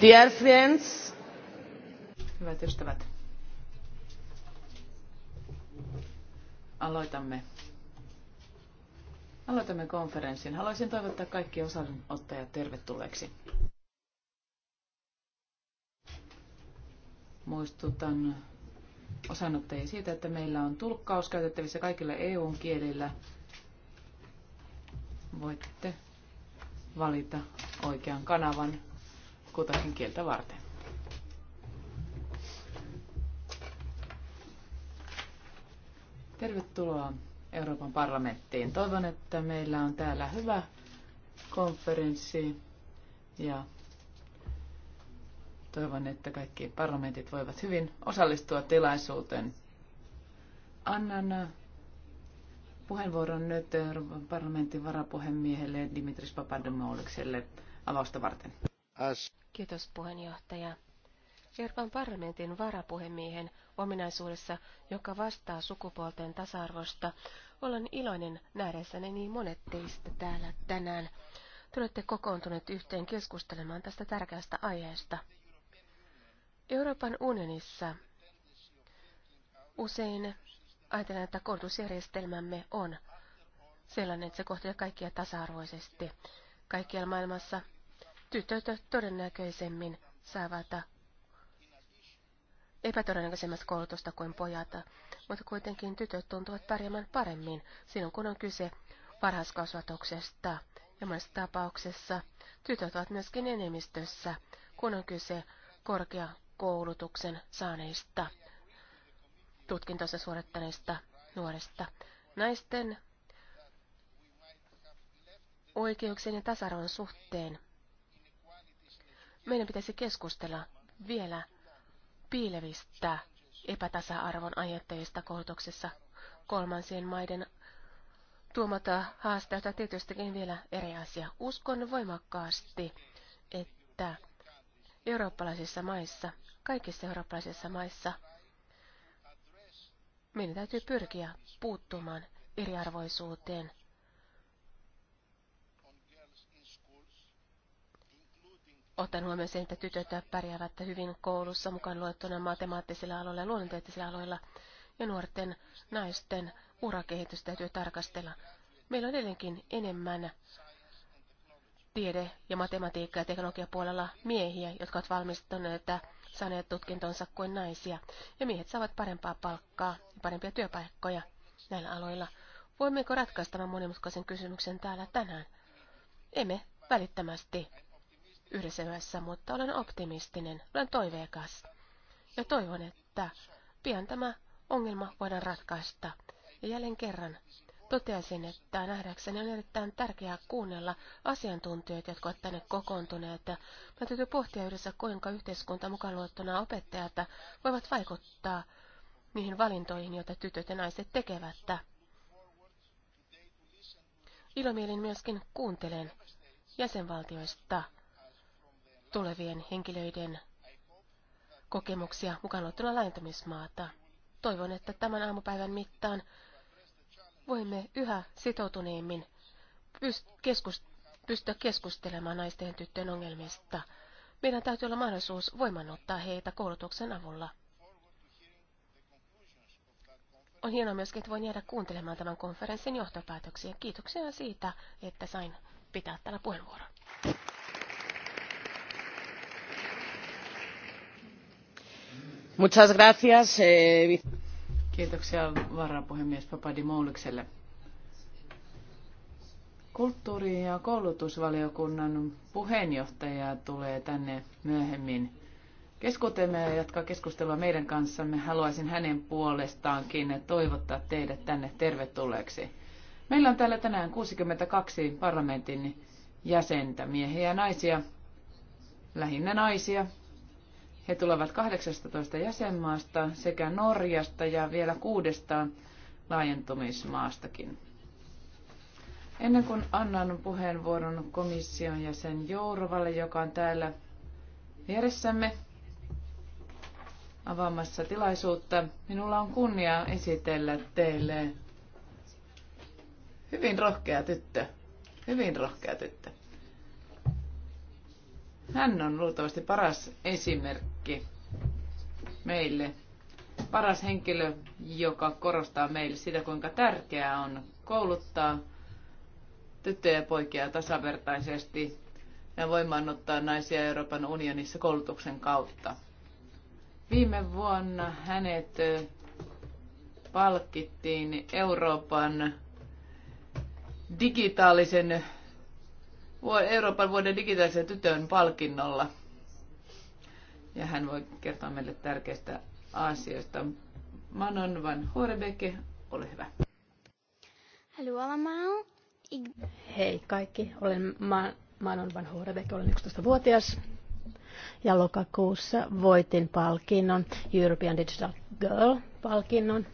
Dear friends. Hyvät ystävät. Aloitamme. Aloitamme konferenssin. Haluaisin toivottaa kaikki osanottajat tervetulleeksi. Muistutan osanottajia siitä, että meillä on tulkkaus käytettävissä kaikilla EU-kielillä. Voitte valita oikean kanavan kutakin kieltä varten. Tervetuloa Euroopan parlamenttiin. Toivon, että meillä on täällä hyvä konferenssi ja toivon, että kaikki parlamentit voivat hyvin osallistua tilaisuuteen. Annan puheenvuoron nyt Euroopan parlamentin varapuhemiehelle Dimitris Papadomoulikselle avausta varten. As. Kiitos puheenjohtaja. Euroopan parlamentin varapuhemiehen ominaisuudessa, joka vastaa sukupuolten tasa-arvosta, olen iloinen nähdessäni niin monet teistä täällä tänään. Tulette kokoontuneet yhteen keskustelemaan tästä tärkeästä aiheesta. Euroopan unionissa usein ajatellaan, että koulutusjärjestelmämme on sellainen, että se kohtelee kaikkia tasa-arvoisesti. Kaikkialla maailmassa tytöt todennäköisemmin saavat epätodennäköisemmät koulutusta kuin pojat, mutta kuitenkin tytöt tuntuvat pärjäämään paremmin silloin, kun on kyse varhaiskasvatuksesta. Ja monessa tapauksessa tytöt ovat myöskin enemmistössä, kun on kyse korkeakoulutuksen saaneista, tutkintonsa suorittaneista nuorista. Naisten oikeuksien ja tasa-arvon suhteen meidän pitäisi keskustella vielä piilevistä epätasa-arvon aiheuttajista koulutuksessa kolmansien maiden tuomata haasteita tietystikin vielä eri asia. Uskon voimakkaasti, että eurooppalaisissa maissa, kaikissa eurooppalaisissa maissa, meidän täytyy pyrkiä puuttumaan eriarvoisuuteen – ottaen huomioon sen, että tytöt pärjäävät hyvin koulussa mukaan luettuna matemaattisilla aloilla ja luonnontieteellisillä aloilla, ja nuorten naisten urakehitys täytyy tarkastella. Meillä on edelleenkin enemmän tiede- ja matematiikka- ja teknologiapuolella miehiä, jotka ovat valmistuneet saaneet tutkintonsa kuin naisia, ja miehet saavat parempaa palkkaa ja parempia työpaikkoja näillä aloilla. Voimmeko ratkaista tämän monimutkaisen kysymyksen täällä tänään? Emme välittömästi yhdessä yössä, mutta olen optimistinen, olen toiveikas. Ja toivon, että pian tämä ongelma voidaan ratkaista. Ja jälleen kerran toteaisin, että nähdäkseni on erittäin tärkeää kuunnella asiantuntijoita, jotka ovat tänne kokoontuneet. Meidän täytyy pohtia yhdessä, kuinka yhteiskunta mukaan luottuna opettajat voivat vaikuttaa niihin valintoihin, joita tytöt ja naiset tekevät. Ilomielin myöskin kuuntelen jäsenvaltioista tulevien henkilöiden kokemuksia mukaan ottuna laajentamismaata. Toivon, että tämän aamupäivän mittaan voimme yhä sitoutuneemmin keskus, pystyä keskustelemaan naisten ja tyttöjen ongelmista. Meidän täytyy olla mahdollisuus voimannuttaa heitä koulutuksen avulla. On hienoa myöskin, että voin jäädä kuuntelemaan tämän konferenssin johtopäätöksiä. Kiitoksia siitä, että sain pitää tällä puheenvuoron. Eh, Kiitoksia varapuhemies Papadimoulikselle. Kulttuuri- ja koulutusvaliokunnan puheenjohtaja tulee tänne myöhemmin keskustelemaan ja jatkaa keskustelua meidän kanssamme. Haluaisin hänen puolestaankin toivottaa teidät tänne tervetulleeksi. Meillä on täällä tänään 62 parlamentin jäsentä, miehiä ja naisia, lähinnä naisia, he tulevat 18 jäsenmaasta sekä Norjasta ja vielä kuudesta laajentumismaastakin. Ennen kuin annan puheenvuoron komission jäsen Jourovalle, joka on täällä vieressämme avaamassa tilaisuutta, minulla on kunnia esitellä teille hyvin rohkea tyttö. Hyvin rohkea tyttö. Hän on luultavasti paras esimerkki merkki meille. Paras henkilö, joka korostaa meille sitä, kuinka tärkeää on kouluttaa tyttöjä ja poikia tasavertaisesti ja ottaa naisia Euroopan unionissa koulutuksen kautta. Viime vuonna hänet palkittiin Euroopan digitaalisen Euroopan vuoden digitaalisen tytön palkinnolla – ja hän voi kertoa meille tärkeistä asioista. Manon van Horebeke, ole hyvä. Hallo allemaal. Ik... Hei kaikki, olen Ma- Manon van Horebeke, olen 11-vuotias ja lokakuussa voitin palkinnon, European Digital Girl-palkinnon.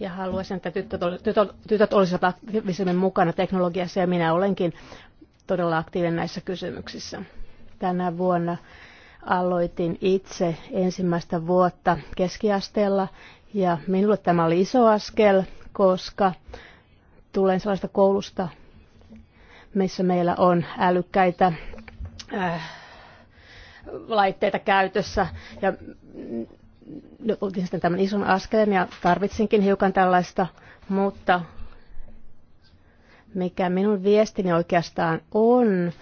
Ja haluaisin, että tytöt, tytöt, tytöt olisivat aktiivisemmin mukana teknologiassa ja minä olenkin todella aktiivinen näissä kysymyksissä. Tänä vuonna aloitin itse ensimmäistä vuotta keskiasteella ja minulle tämä oli iso askel, koska tulen sellaista koulusta, missä meillä on älykkäitä äh, laitteita käytössä ja otin sitten tämän ison askeleen ja tarvitsinkin hiukan tällaista, mutta mikä minun viestini oikeastaan on,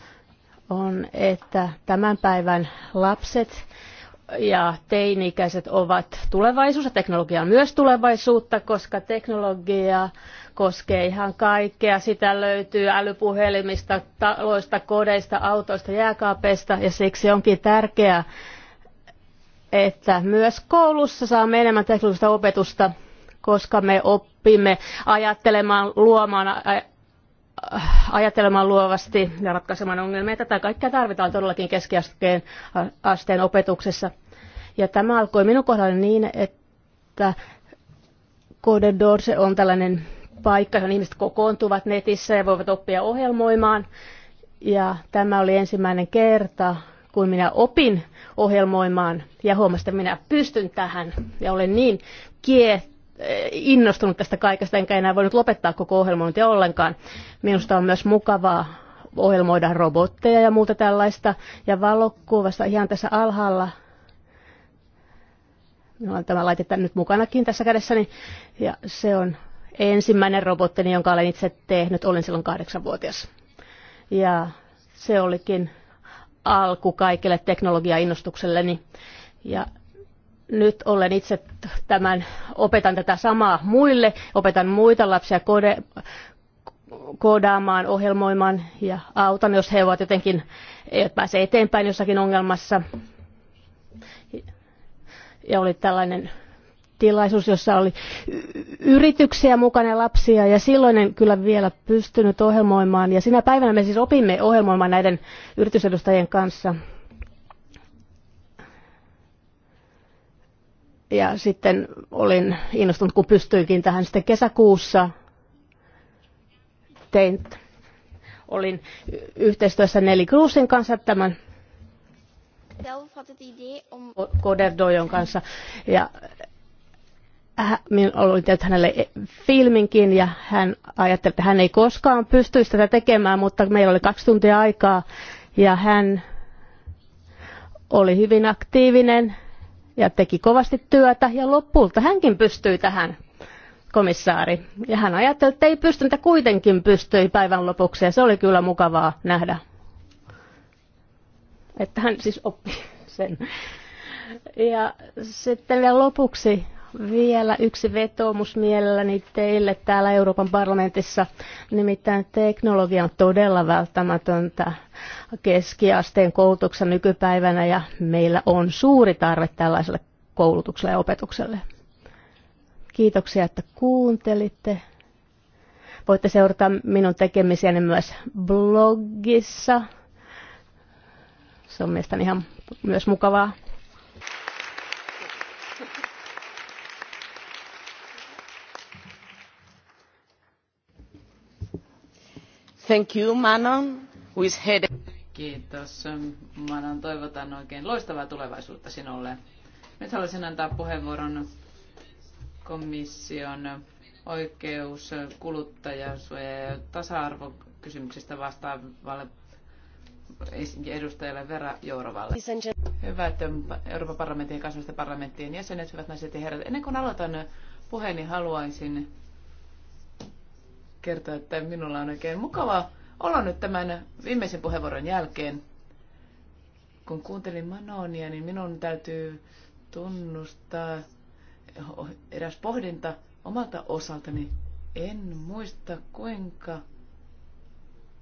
on, että tämän päivän lapset ja teini-ikäiset ovat tulevaisuus ja teknologia on myös tulevaisuutta, koska teknologia koskee ihan kaikkea. Sitä löytyy älypuhelimista, taloista, kodeista, autoista, jääkaapeista ja siksi onkin tärkeää, että myös koulussa saamme enemmän teknologista opetusta, koska me oppimme ajattelemaan, luomaan ajattelemaan luovasti ja ratkaisemaan ongelmia. Tätä kaikkea tarvitaan todellakin keskiasteen asteen opetuksessa. Ja tämä alkoi minun kohdallani niin, että Code Dorse on tällainen paikka, johon ihmiset kokoontuvat netissä ja voivat oppia ohjelmoimaan. Ja tämä oli ensimmäinen kerta, kun minä opin ohjelmoimaan ja huomasin, että minä pystyn tähän ja olen niin kiehtynyt Eh, innostunut tästä kaikesta, enkä enää voinut lopettaa koko ohjelmointia ollenkaan. Minusta on myös mukavaa ohjelmoida robotteja ja muuta tällaista. Ja valokuvassa ihan tässä alhaalla, minulla on tämä laite nyt mukanakin tässä kädessäni, ja se on ensimmäinen robotti, jonka olen itse tehnyt. Olin silloin kahdeksanvuotias. Ja se olikin alku kaikille teknologiainnostukselleni. Ja nyt olen itse tämän, opetan tätä samaa muille, opetan muita lapsia kode, koodaamaan, ohjelmoimaan ja autan, jos he ovat jotenkin, eivät pääse eteenpäin jossakin ongelmassa. Ja oli tällainen tilaisuus, jossa oli yrityksiä mukana lapsia ja silloin en kyllä vielä pystynyt ohjelmoimaan. Ja sinä päivänä me siis opimme ohjelmoimaan näiden yritysedustajien kanssa Ja sitten olin innostunut, kun pystyinkin tähän sitten kesäkuussa. Tein, olin yhteistyössä Nelly Kruusin kanssa tämän Koderdojon kanssa. Ja minä olin tehnyt hänelle filminkin ja hän ajatteli, että hän ei koskaan pystyisi tätä tekemään, mutta meillä oli kaksi tuntia aikaa ja hän oli hyvin aktiivinen ja teki kovasti työtä ja lopulta hänkin pystyi tähän komissaari. Ja hän ajatteli, että ei mutta kuitenkin pystyi päivän lopuksi ja se oli kyllä mukavaa nähdä. Että hän siis oppi sen. Ja sitten vielä lopuksi vielä yksi vetoomus mielelläni teille täällä Euroopan parlamentissa. Nimittäin teknologia on todella välttämätöntä keskiasteen koulutuksen nykypäivänä ja meillä on suuri tarve tällaiselle koulutukselle ja opetukselle. Kiitoksia, että kuuntelitte. Voitte seurata minun tekemisiäni myös blogissa. Se on mielestäni ihan myös mukavaa. Manon, Kiitos. Manon, toivotan oikein loistavaa tulevaisuutta sinulle. Nyt haluaisin antaa puheenvuoron komission oikeus kuluttajasuoja ja tasa-arvokysymyksistä vastaavalle edustajalle Vera Jourovalle. Hyvät Euroopan parlamentin ja kansallisten parlamenttien jäsenet, hyvät naiset ja herrat. Ennen kuin aloitan puheeni, haluaisin kertoa, että minulla on oikein mukava olla nyt tämän viimeisen puheenvuoron jälkeen. Kun kuuntelin Manonia, niin minun täytyy tunnustaa eräs pohdinta omalta osaltani. En muista kuinka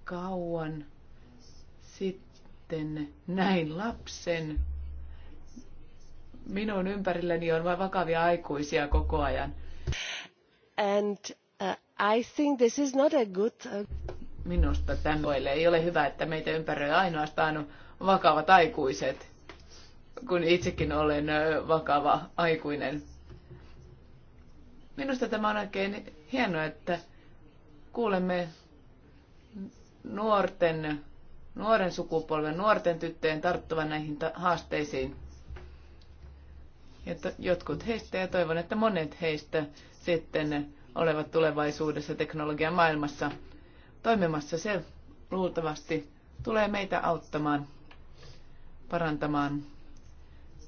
kauan sitten näin lapsen. Minun ympärilläni on vain vakavia aikuisia koko ajan. And I think this is not a good... Uh, Minusta tämmöille ei ole hyvä, että meitä ympäröi ainoastaan vakavat aikuiset, kun itsekin olen vakava aikuinen. Minusta tämä on oikein hienoa, että kuulemme nuorten, nuoren sukupolven, nuorten tyttöjen tarttuvan näihin haasteisiin. Ja jotkut heistä ja toivon, että monet heistä sitten olevat tulevaisuudessa teknologian maailmassa toimimassa. Se luultavasti tulee meitä auttamaan parantamaan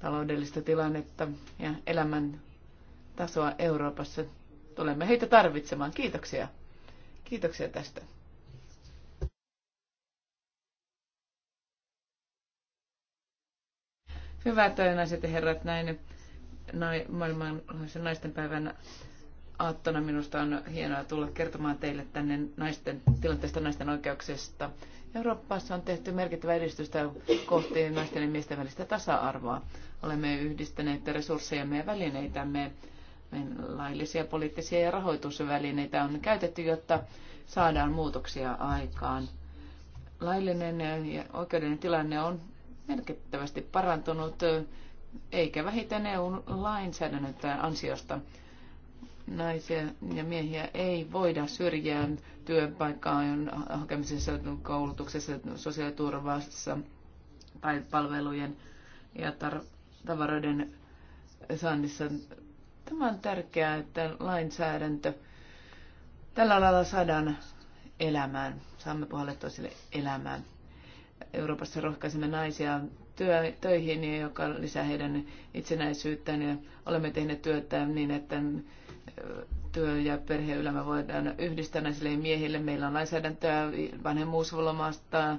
taloudellista tilannetta ja elämän tasoa Euroopassa. Tulemme heitä tarvitsemaan. Kiitoksia. Kiitoksia tästä. Hyvät naiset ja herrat, näin maailmanlaajuisen naistenpäivän aattona minusta on hienoa tulla kertomaan teille tänne naisten, tilanteesta naisten oikeuksista. Euroopassa on tehty merkittävä edistystä kohti naisten ja miesten välistä tasa-arvoa. Olemme yhdistäneet resurssejamme ja välineitämme. Laillisia poliittisia ja rahoitusvälineitä on käytetty, jotta saadaan muutoksia aikaan. Laillinen ja oikeudellinen tilanne on merkittävästi parantunut, eikä vähiten EU-lainsäädännön ansiosta naisia ja miehiä ei voida syrjiä työpaikkaan hakemisessa, koulutuksessa, sosiaaliturvassa tai palvelujen ja tar- tavaroiden saannissa. Tämä on tärkeää, että lainsäädäntö tällä lailla saadaan elämään, saamme puhallettua elämään. Euroopassa rohkaisemme naisia työ, töihin, joka lisää heidän itsenäisyyttään. Ja olemme tehneet työtä niin, että työ- ja perhe-elämä voidaan yhdistää naisille ja miehille. Meillä on lainsäädäntöä vanhemmuusvolomasta,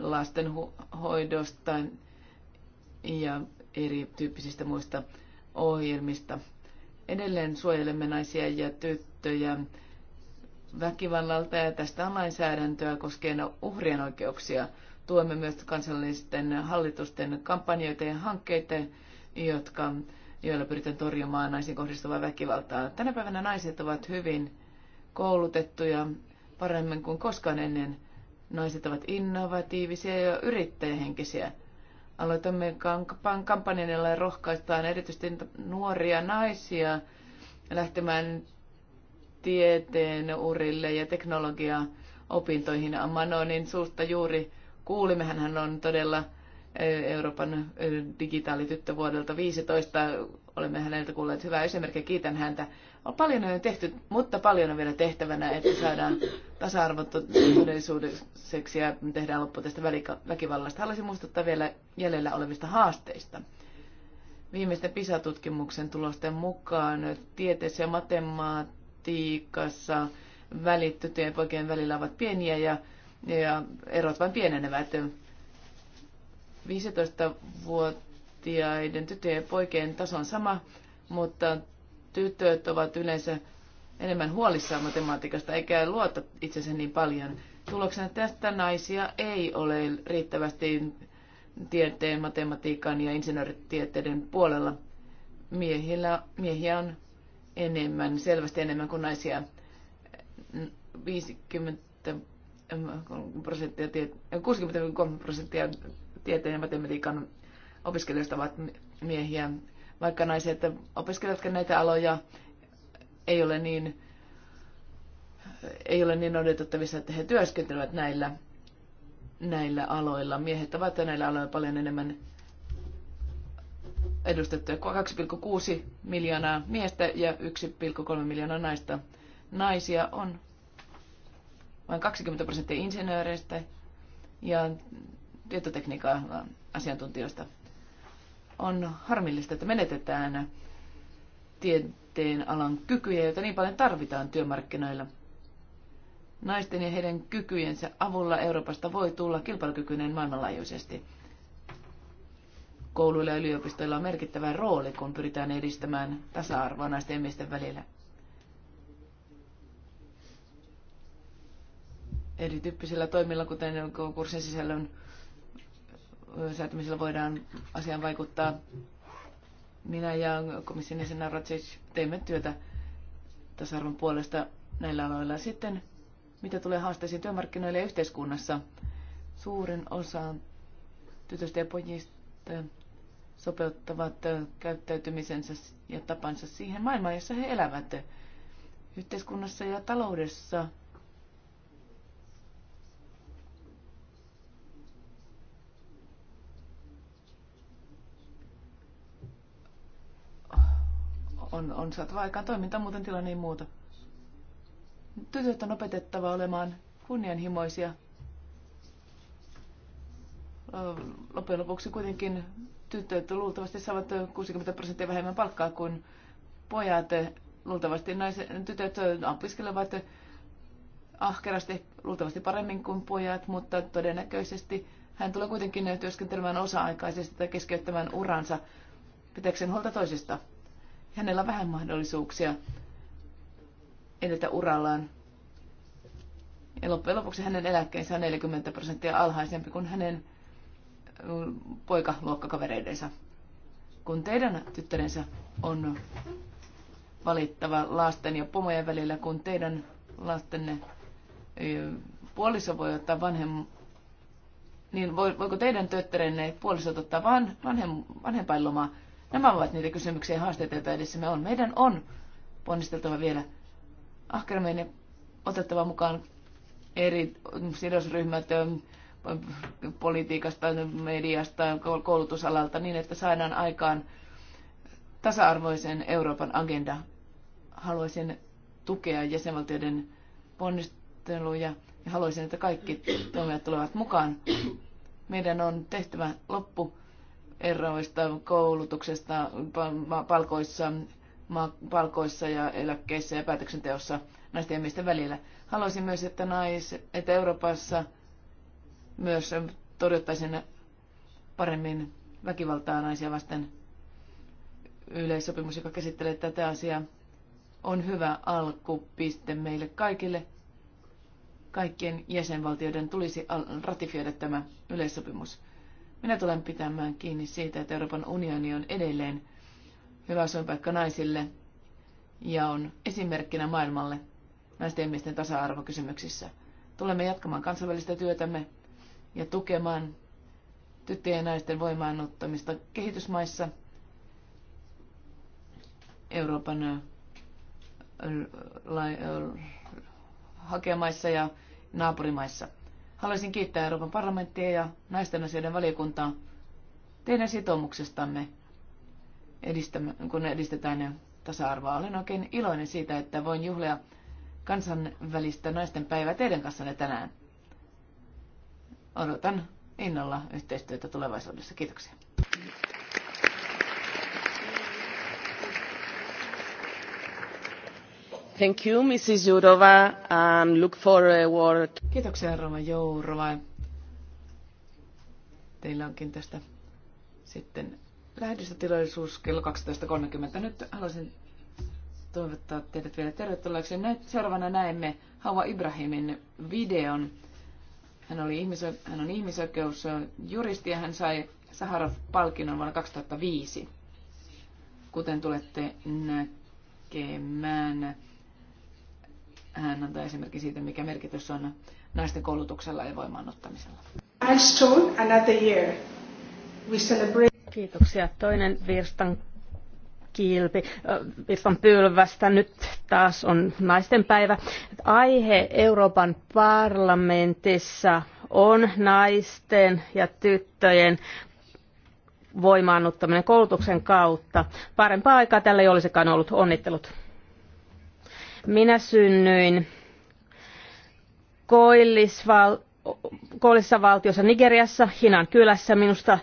lastenhoidosta ja erityyppisistä muista ohjelmista. Edelleen suojelemme naisia ja tyttöjä väkivallalta ja tästä on lainsäädäntöä koskien uhrien oikeuksia. Tuemme myös kansallisten hallitusten kampanjoita ja hankkeita, jotka joilla pyritään torjumaan naisiin kohdistuvaa väkivaltaa. Tänä päivänä naiset ovat hyvin koulutettuja paremmin kuin koskaan ennen. Naiset ovat innovatiivisia ja yrittäjähenkisiä. Aloitamme kampanjan, jolla rohkaistaan erityisesti nuoria naisia lähtemään tieteen urille ja teknologia opintoihin. Manonin suusta juuri kuulimme, hän on todella Euroopan digitaalityttö vuodelta 15. Olemme häneltä kuulleet hyvää esimerkkiä. Kiitän häntä. On paljon on tehty, mutta paljon on vielä tehtävänä, että saadaan tasa-arvo todellisuudeksi ja tehdään loppu tästä väkivallasta. Haluaisin muistuttaa vielä jäljellä olevista haasteista. Viimeisten PISA-tutkimuksen tulosten mukaan tieteessä ja matematiikassa välit tyttöjen poikien välillä ovat pieniä ja, ja erot vain pienenevät 15-vuotiaiden tyttöjen ja poikien taso on sama, mutta tytöt ovat yleensä enemmän huolissaan matematiikasta eikä luota itsensä niin paljon. Tuloksena tästä naisia ei ole riittävästi tieteen, matematiikan ja insinööritieteiden puolella. Miehillä, miehiä on enemmän, selvästi enemmän kuin naisia. 50 prosenttia, 63 prosenttia tieteen ja matematiikan opiskelijoista ovat miehiä, vaikka naiset opiskelevatkin näitä aloja, ei ole niin, ei ole niin odotettavissa, että he työskentelevät näillä, näillä aloilla. Miehet ovat näillä aloilla paljon enemmän edustettuja 2,6 miljoonaa miestä ja 1,3 miljoonaa naista. Naisia on vain 20 prosenttia insinööreistä ja tietotekniikan asiantuntijoista. On harmillista, että menetetään tieteen alan kykyjä, joita niin paljon tarvitaan työmarkkinoilla. Naisten ja heidän kykyjensä avulla Euroopasta voi tulla kilpailukykyinen maailmanlaajuisesti. Kouluilla ja yliopistoilla on merkittävä rooli, kun pyritään edistämään tasa-arvoa naisten ja miesten välillä. Erityyppisillä toimilla, kuten kurssin sisällön säätämisellä voidaan asiaan vaikuttaa. Minä ja komission jäsenä Ratsic teemme työtä tasa-arvon puolesta näillä aloilla. Sitten mitä tulee haasteisiin työmarkkinoille ja yhteiskunnassa, suurin osa tytöistä ja pojista sopeuttavat käyttäytymisensä ja tapansa siihen maailmaan, jossa he elävät yhteiskunnassa ja taloudessa – on, on saatava aikaan toiminta, muuten tilanne ei muuta. Tytöt on opetettava olemaan kunnianhimoisia. Loppujen lopuksi kuitenkin tytöt luultavasti saavat 60 prosenttia vähemmän palkkaa kuin pojat. Luultavasti naiset, tytöt opiskelevat ahkerasti, luultavasti paremmin kuin pojat, mutta todennäköisesti hän tulee kuitenkin työskentelemään osa-aikaisesti tai keskeyttämään uransa pitäkseen huolta toisista hänellä on vähän mahdollisuuksia edetä urallaan. Ja loppujen lopuksi hänen eläkkeensä on 40 prosenttia alhaisempi kuin hänen äh, poikaluokkakavereidensa. Kun teidän tyttärensä on valittava lasten ja pomojen välillä, kun teidän lastenne äh, puoliso voi ottaa vanhem... Niin voiko teidän tyttärenne puolisot ottaa van, vanhem, vanhempainlomaa Nämä ovat niitä kysymyksiä ja haasteita, joita edessämme on. Meidän on ponnisteltava vielä ahkeremmin ja otettava mukaan eri sidosryhmät politiikasta, mediasta, koulutusalalta niin, että saadaan aikaan tasa-arvoisen Euroopan agenda. Haluaisin tukea jäsenvaltioiden ponnisteluja ja haluaisin, että kaikki toimijat tulevat mukaan. Meidän on tehtävä loppu eroista koulutuksesta, palkoissa, palkoissa ja eläkkeissä ja päätöksenteossa naisten ja miesten välillä. Haluaisin myös, että, nais, että Euroopassa myös torjuttaisiin paremmin väkivaltaa naisia vasten yleissopimus, joka käsittelee tätä asiaa, on hyvä alkupiste meille kaikille. Kaikkien jäsenvaltioiden tulisi ratifioida tämä yleissopimus. Minä tulen pitämään kiinni siitä, että Euroopan unioni on edelleen hyvä paikka naisille ja on esimerkkinä maailmalle naisten ja miesten tasa-arvokysymyksissä. Tulemme jatkamaan kansainvälistä työtämme ja tukemaan tyttöjen ja naisten voimaannuttamista kehitysmaissa Euroopan hakemaissa ja naapurimaissa. Haluaisin kiittää Euroopan parlamenttia ja naisten asioiden valiokuntaa teidän sitoumuksestanne, kun edistetään tasa-arvoa. Olen oikein iloinen siitä, että voin juhlia kansanvälistä naisten päivää teidän kanssanne tänään. Odotan innolla yhteistyötä tulevaisuudessa. Kiitoksia. Jourova, Kiitoksia, Rova Jourova. Teillä onkin tästä sitten lähetystötilaisuus kello 12.30. Nyt haluaisin toivottaa teidät vielä tervetulleeksi. seuraavana näemme Hawa Ibrahimin videon. Hän, oli ihmiso- hän on ihmisoikeusjuristi ja hän sai Saharov-palkinnon vuonna 2005. Kuten tulette näkemään, hän antaa esimerkki siitä, mikä merkitys on naisten koulutuksella ja voimaanottamisella. Kiitoksia. Toinen virstan kilpi, virstan pylvästä. Nyt taas on naisten päivä. Aihe Euroopan parlamentissa on naisten ja tyttöjen voimaannuttaminen koulutuksen kautta. Parempaa aikaa tällä ei olisikaan ollut. Onnittelut. Minä koillisval, Koillisessa valtiossa Nigeriassa, Hinan kylässä. Minusta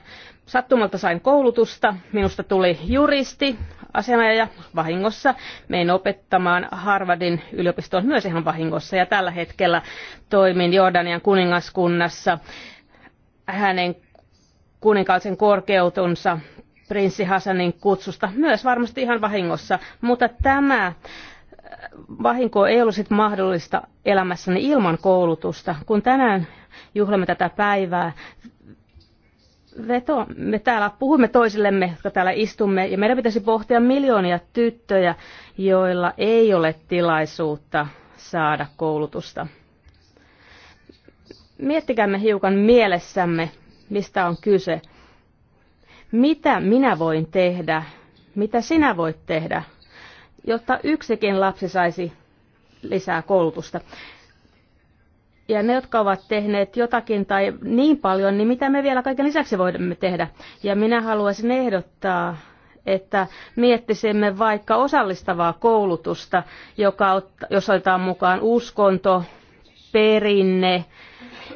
sattumalta sain koulutusta. Minusta tuli juristi, asianajaja vahingossa. Mein opettamaan Harvardin yliopistoon myös ihan vahingossa ja tällä hetkellä toimin Jordanian kuningaskunnassa hänen kuninkaallisen korkeutunsa prinssi Hassanin kutsusta myös varmasti ihan vahingossa, mutta tämä vahinkoa ei olisi mahdollista elämässäni ilman koulutusta. Kun tänään juhlamme tätä päivää, veto, me täällä puhumme toisillemme, jotka täällä istumme, ja meidän pitäisi pohtia miljoonia tyttöjä, joilla ei ole tilaisuutta saada koulutusta. Miettikäämme hiukan mielessämme, mistä on kyse. Mitä minä voin tehdä? Mitä sinä voit tehdä? jotta yksikin lapsi saisi lisää koulutusta. Ja ne, jotka ovat tehneet jotakin tai niin paljon, niin mitä me vielä kaiken lisäksi voimme tehdä? Ja minä haluaisin ehdottaa, että miettisimme vaikka osallistavaa koulutusta, joka, jos otetaan mukaan uskonto, perinne,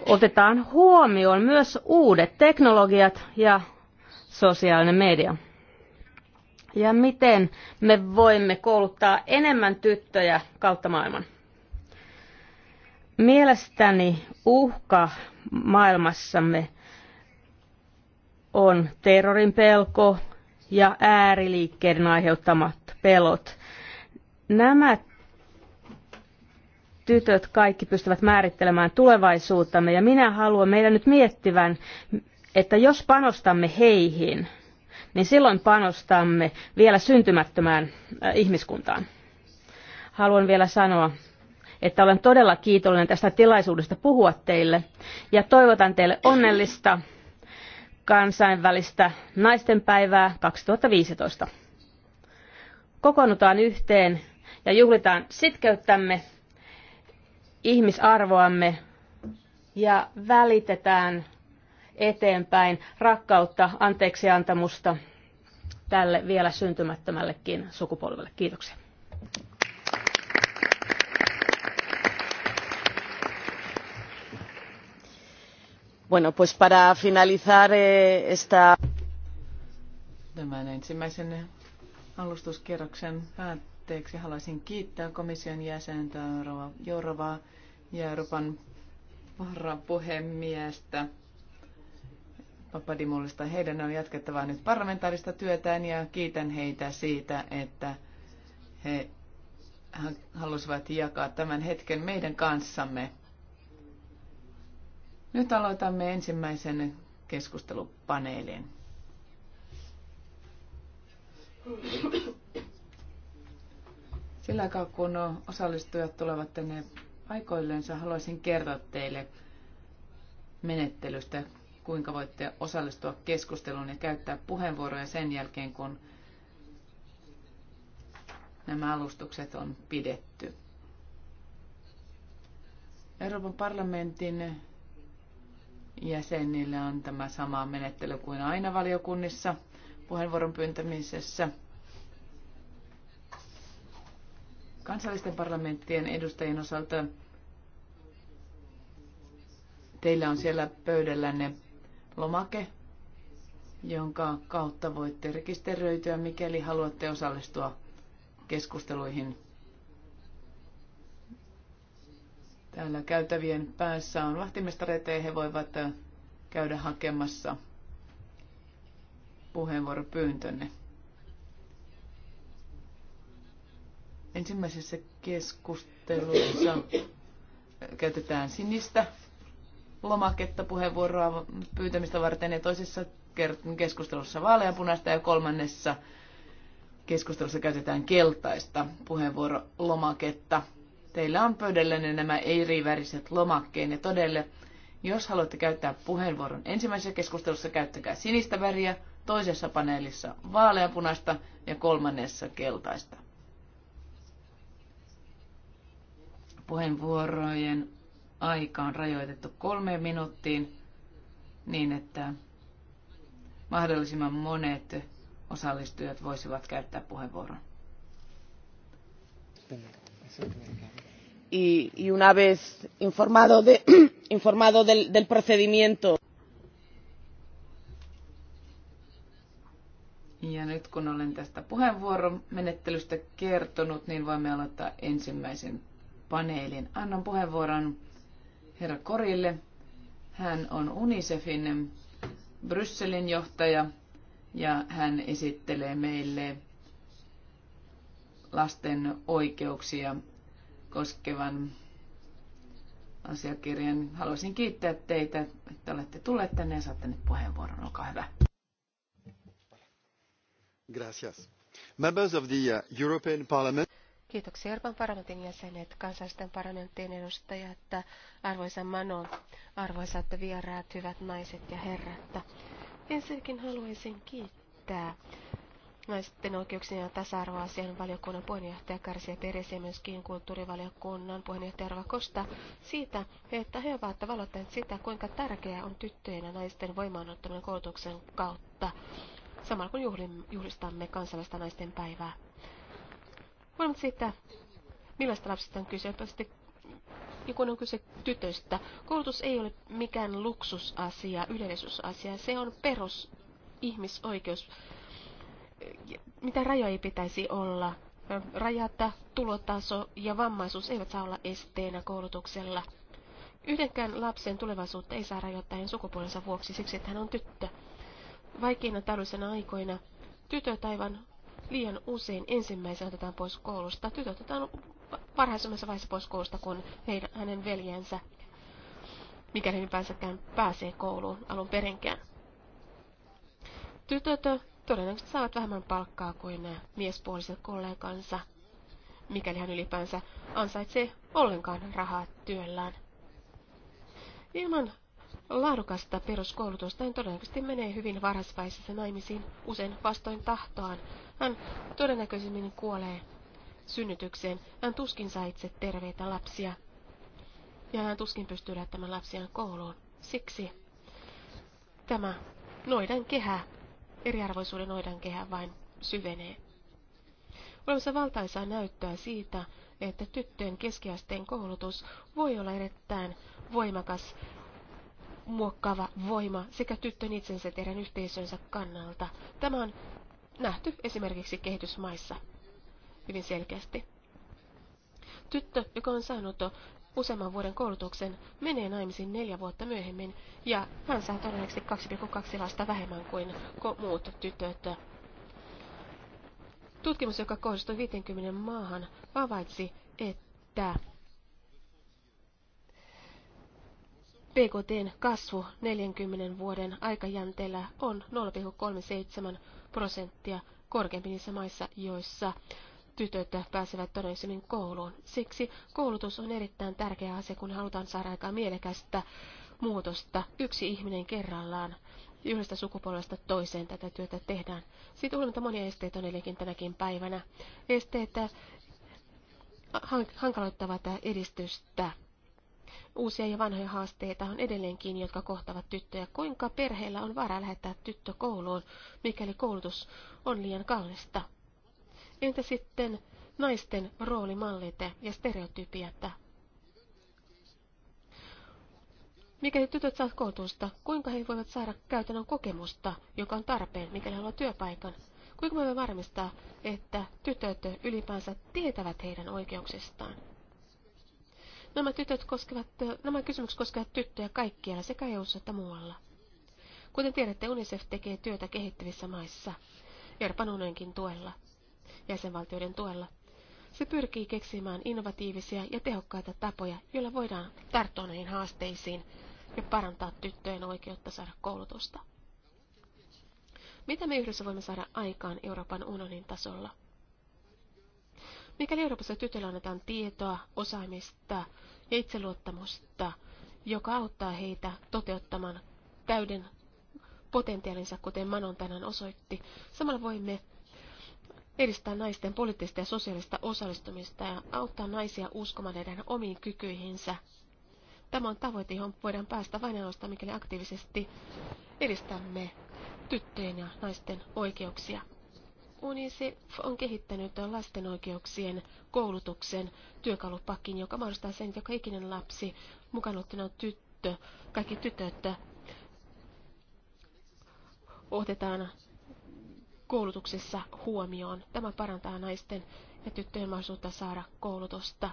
otetaan huomioon myös uudet teknologiat ja sosiaalinen media ja miten me voimme kouluttaa enemmän tyttöjä kautta maailman. Mielestäni uhka maailmassamme on terrorin pelko ja ääriliikkeiden aiheuttamat pelot. Nämä tytöt kaikki pystyvät määrittelemään tulevaisuuttamme ja minä haluan meidän nyt miettivän, että jos panostamme heihin – niin silloin panostamme vielä syntymättömään äh, ihmiskuntaan. Haluan vielä sanoa, että olen todella kiitollinen tästä tilaisuudesta puhua teille ja toivotan teille onnellista kansainvälistä naistenpäivää 2015. Kokoonnutaan yhteen ja juhlitaan sitkeyttämme, ihmisarvoamme ja välitetään eteenpäin rakkautta, anteeksiantamusta tälle vielä syntymättömällekin sukupolvelle. Kiitoksia. Bueno, pues para finalizar eh, esta... Tämän ensimmäisen alustuskierroksen päätteeksi haluaisin kiittää komission jäsentä Jourovaa ja Euroopan varapuhemiestä. Papadimullista. Heidän on jatkettava nyt parlamentaarista työtään ja kiitän heitä siitä, että he halusivat jakaa tämän hetken meidän kanssamme. Nyt aloitamme ensimmäisen keskustelupaneelin. Sillä aikaa kun osallistujat tulevat tänne paikoillensa, haluaisin kertoa teille menettelystä, kuinka voitte osallistua keskusteluun ja käyttää puheenvuoroja sen jälkeen, kun nämä alustukset on pidetty. Euroopan parlamentin jäsenille on tämä sama menettely kuin aina valiokunnissa puheenvuoron pyyntämisessä. Kansallisten parlamenttien edustajien osalta teillä on siellä pöydällänne lomake, jonka kautta voitte rekisteröityä, mikäli haluatte osallistua keskusteluihin. Täällä käytävien päässä on vahtimestareita ja he voivat äh, käydä hakemassa puheenvuoropyyntönne. Ensimmäisessä keskustelussa äh, käytetään sinistä lomaketta puheenvuoroa pyytämistä varten ja toisessa keskustelussa vaaleanpunaista ja kolmannessa keskustelussa käytetään keltaista puheenvuorolomaketta. Teillä on pöydällänne nämä eriväriset lomakkeen ja todelle, jos haluatte käyttää puheenvuoron ensimmäisessä keskustelussa, käyttäkää sinistä väriä, toisessa paneelissa vaaleanpunaista ja kolmannessa keltaista. Puheenvuorojen aika on rajoitettu kolmeen minuuttiin niin, että mahdollisimman monet osallistujat voisivat käyttää puheenvuoron. Y, y una vez informado, de, informado del, del procedimiento. Ja nyt kun olen tästä puheenvuoron menettelystä kertonut, niin voimme aloittaa ensimmäisen paneelin. Annan puheenvuoron herra Korille. Hän on UNICEFin Brysselin johtaja ja hän esittelee meille lasten oikeuksia koskevan asiakirjan. Haluaisin kiittää teitä, että olette tulleet tänne ja saatte nyt puheenvuoron. Olkaa hyvä. Gracias. Members of the uh, European Parliament. Kiitoksia Euroopan parlamentin jäsenet, kansallisten parlamentin edustajat, arvoisa Mano, arvoisat vieraat, hyvät naiset ja herrat. Ensinnäkin haluaisin kiittää naisten oikeuksien ja tasa-arvoasian valiokunnan puheenjohtaja Karsia Peres ja myöskin kulttuurivaliokunnan puheenjohtaja Arva Kosta siitä, että he ovat valottaneet sitä, kuinka tärkeää on tyttöjen ja naisten voimaanottaminen koulutuksen kautta, samalla kun juhlistamme kansallista naisten päivää. Huolimatta siitä, millaista lapsista on kyse, onpa sitten kun on kyse tytöstä. Koulutus ei ole mikään luksusasia, yleisyysasia. Se on perus ihmisoikeus. Mitä rajoja ei pitäisi olla? Rajata, tulotaso ja vammaisuus eivät saa olla esteenä koulutuksella. Yhdenkään lapsen tulevaisuutta ei saa rajoittaa hänen sukupuolensa vuoksi siksi, että hän on tyttö. Vaikeina taloudellisena aikoina tytöt aivan liian usein ensimmäisenä otetaan pois koulusta. Tytöt otetaan varhaisemmassa vaiheessa pois koulusta kuin heidän, hänen veljensä, mikäli ylipäänsäkään pääsee kouluun alun perinkään. Tytöt todennäköisesti saavat vähemmän palkkaa kuin miespuoliset kollegansa, mikäli hän ylipäänsä ansaitsee ollenkaan rahaa työllään. Ilman laadukasta peruskoulutusta hän todennäköisesti menee hyvin varhaisvaiheessa naimisiin, usein vastoin tahtoaan, hän todennäköisemmin kuolee synnytykseen. Hän tuskin saa itse terveitä lapsia. Ja hän tuskin pystyy lähettämään lapsiaan kouluun. Siksi tämä noidan kehä, eriarvoisuuden noidan kehä vain syvenee. Olemassa valtaisaa näyttää siitä, että tyttöjen keskiasteen koulutus voi olla erittäin voimakas muokkaava voima sekä tyttön itsensä teidän yhteisönsä kannalta. Tämä on nähty esimerkiksi kehitysmaissa hyvin selkeästi. Tyttö, joka on saanut useamman vuoden koulutuksen, menee naimisiin neljä vuotta myöhemmin, ja hän saa todennäköisesti 2,2 lasta vähemmän kuin muut tytöt. Tutkimus, joka kohdistui 50 maahan, havaitsi, että PKTn kasvu 40 vuoden aikajänteellä on 0,37 prosenttia korkeampi niissä maissa, joissa tytöt pääsevät todellisemmin kouluun. Siksi koulutus on erittäin tärkeä asia, kun halutaan saada aikaa mielekästä muutosta yksi ihminen kerrallaan. Yhdestä sukupolvesta toiseen tätä työtä tehdään. Siitä huolimatta monia esteitä on edelleenkin tänäkin päivänä. Esteitä hankaloittavat edistystä Uusia ja vanhoja haasteita on edelleenkin, jotka kohtavat tyttöjä. Kuinka perheellä on varaa lähettää tyttö kouluun, mikäli koulutus on liian kallista? Entä sitten naisten roolimallit ja stereotypiat? Mikäli tytöt saavat koulutusta, kuinka he voivat saada käytännön kokemusta, joka on tarpeen, mikäli haluaa työpaikan? Kuinka voimme varmistaa, että tytöt ylipäänsä tietävät heidän oikeuksistaan? Nämä, tytöt koskevat, nämä kysymykset koskevat tyttöjä kaikkialla, sekä eu että muualla. Kuten tiedätte, UNICEF tekee työtä kehittyvissä maissa, Euroopan unioninkin tuella, jäsenvaltioiden tuella. Se pyrkii keksimään innovatiivisia ja tehokkaita tapoja, joilla voidaan tarttua näihin haasteisiin ja parantaa tyttöjen oikeutta saada koulutusta. Mitä me yhdessä voimme saada aikaan Euroopan unionin tasolla? Mikäli Euroopassa tytöillä annetaan tietoa, osaamista ja itseluottamusta, joka auttaa heitä toteuttamaan täyden potentiaalinsa, kuten Manon tänään osoitti, samalla voimme edistää naisten poliittista ja sosiaalista osallistumista ja auttaa naisia uskomaan heidän omiin kykyihinsä. Tämä on tavoite, johon voidaan päästä vain ainoastaan, mikäli aktiivisesti edistämme tyttöjen ja naisten oikeuksia. UNICEF on kehittänyt lasten oikeuksien koulutuksen työkalupakin, joka mahdollistaa sen, että joka ikinen lapsi, mukaan ottana tyttö, kaikki tytöt, otetaan koulutuksessa huomioon. Tämä parantaa naisten ja tyttöjen mahdollisuutta saada koulutusta.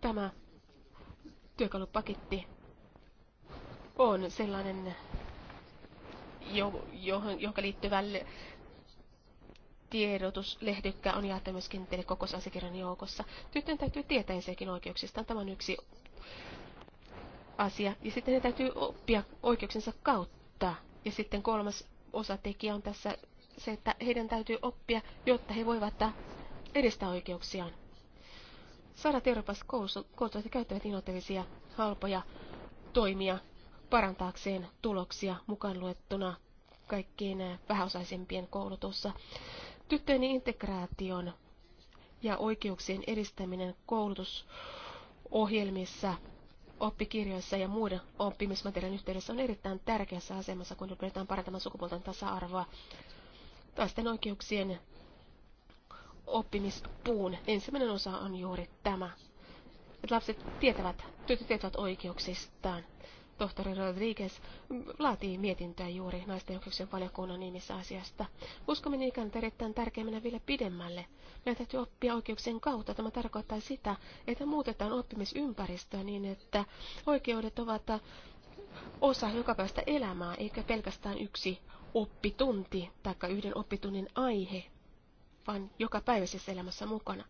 Tämä työkalupaketti on sellainen, johon, johon liittyvä tiedotuslehdykkä on jaettu myöskin teille kokousasiakirjan joukossa. Tyttöjen täytyy tietää ensinnäkin oikeuksistaan. Tämä on yksi asia. Ja sitten ne täytyy oppia oikeuksensa kautta. Ja sitten kolmas osatekijä on tässä se, että heidän täytyy oppia, jotta he voivat edistää oikeuksiaan. Sadat Euroopassa koulutukset käyttävät innoittavisia halpoja toimia parantaakseen tuloksia mukaan luettuna kaikkiin vähäosaisempien koulutussa. Tyttöjen integraation ja oikeuksien edistäminen koulutusohjelmissa, oppikirjoissa ja muiden oppimismateriaalien yhteydessä on erittäin tärkeässä asemassa, kun pyritään parantamaan sukupuolten tasa-arvoa. Taisten oikeuksien oppimispuun ensimmäinen osa on juuri tämä. Että lapset tietävät, tytöt tietävät oikeuksistaan tohtori Rodriguez laatii mietintöä juuri naisten oikeuksien valiokunnan nimissä asiasta. Uskomme että erittäin tärkeä mennä vielä pidemmälle. Meidän täytyy oppia oikeuksien kautta. Tämä tarkoittaa sitä, että muutetaan oppimisympäristöä niin, että oikeudet ovat osa jokapäiväistä elämää, eikä pelkästään yksi oppitunti tai yhden oppitunnin aihe, vaan päiväisessä elämässä mukana.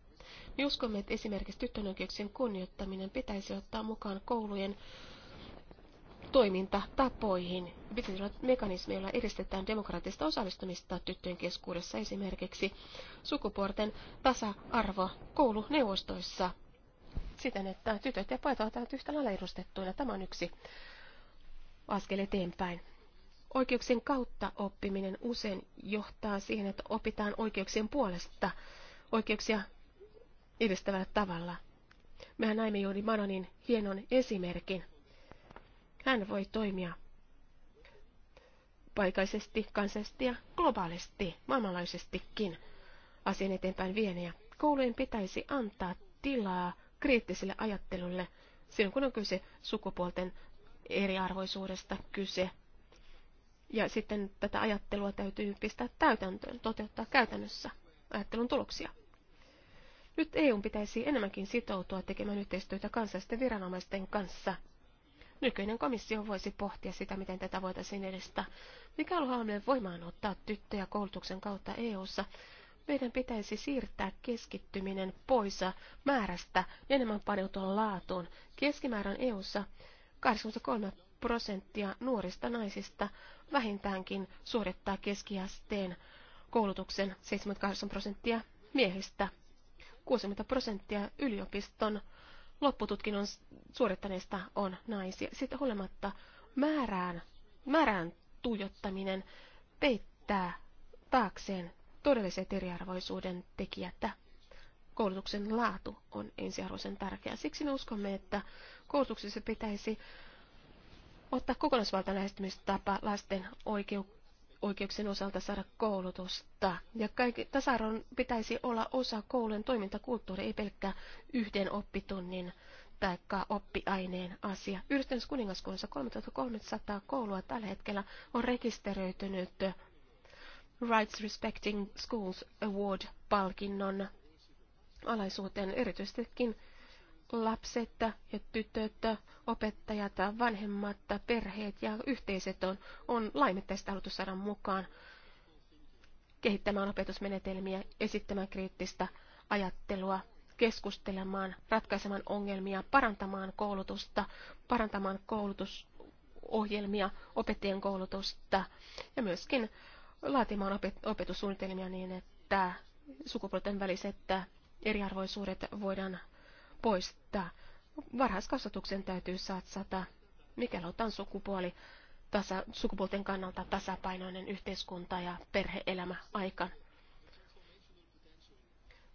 Me uskomme, että esimerkiksi tyttönoikeuksien kunnioittaminen pitäisi ottaa mukaan koulujen toimintatapoihin. Pitäisi olla mekanismi, jolla edistetään demokraattista osallistumista tyttöjen keskuudessa esimerkiksi sukupuolten tasa-arvo kouluneuvostoissa siten, että tytöt ja pojat ovat yhtä lailla edustettuina. Tämä on yksi askel eteenpäin. Oikeuksien kautta oppiminen usein johtaa siihen, että opitaan oikeuksien puolesta oikeuksia edistävällä tavalla. Mehän näimme juuri Manonin hienon esimerkin hän voi toimia paikaisesti, kansallisesti ja globaalisti, maailmanlaisestikin asian eteenpäin vieniä. Koulujen pitäisi antaa tilaa kriittiselle ajattelulle silloin, kun on kyse sukupuolten eriarvoisuudesta kyse. Ja sitten tätä ajattelua täytyy pistää täytäntöön, toteuttaa käytännössä ajattelun tuloksia. Nyt EUn pitäisi enemmänkin sitoutua tekemään yhteistyötä kansallisten viranomaisten kanssa – Nykyinen komissio voisi pohtia sitä, miten tätä voitaisiin edistää. mikä haluamme voimaan ottaa tyttöjä koulutuksen kautta EU-ssa, meidän pitäisi siirtää keskittyminen pois määrästä ja enemmän paneutua laatuun. Keskimäärän EU-ssa 83 prosenttia nuorista naisista vähintäänkin suorittaa keskiasteen koulutuksen 78 prosenttia miehistä. 60 prosenttia yliopiston loppututkinnon suorittaneista on naisia. Sitten huolimatta määrään, määrään tuijottaminen peittää taakseen todelliset eriarvoisuuden tekijät. Koulutuksen laatu on ensiarvoisen tärkeä. Siksi me uskomme, että koulutuksessa pitäisi ottaa kokonaisvaltainen lähestymistapa lasten oikeu- oikeuksien osalta saada koulutusta. Ja kaikki, tasa-arvon pitäisi olla osa koulujen toimintakulttuuria, ei pelkkä yhden oppitunnin tai oppiaineen asia. Yhdistyneessä kuningaskunnassa 3300 koulua tällä hetkellä on rekisteröitynyt Rights Respecting Schools Award-palkinnon alaisuuteen erityisestikin lapset ja tytöt, opettajat, vanhemmat, perheet ja yhteiset on, on laimettaista haluttu saada mukaan kehittämään opetusmenetelmiä, esittämään kriittistä ajattelua keskustelemaan, ratkaisemaan ongelmia, parantamaan koulutusta, parantamaan koulutusohjelmia, opettajien koulutusta ja myöskin laatimaan opet- opetussuunnitelmia niin, että sukupuolten väliset eriarvoisuudet voidaan poistaa. Varhaiskasvatuksen täytyy satsata, mikäli otan sukupuoli, tasa, sukupuolten kannalta tasapainoinen yhteiskunta ja perheelämä aikaan.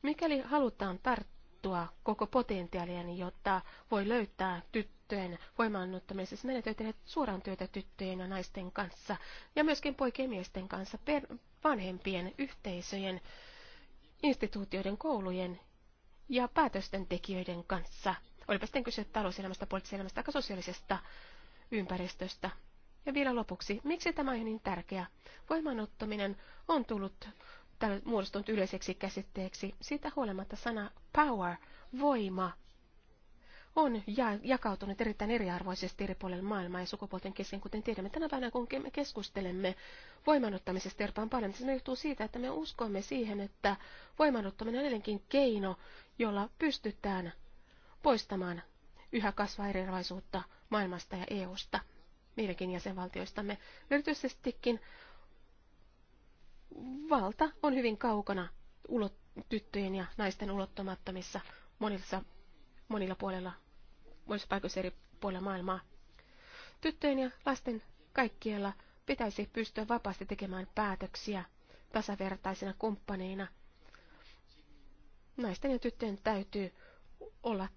Mikäli halutaan tarttua koko niin jotta voi löytää tyttöjen voimaannuttamisessa, meidän täytyy tehdä suoraan työtä tyttöjen ja naisten kanssa ja myöskin poikien miesten kanssa, per, vanhempien, yhteisöjen, instituutioiden, koulujen ja päätösten tekijöiden kanssa. Olipa sitten kyse talouselämästä, poliittiselämästä tai sosiaalisesta ympäristöstä. Ja vielä lopuksi, miksi tämä on niin tärkeä? Voimaanottaminen on tullut muodostunut yleiseksi käsitteeksi. Siitä huolimatta sana power, voima, on ja- jakautunut erittäin eriarvoisesti eri puolilla maailmaa ja sukupuolten kesken, kuten tiedämme tänä päivänä, kun me keskustelemme voimanottamisesta Euroopan paljon, Se johtuu siitä, että me uskomme siihen, että voimanottaminen on edelleenkin keino, jolla pystytään poistamaan yhä kasvaa eriarvoisuutta maailmasta ja EUsta, meidänkin jäsenvaltioistamme. Erityisestikin valta on hyvin kaukana ulot, tyttöjen ja naisten ulottamattomissa monissa, monilla puolella, monissa paikoissa eri puolilla maailmaa. Tyttöjen ja lasten kaikkialla pitäisi pystyä vapaasti tekemään päätöksiä tasavertaisina kumppaneina. Naisten ja tyttöjen täytyy olla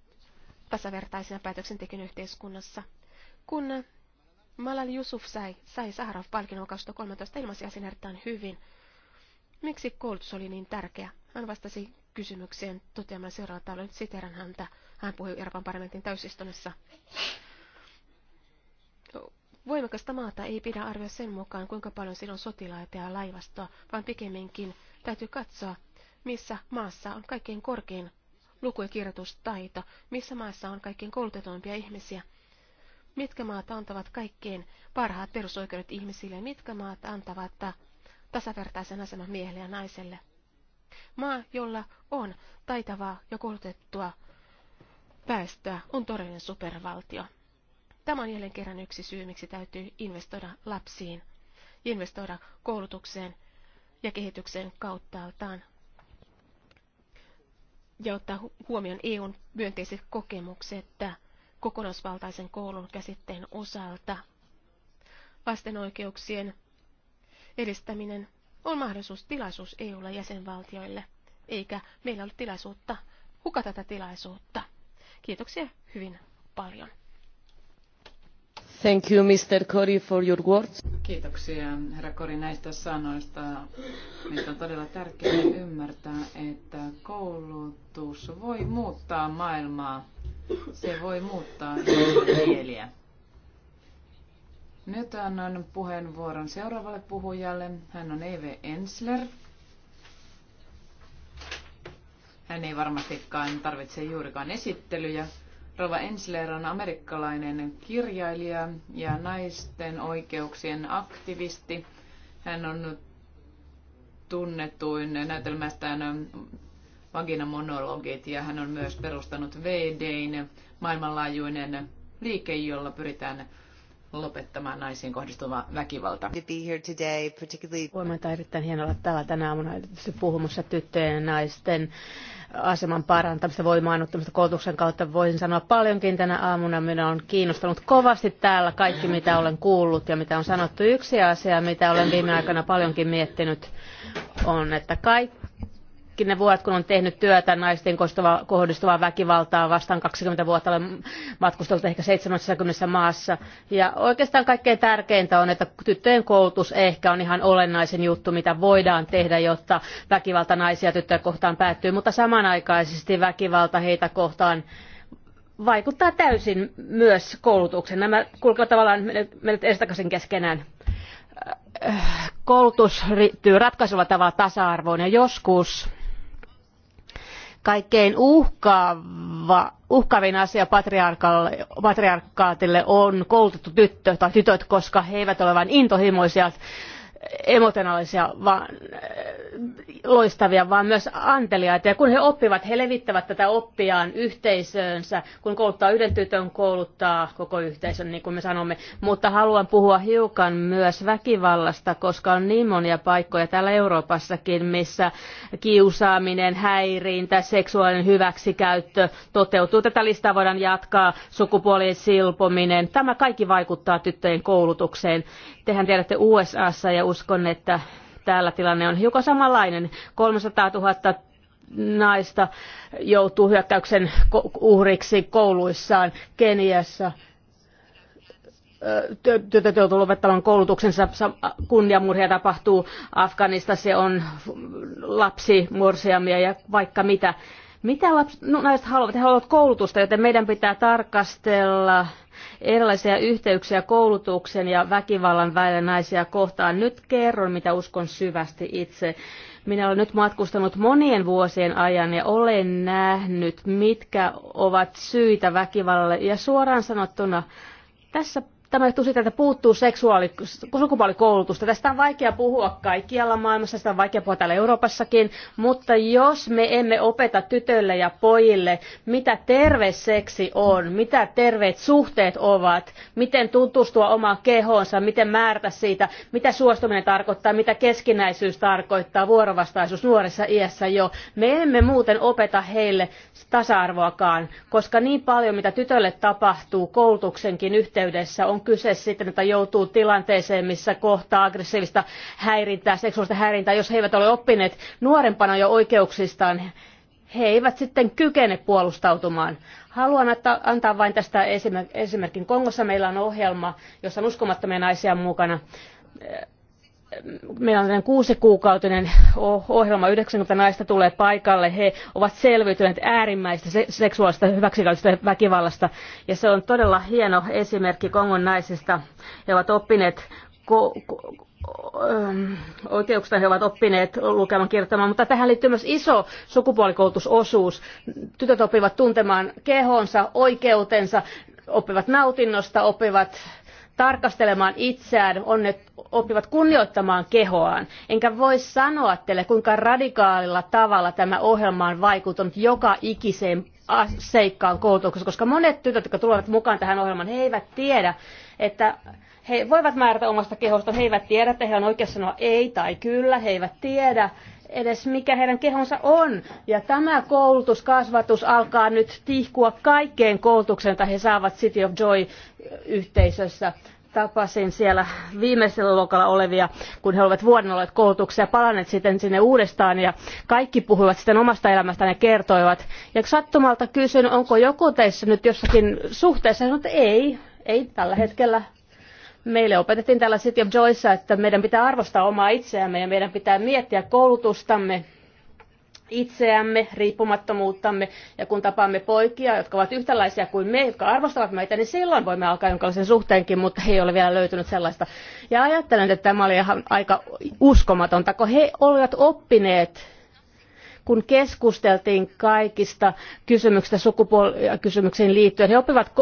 tasavertaisina päätöksentekijän yhteiskunnassa. Kun Malal Yusuf sai, sai Saharov-palkinnon 2013 ilmaisi hyvin. Miksi koulutus oli niin tärkeä? Hän vastasi kysymykseen toteamaan seuraavalla tavalla. Nyt siteran häntä. Hän puhui Euroopan parlamentin täysistunnossa. Voimakasta maata ei pidä arvioida sen mukaan, kuinka paljon siinä on sotilaita ja laivastoa, vaan pikemminkin täytyy katsoa, missä maassa on kaikkein korkein luku- ja kirjoitustaito, missä maassa on kaikkein koulutetuimpia ihmisiä, mitkä maat antavat kaikkein parhaat perusoikeudet ihmisille, mitkä maat antavat tasavertaisen aseman miehelle ja naiselle. Maa, jolla on taitavaa ja koulutettua väestöä, on todellinen supervaltio. Tämä on jälleen kerran yksi syy, miksi täytyy investoida lapsiin, investoida koulutukseen ja kehitykseen kauttaaltaan ja ottaa huomioon EUn myönteiset kokemukset kokonaisvaltaisen koulun käsitteen osalta. Lasten oikeuksien edistäminen on mahdollisuus, tilaisuus EU:lla jäsenvaltioille, eikä meillä ole tilaisuutta hukata tätä tilaisuutta. Kiitoksia hyvin paljon. Thank you, Mr. Cori, for your words. Kiitoksia, herra Kori, näistä sanoista. Meistä on todella tärkeää ymmärtää, että koulutus voi muuttaa maailmaa. Se voi muuttaa mieliä. Nyt annan puheenvuoron seuraavalle puhujalle. Hän on Eve Ensler. Hän ei varmastikaan tarvitse juurikaan esittelyjä. Rova Ensler on amerikkalainen kirjailija ja naisten oikeuksien aktivisti. Hän on tunnetuin näytelmästään vaginamonologit ja hän on myös perustanut VDin, maailmanlaajuinen liike, jolla pyritään lopettamaan naisiin kohdistuva väkivalta. Huomenta erittäin hienoa olla täällä tänä aamuna puhumassa tyttöjen ja naisten aseman parantamista, voimaannuttamista koulutuksen kautta. Voisin sanoa paljonkin tänä aamuna. Minä olen kiinnostanut kovasti täällä kaikki, mitä olen kuullut ja mitä on sanottu. Yksi asia, mitä olen viime aikana paljonkin miettinyt, on, että kaikki kaikki ne vuodet, kun on tehnyt työtä naisten kohdistuvaa väkivaltaa vastaan 20 vuotta, olen matkustellut ehkä 70 maassa. Ja oikeastaan kaikkein tärkeintä on, että tyttöjen koulutus ehkä on ihan olennaisin juttu, mitä voidaan tehdä, jotta väkivalta naisia tyttöjä kohtaan päättyy, mutta samanaikaisesti väkivalta heitä kohtaan vaikuttaa täysin myös koulutukseen. Nämä kulkevat tavallaan menet estakaisin keskenään äh, koulutus liittyy ratkaisevalla tavalla tasa arvoon ja joskus kaikkein uhkaava, uhkaavin asia patriarkaatille on koulutettu tyttö tai tytöt, koska he eivät ole vain intohimoisia emotionaalisia, vaan äh, loistavia, vaan myös anteliaita. Ja kun he oppivat, he levittävät tätä oppiaan yhteisöönsä. Kun kouluttaa yhden tytön, kouluttaa koko yhteisön, niin kuin me sanomme. Mutta haluan puhua hiukan myös väkivallasta, koska on niin monia paikkoja täällä Euroopassakin, missä kiusaaminen, häirintä, seksuaalinen hyväksikäyttö toteutuu. Tätä listaa voidaan jatkaa, sukupuolien silpominen. Tämä kaikki vaikuttaa tyttöjen koulutukseen Tehän tiedätte USAssa ja uskon, että täällä tilanne on hiukan samanlainen. 300 000 naista joutuu hyökkäyksen uhriksi kouluissaan Keniassa tytöt joutuu lopettamaan koulutuksensa, kunniamurhia tapahtuu Afganistassa, on lapsi, morsiamia ja vaikka mitä. Mitä lapset, no, naiset haluavat? He haluavat koulutusta, joten meidän pitää tarkastella erilaisia yhteyksiä koulutuksen ja väkivallan välillä naisia kohtaan. Nyt kerron, mitä uskon syvästi itse. Minä olen nyt matkustanut monien vuosien ajan ja olen nähnyt, mitkä ovat syitä väkivallalle. Ja suoraan sanottuna tässä Tämä johtuu siitä, että puuttuu seksuaali- sukupuolikoulutusta. Tästä on vaikea puhua kaikkialla maailmassa, sitä on vaikea puhua täällä Euroopassakin, mutta jos me emme opeta tytöille ja pojille, mitä terve seksi on, mitä terveet suhteet ovat, miten tutustua omaan kehoonsa, miten määrätä siitä, mitä suostuminen tarkoittaa, mitä keskinäisyys tarkoittaa, vuorovastaisuus nuoressa iässä jo. Me emme muuten opeta heille tasa-arvoakaan, koska niin paljon mitä tytölle tapahtuu koulutuksenkin yhteydessä on kyse sitten, että joutuu tilanteeseen, missä kohtaa aggressiivista häirintää, seksuaalista häirintää, jos he eivät ole oppineet nuorempana jo oikeuksistaan, he eivät sitten kykene puolustautumaan. Haluan antaa vain tästä esimerkin. Kongossa meillä on ohjelma, jossa on uskomattomia naisia mukana meillä on kuusi kuukautinen ohjelma yhdeksänkymmentä naista tulee paikalle he ovat selviytyneet äärimmäisestä seksuaalisesta hyväksikäytöstä ja väkivallasta ja se on todella hieno esimerkki kongon naisista he ovat oppineet ähm, oikeuksista he ovat oppineet lukemaan kirjoittamaan, mutta tähän liittyy myös iso sukupuolikoulutusosuus. Tytöt oppivat tuntemaan kehonsa, oikeutensa, oppivat nautinnosta, oppivat tarkastelemaan itseään, ne oppivat kunnioittamaan kehoaan. Enkä voi sanoa teille, kuinka radikaalilla tavalla tämä ohjelma on vaikuttanut joka ikiseen seikkaan koulutuksessa, koska monet tytöt, jotka tulevat mukaan tähän ohjelmaan, he eivät tiedä, että he voivat määrätä omasta kehosta, he eivät tiedä, että he on oikeassa, sanoa ei tai kyllä, he eivät tiedä, edes mikä heidän kehonsa on. Ja tämä koulutuskasvatus alkaa nyt tihkua kaikkeen koulutukseen, jota he saavat City of Joy-yhteisössä tapasin siellä viimeisellä luokalla olevia, kun he olivat vuoden olleet koulutuksessa ja palanneet sitten sinne uudestaan ja kaikki puhuivat sitten omasta elämästään ja kertoivat. Ja sattumalta kysyin, onko joku teissä nyt jossakin suhteessa, sanoin, että ei, ei tällä hetkellä Meille opetettiin täällä City of Joyssa, että meidän pitää arvostaa omaa itseämme ja meidän pitää miettiä koulutustamme, itseämme, riippumattomuuttamme ja kun tapaamme poikia, jotka ovat yhtäläisiä kuin me, jotka arvostavat meitä, niin silloin voimme alkaa jonkinlaisen suhteenkin, mutta he ei ole vielä löytynyt sellaista. Ja ajattelen, että tämä oli ihan aika uskomatonta, kun he olivat oppineet kun keskusteltiin kaikista kysymyksistä sukupuolikysymyksiin liittyen, he oppivat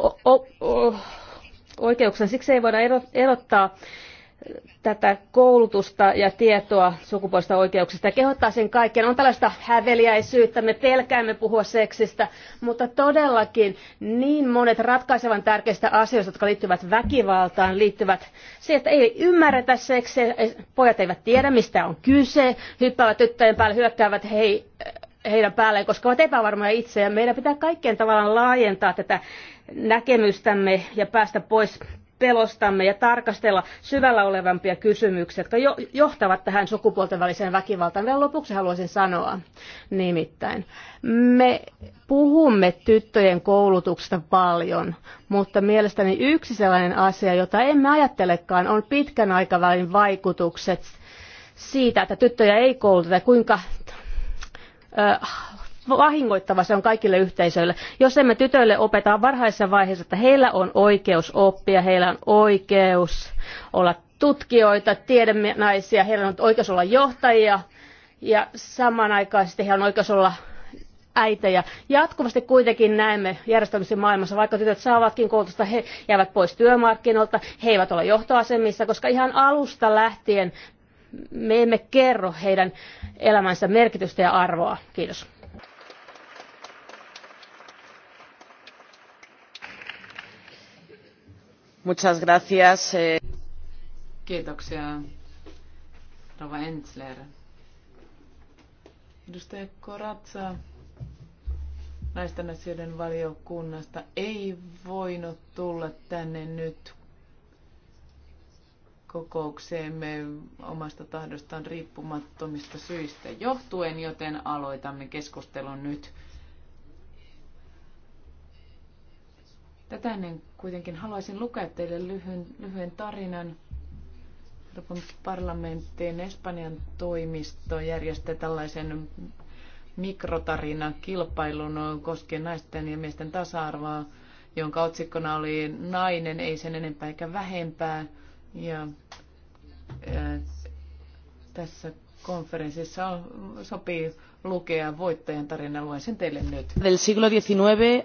oikeuksia. Siksi ei voida erottaa tätä koulutusta ja tietoa sukupuolista oikeuksista ja kehottaisin kaikkien. On tällaista häveliäisyyttä, me pelkäämme puhua seksistä, mutta todellakin niin monet ratkaisevan tärkeistä asioista, jotka liittyvät väkivaltaan, liittyvät siihen, että ei ymmärretä seksiä, pojat eivät tiedä mistä on kyse, hyppäävät tyttöjen päälle, hyökkäävät hei, heidän päälleen, koska ovat epävarmoja itse ja meidän pitää kaikkien tavallaan laajentaa tätä näkemystämme ja päästä pois pelostamme ja tarkastella syvällä olevampia kysymyksiä, jotka jo, johtavat tähän sukupuolten väliseen väkivaltaan. Vielä lopuksi haluaisin sanoa nimittäin. Me puhumme tyttöjen koulutuksesta paljon, mutta mielestäni yksi sellainen asia, jota emme ajattelekaan, on pitkän aikavälin vaikutukset siitä, että tyttöjä ei kouluteta, kuinka äh, vahingoittava se on kaikille yhteisöille. Jos emme tytöille opeta varhaisessa vaiheessa, että heillä on oikeus oppia, heillä on oikeus olla tutkijoita, tiedemienaisia, heillä on oikeus olla johtajia ja samanaikaisesti heillä on oikeus olla äitejä. Jatkuvasti kuitenkin näemme järjestelmissä maailmassa, vaikka tytöt saavatkin koulutusta, he jäävät pois työmarkkinoilta, he eivät ole johtoasemissa, koska ihan alusta lähtien me emme kerro heidän elämänsä merkitystä ja arvoa. Kiitos. Muchas gracias. Eh. Kiitoksia, Rova Entzler. Edustaja Koratsa naisten asioiden valiokunnasta ei voinut tulla tänne nyt kokoukseemme omasta tahdostaan riippumattomista syistä johtuen, joten aloitamme keskustelun nyt. Tätä ennen kuitenkin haluaisin lukea teille lyhyen, lyhyen tarinan. Euroopan parlamenttien Espanjan toimisto järjestää tällaisen mikrotarinakilpailun koskien naisten ja miesten tasa-arvoa, jonka otsikkona oli Nainen, ei sen enempää eikä vähempää. Ja, ja tässä konferenssissa on, sopii lukea voittajan tarina. Luen sen teille nyt. Del siglo XIX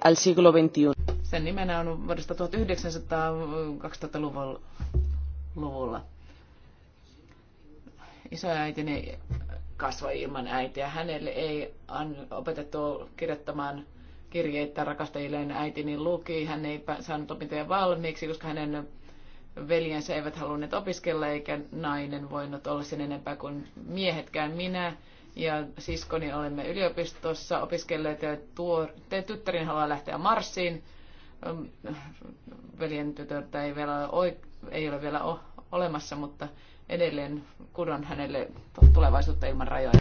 al siglo XXI sen nimenä on vuodesta 1900-2000-luvulla. Isoäitini kasvoi ilman äitiä. Hänelle ei opetettu kirjoittamaan kirjeitä rakastajilleen äitini luki. Hän ei saanut opintoja valmiiksi, koska hänen veljensä eivät halunneet opiskella, eikä nainen voinut olla sen enempää kuin miehetkään minä. Ja siskoni olemme yliopistossa opiskelleet ja tuo, te tyttärin haluaa lähteä Marsiin veljen tytörtä ei, vielä ole, ei ole vielä olemassa, mutta edelleen kudon hänelle tulevaisuutta ilman rajoja.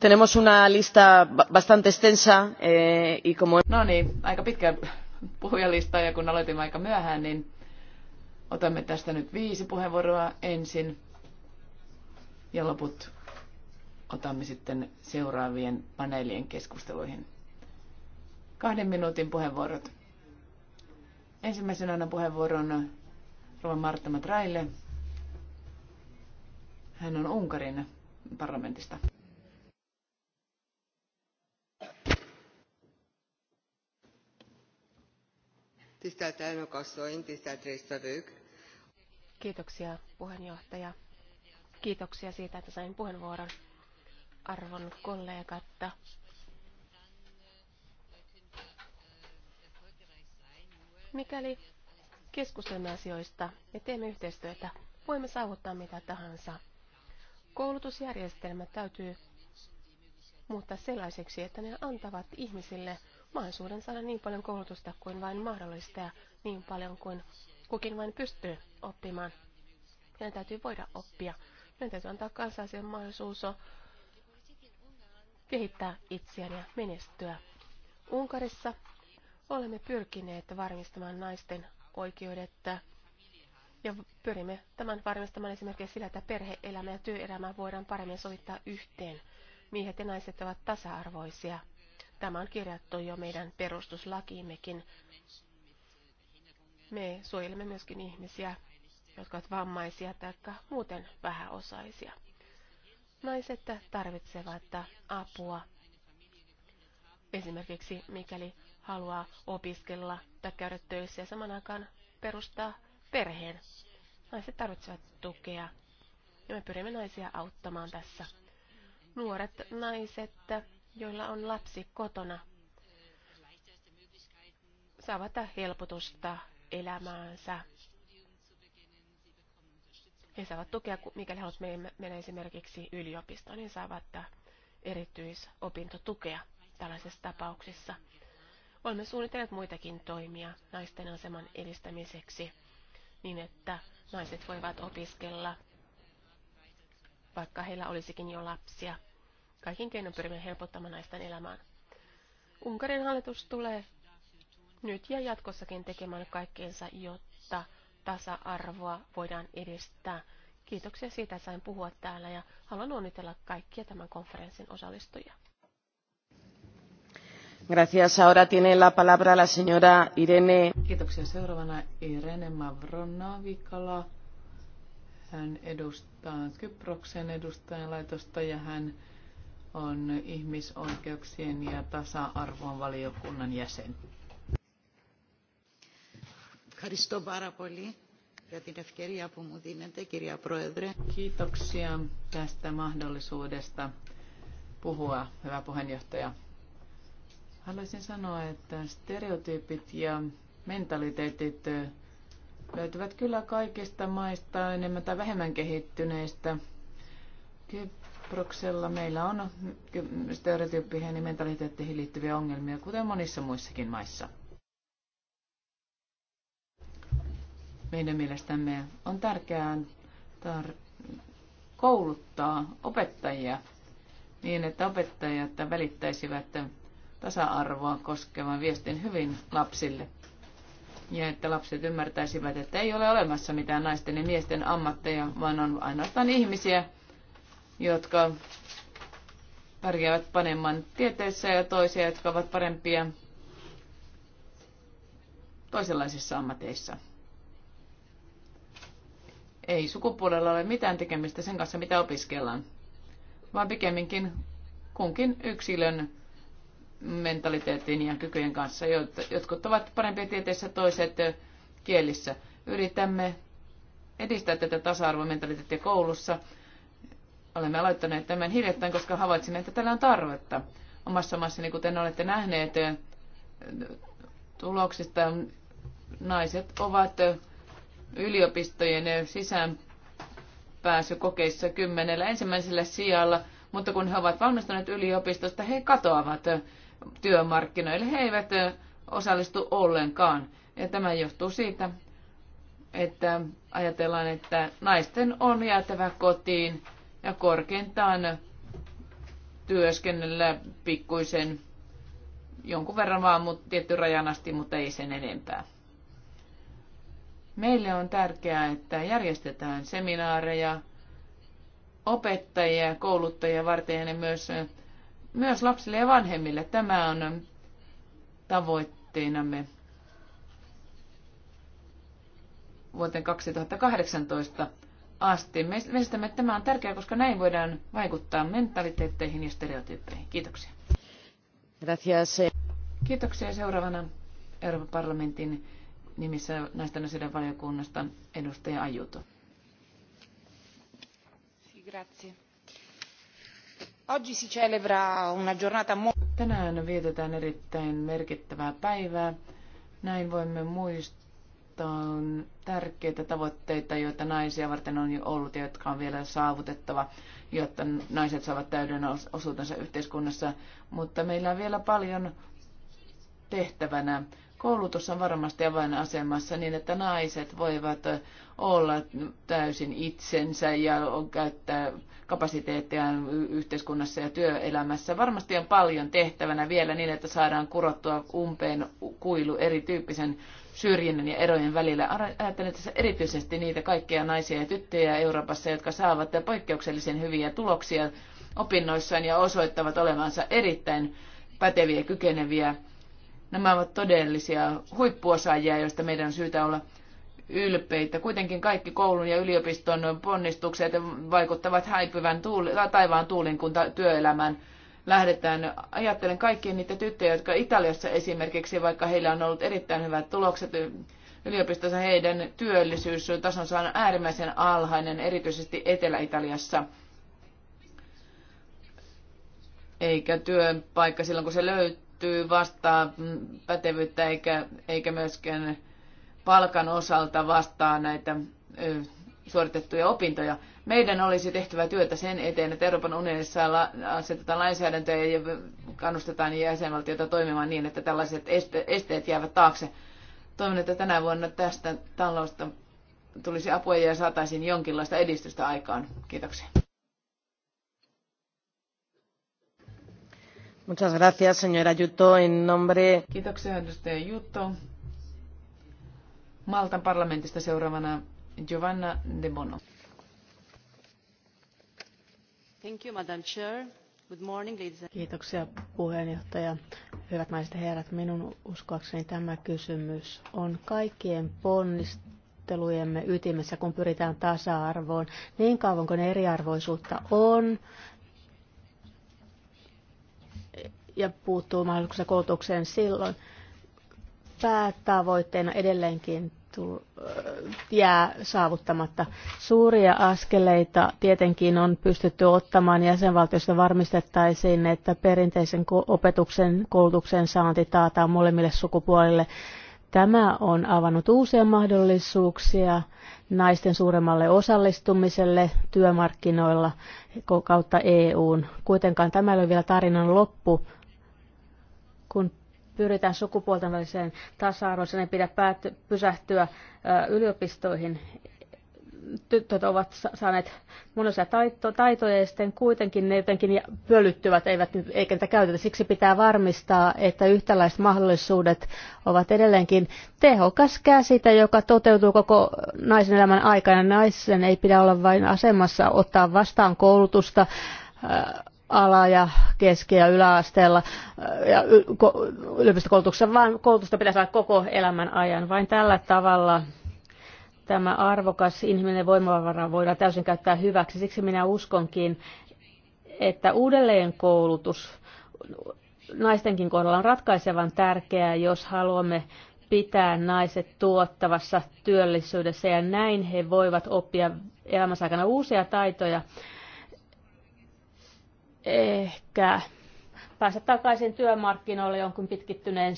Tenemos una lista bastante extensa eh, y como... No niin, aika pitkä puhujalista ja kun aloitimme aika myöhään, niin otamme tästä nyt viisi puheenvuoroa ensin ja loput otamme sitten seuraavien paneelien keskusteluihin. Kahden minuutin puheenvuorot. Ensimmäisenä annan puheenvuoron Rova Martta Matraille. Hän on Unkarin parlamentista. Kiitoksia puheenjohtaja. Kiitoksia siitä, että sain puheenvuoron arvon kollegat. Mikäli keskustelemme asioista ja teemme yhteistyötä, voimme saavuttaa mitä tahansa. Koulutusjärjestelmä täytyy muuttaa sellaiseksi, että ne antavat ihmisille mahdollisuuden saada niin paljon koulutusta kuin vain mahdollista ja niin paljon kuin kukin vain pystyy oppimaan. Meidän täytyy voida oppia. Meidän täytyy antaa kansalaisille mahdollisuus kehittää itseään ja menestyä. Unkarissa olemme pyrkineet varmistamaan naisten oikeudet ja pyrimme tämän varmistamaan esimerkiksi sillä, että perhe-elämä ja työelämä voidaan paremmin sovittaa yhteen. Miehet ja naiset ovat tasa-arvoisia. Tämä on kirjattu jo meidän perustuslakiimmekin. Me suojelemme myöskin ihmisiä, jotka ovat vammaisia tai muuten vähäosaisia. Naiset tarvitsevat apua. Esimerkiksi mikäli haluaa opiskella tai käydä töissä ja saman aikaan perustaa perheen. Naiset tarvitsevat tukea ja me pyrimme naisia auttamaan tässä. Nuoret naiset, joilla on lapsi kotona, saavat helpotusta elämäänsä he saavat tukea, mikäli haluat mennä esimerkiksi yliopistoon, niin saavat äh, erityisopintotukea tällaisessa tapauksessa. Olemme suunnitelleet muitakin toimia naisten aseman edistämiseksi niin, että naiset voivat opiskella, vaikka heillä olisikin jo lapsia. Kaikin keinoin pyrimme helpottamaan naisten elämää. Unkarin hallitus tulee nyt ja jatkossakin tekemään kaikkeensa, jotta tasa-arvoa voidaan edistää. Kiitoksia siitä, että sain puhua täällä ja haluan onnitella kaikkia tämän konferenssin osallistujia. Gracias. Ahora tiene la palabra la señora Irene. Kiitoksia. Seuraavana Irene Mavronavikala. Hän edustaa Kyproksen laitosta ja hän on ihmisoikeuksien ja tasa-arvon valiokunnan jäsen. Ευχαριστώ πάρα πολύ για την ευκαιρία που μου δίνετε, κυρία Πρόεδρε. Kiitoksia tästä mahdollisuudesta puhua, hyvä puheenjohtaja. Haluaisin sanoa, että stereotyypit ja mentaliteetit löytyvät kyllä kaikista maista, enemmän tai vähemmän kehittyneistä. Kyproksella meillä on stereotyyppiin ja mentaliteetteihin liittyviä ongelmia, kuten monissa muissakin maissa. Meidän mielestämme on tärkeää tar- kouluttaa opettajia niin, että opettajat välittäisivät tasa-arvoa koskevan viestin hyvin lapsille. Ja että lapset ymmärtäisivät, että ei ole olemassa mitään naisten ja miesten ammatteja, vaan on ainoastaan ihmisiä, jotka pärjäävät paremman tieteessä ja toisia, jotka ovat parempia toisenlaisissa ammateissa. Ei sukupuolella ole mitään tekemistä sen kanssa, mitä opiskellaan, vaan pikemminkin kunkin yksilön mentaliteetin ja kykyjen kanssa. Jotkut ovat parempia tieteissä, toiset kielissä. Yritämme edistää tätä tasa-arvomentaliteettia koulussa. Olemme aloittaneet tämän hiljattain, koska havaitsimme, että tällä on tarvetta. Omassa maassani, kuten olette nähneet, tuloksista naiset ovat yliopistojen sisäänpääsykokeissa kymmenellä ensimmäisellä sijalla, mutta kun he ovat valmistuneet yliopistosta, he katoavat työmarkkinoille. He eivät osallistu ollenkaan. Ja tämä johtuu siitä, että ajatellaan, että naisten on jäätävä kotiin ja korkeintaan työskennellä pikkuisen jonkun verran vaan, mutta tietty rajan asti, mutta ei sen enempää. Meille on tärkeää, että järjestetään seminaareja opettajia ja kouluttajia varten ja myös, myös lapsille ja vanhemmille. Tämä on tavoitteenamme vuoteen 2018 asti. Mielestämme tämä on tärkeää, koska näin voidaan vaikuttaa mentaliteetteihin ja stereotyyppeihin. Kiitoksia. Gracias. Kiitoksia. Seuraavana Euroopan parlamentin nimissä näistä asioiden valiokunnasta edustaja Ajuto. Tänään vietetään erittäin merkittävää päivää. Näin voimme muistaa tärkeitä tavoitteita, joita naisia varten on jo ollut ja jotka on vielä saavutettava, jotta naiset saavat täyden osuutensa yhteiskunnassa. Mutta meillä on vielä paljon tehtävänä Koulutus on varmasti avainasemassa niin, että naiset voivat olla täysin itsensä ja käyttää kapasiteettiaan yhteiskunnassa ja työelämässä. Varmasti on paljon tehtävänä vielä niin, että saadaan kurottua umpeen kuilu erityyppisen syrjinnän ja erojen välillä. Ajattelen tässä erityisesti niitä kaikkia naisia ja tyttöjä Euroopassa, jotka saavat poikkeuksellisen hyviä tuloksia opinnoissaan ja osoittavat olevansa erittäin päteviä ja kykeneviä Nämä ovat todellisia huippuosaajia, joista meidän on syytä olla ylpeitä. Kuitenkin kaikki koulun ja yliopiston ponnistukset vaikuttavat häipyvän tuuli, taivaan tuulin, kun ta- työelämään lähdetään. Ajattelen kaikkia niitä tyttöjä, jotka Italiassa esimerkiksi, vaikka heillä on ollut erittäin hyvät tulokset yliopistossa, heidän työllisyystasonsa on äärimmäisen alhainen, erityisesti Etelä-Italiassa. Eikä työpaikka silloin, kun se löytyy pystyy vastaa pätevyyttä eikä, eikä myöskään palkan osalta vastaa näitä suoritettuja opintoja. Meidän olisi tehtävä työtä sen eteen, että Euroopan unionissa asetetaan lainsäädäntöä ja kannustetaan jäsenvaltiota toimimaan niin, että tällaiset esteet jäävät taakse. Toivon, että tänä vuonna tästä talosta tulisi apua ja saataisiin jonkinlaista edistystä aikaan. Kiitoksia. Muchas gracias, señora Jutto, en nombre... Kiitoksia, edustaja Jutto. Maltan parlamentista seuraavana Giovanna De Bono. Thank you, Madam Chair. Good morning, ladies. Kiitoksia puheenjohtaja. Hyvät naiset ja herrat, minun uskoakseni tämä kysymys on kaikkien ponnistelujemme ytimessä, kun pyritään tasa-arvoon. Niin kauan kuin eriarvoisuutta on, ja puuttuu mahdollisuuksia koulutukseen silloin. Päätavoitteena edelleenkin jää saavuttamatta. Suuria askeleita tietenkin on pystytty ottamaan jäsenvaltiosta varmistettaisiin, että perinteisen opetuksen koulutuksen saanti taataan molemmille sukupuolille. Tämä on avannut uusia mahdollisuuksia naisten suuremmalle osallistumiselle työmarkkinoilla kautta EUn. Kuitenkaan tämä ei ole vielä tarinan loppu kun pyritään sukupuolten väliseen tasa niin ei pidä pääty, pysähtyä yliopistoihin. Tytöt ovat saaneet monenlaisia taito, taitoja ja sitten kuitenkin ne jotenkin pölyttyvät, eivät, eikä niitä käytetä. Siksi pitää varmistaa, että yhtäläiset mahdollisuudet ovat edelleenkin tehokas käsite, joka toteutuu koko naisen elämän aikana. Naisen ei pidä olla vain asemassa ottaa vastaan koulutusta, ala- ja keski- ja yläasteella äh, ja yliopistokoulutuksessa, vaan koulutusta pitäisi olla koko elämän ajan. Vain tällä tavalla tämä arvokas inhimillinen voimavara voidaan täysin käyttää hyväksi. Siksi minä uskonkin, että uudelleenkoulutus naistenkin kohdalla on ratkaisevan tärkeää, jos haluamme pitää naiset tuottavassa työllisyydessä ja näin he voivat oppia elämänsä aikana uusia taitoja ehkä päästä takaisin työmarkkinoille jonkun pitkittyneen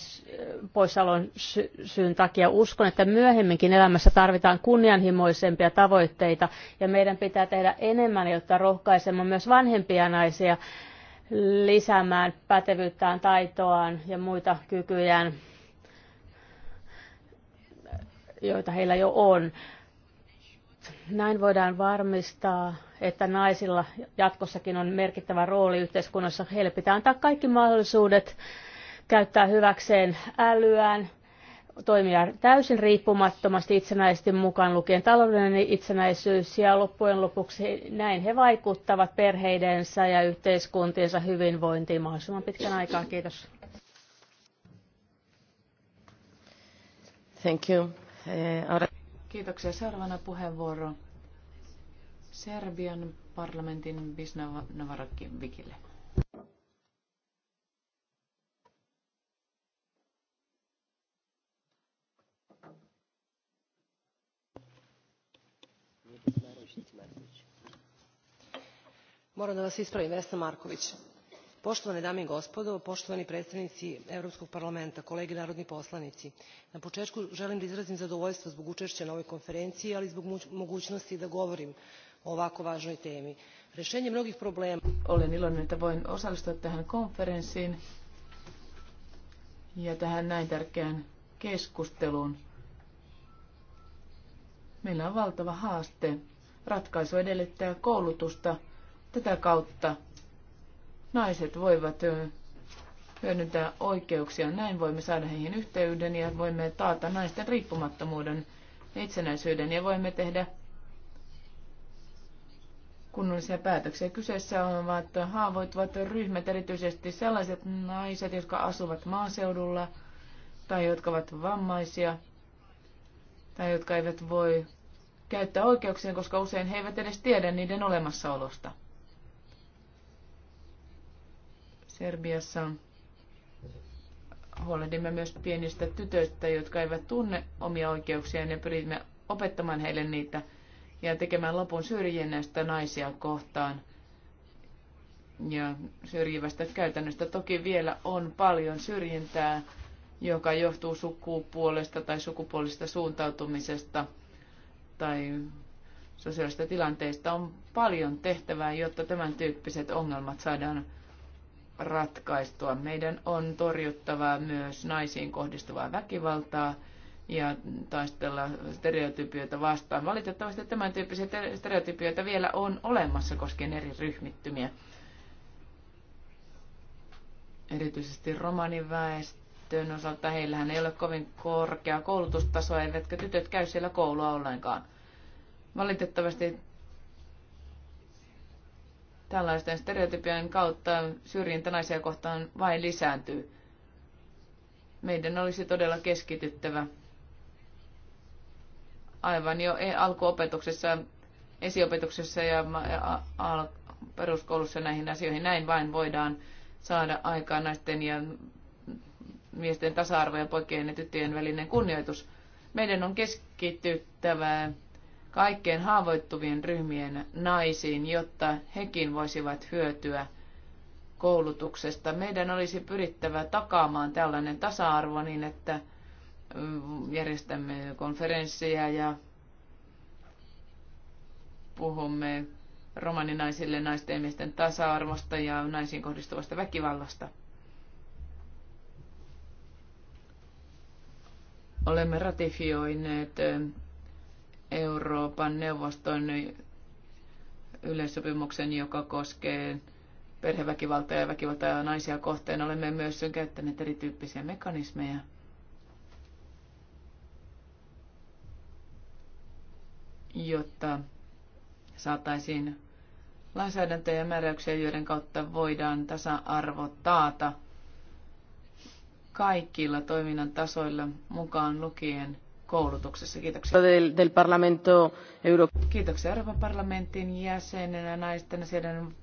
poissaolon sy- syyn takia. Uskon, että myöhemminkin elämässä tarvitaan kunnianhimoisempia tavoitteita ja meidän pitää tehdä enemmän, jotta rohkaisemme myös vanhempia naisia lisäämään pätevyyttään, taitoaan ja muita kykyjään, joita heillä jo on. Näin voidaan varmistaa, että naisilla jatkossakin on merkittävä rooli yhteiskunnassa. Heille pitää antaa kaikki mahdollisuudet käyttää hyväkseen älyään, toimia täysin riippumattomasti itsenäisesti mukaan lukien taloudellinen itsenäisyys ja loppujen lopuksi näin he vaikuttavat perheidensä ja yhteiskuntiensa hyvinvointiin mahdollisimman pitkän aikaa. Kiitos. Thank you. Eh, Kiitoksia. Seuraavana puheenvuoro Serbian parlamentin Visna Navarakin Vikille. moram da vas ispravim vesna marković potovane dame i gospodo potovani predstavnici europskog parlamenta kolege narodni poslanici na poetku elim da izrazim zadovoljstvo zbog uea na ovoj konferenciji ali i zbog mogunosti da govorim o ovako vanoj temi. rjeenje mnogih problema olen iloinen että voin osallistua tähän konferenssiin ja tähän näin tärkeään keskusteluun. Meillä on valtava haaste. Ratkaisu edellyttää koulutusta. Tätä kautta naiset voivat hyödyntää oikeuksia. Näin voimme saada heihin yhteyden ja voimme taata naisten riippumattomuuden ja itsenäisyyden ja voimme tehdä kunnollisia päätöksiä. Kyseessä ovat haavoittuvat ryhmät, erityisesti sellaiset naiset, jotka asuvat maaseudulla tai jotka ovat vammaisia tai jotka eivät voi käyttää oikeuksia, koska usein he eivät edes tiedä niiden olemassaolosta. Serbiassa huolehdimme myös pienistä tytöistä, jotka eivät tunne omia oikeuksiaan ja pyrimme opettamaan heille niitä ja tekemään lopun syrjinnästä naisia kohtaan ja syrjivästä käytännöstä. Toki vielä on paljon syrjintää, joka johtuu sukupuolesta tai sukupuolista suuntautumisesta tai sosiaalista tilanteesta. On paljon tehtävää, jotta tämän tyyppiset ongelmat saadaan ratkaistua. Meidän on torjuttava myös naisiin kohdistuvaa väkivaltaa ja taistella stereotypioita vastaan. Valitettavasti tämän tyyppisiä stereotypioita vielä on olemassa koskien eri ryhmittymiä. Erityisesti romaniväestön osalta heillähän ei ole kovin korkea koulutustaso eivätkä tytöt käy siellä koulua ollenkaan. Valitettavasti tällaisten stereotypien kautta syrjintä naisia kohtaan vain lisääntyy. Meidän olisi todella keskityttävä aivan jo e- alkuopetuksessa, esiopetuksessa ja peruskoulussa näihin asioihin. Näin vain voidaan saada aikaan naisten ja miesten tasa-arvo ja poikien ja tyttöjen välinen kunnioitus. Meidän on keskityttävä kaikkein haavoittuvien ryhmien naisiin, jotta hekin voisivat hyötyä koulutuksesta. Meidän olisi pyrittävä takaamaan tällainen tasa-arvo niin, että mm, järjestämme konferensseja ja puhumme romaninaisille naisten ja miesten tasa-arvosta ja naisiin kohdistuvasta väkivallasta. Olemme ratifioineet mm, Euroopan neuvoston yleissopimuksen, joka koskee perheväkivaltaa ja väkivaltaa naisia kohteen. Olemme myös käyttäneet erityyppisiä mekanismeja. jotta saataisiin lainsäädäntöjä ja määräyksiä, joiden kautta voidaan tasa-arvo taata kaikilla toiminnan tasoilla mukaan lukien koulutuksessa. Kiitoksia. Del, del Parlamento Euro- Kiitoksia Euroopan parlamentin jäsenenä, naisten asioiden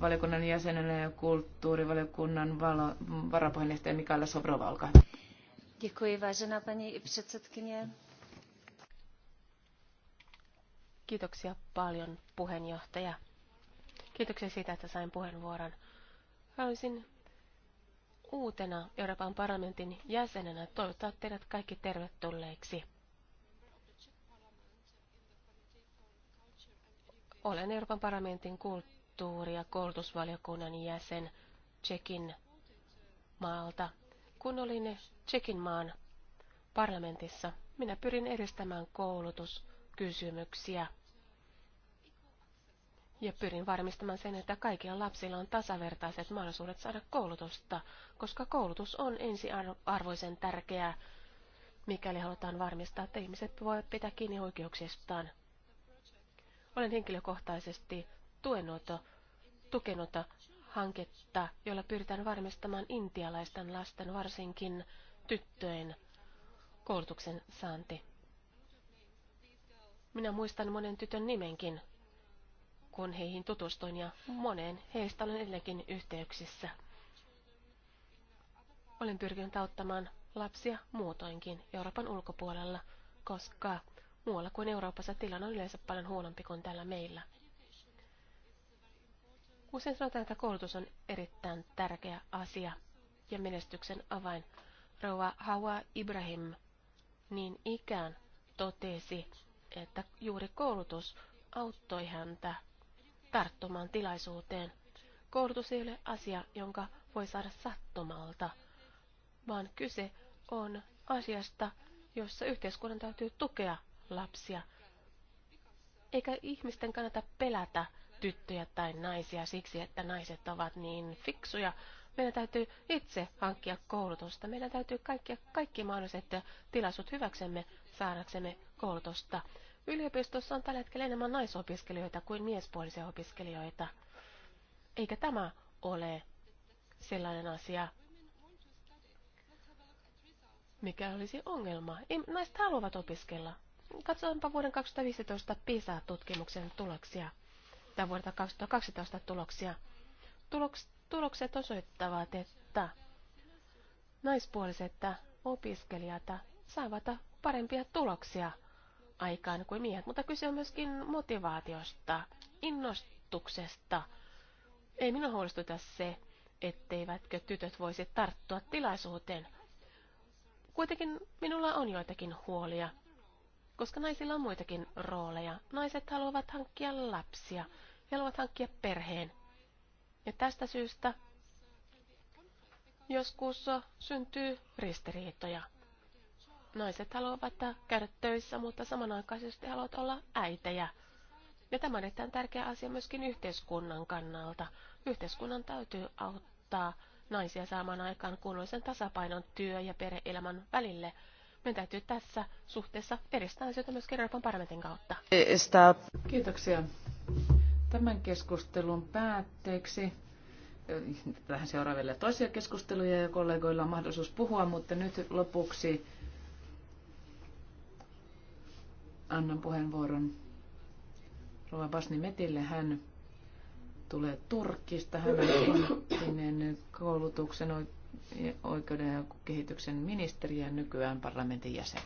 valiokunnan jäsenenä ja kulttuurivaliokunnan valo, varapuheenjohtaja Mikaela Sovrova, olkaa hyvä. Děkuji, vážená paní předsedkyně. Kiitoksia paljon puheenjohtaja. Kiitoksia siitä, että sain puheenvuoron. Haluaisin uutena Euroopan parlamentin jäsenenä toivottaa teidät kaikki tervetulleiksi. Olen Euroopan parlamentin kulttuuri- ja koulutusvaliokunnan jäsen Tsekin maalta. Kun olin Tsekin maan parlamentissa, minä pyrin edistämään koulutuskysymyksiä – ja pyrin varmistamaan sen, että kaikilla lapsilla on tasavertaiset mahdollisuudet saada koulutusta, koska koulutus on ensiarvoisen tärkeää, mikäli halutaan varmistaa, että ihmiset voivat pitää kiinni oikeuksistaan. Olen henkilökohtaisesti tuenut, tukenut hanketta, jolla pyritään varmistamaan intialaisten lasten, varsinkin tyttöjen, koulutuksen saanti. Minä muistan monen tytön nimenkin kun heihin tutustuin ja moneen heistä olen edelleenkin yhteyksissä. Olen pyrkinyt auttamaan lapsia muutoinkin Euroopan ulkopuolella, koska muualla kuin Euroopassa tilanne on yleensä paljon huonompi kuin täällä meillä. Usein sanotaan, että koulutus on erittäin tärkeä asia ja menestyksen avain. Rouva Hawa Ibrahim niin ikään totesi, että juuri koulutus auttoi häntä tarttumaan tilaisuuteen. Koulutus ei ole asia, jonka voi saada sattumalta, vaan kyse on asiasta, jossa yhteiskunnan täytyy tukea lapsia. Eikä ihmisten kannata pelätä tyttöjä tai naisia siksi, että naiset ovat niin fiksuja. Meidän täytyy itse hankkia koulutusta. Meidän täytyy kaikkia, kaikki mahdolliset tilaisuudet hyväksemme saadaksemme koulutusta. Yliopistossa on tällä hetkellä enemmän naisopiskelijoita kuin miespuolisia opiskelijoita. Eikä tämä ole sellainen asia, mikä olisi ongelma. Ei, naiset haluavat opiskella. Katsotaanpa vuoden 2015 PISA-tutkimuksen tuloksia, tai vuodelta 2012 tuloksia. Tuloks, tulokset osoittavat, että naispuoliset opiskelijat saavat parempia tuloksia aikaan kuin miehet, mutta kyse on myöskin motivaatiosta, innostuksesta. Ei minua huolestuta se, etteivätkö tytöt voisi tarttua tilaisuuteen. Kuitenkin minulla on joitakin huolia, koska naisilla on muitakin rooleja. Naiset haluavat hankkia lapsia, he haluavat hankkia perheen. Ja tästä syystä joskus syntyy ristiriitoja naiset haluavat käydä töissä, mutta samanaikaisesti haluavat olla äitejä. Ja tämä on erittäin tärkeä asia myöskin yhteiskunnan kannalta. Yhteiskunnan täytyy auttaa naisia saamaan aikaan kuuluisen tasapainon työ- ja perheelämän välille. Meidän täytyy tässä suhteessa edistää asioita myöskin Euroopan parlamentin kautta. Kiitoksia. Tämän keskustelun päätteeksi eh, vähän seuraaville toisia keskusteluja ja kollegoilla on mahdollisuus puhua, mutta nyt lopuksi annan puheenvuoron Rova Basni Metille. Hän tulee Turkista. Hän on koulutuksen, oikeuden ja kehityksen ministeri ja nykyään parlamentin jäsen.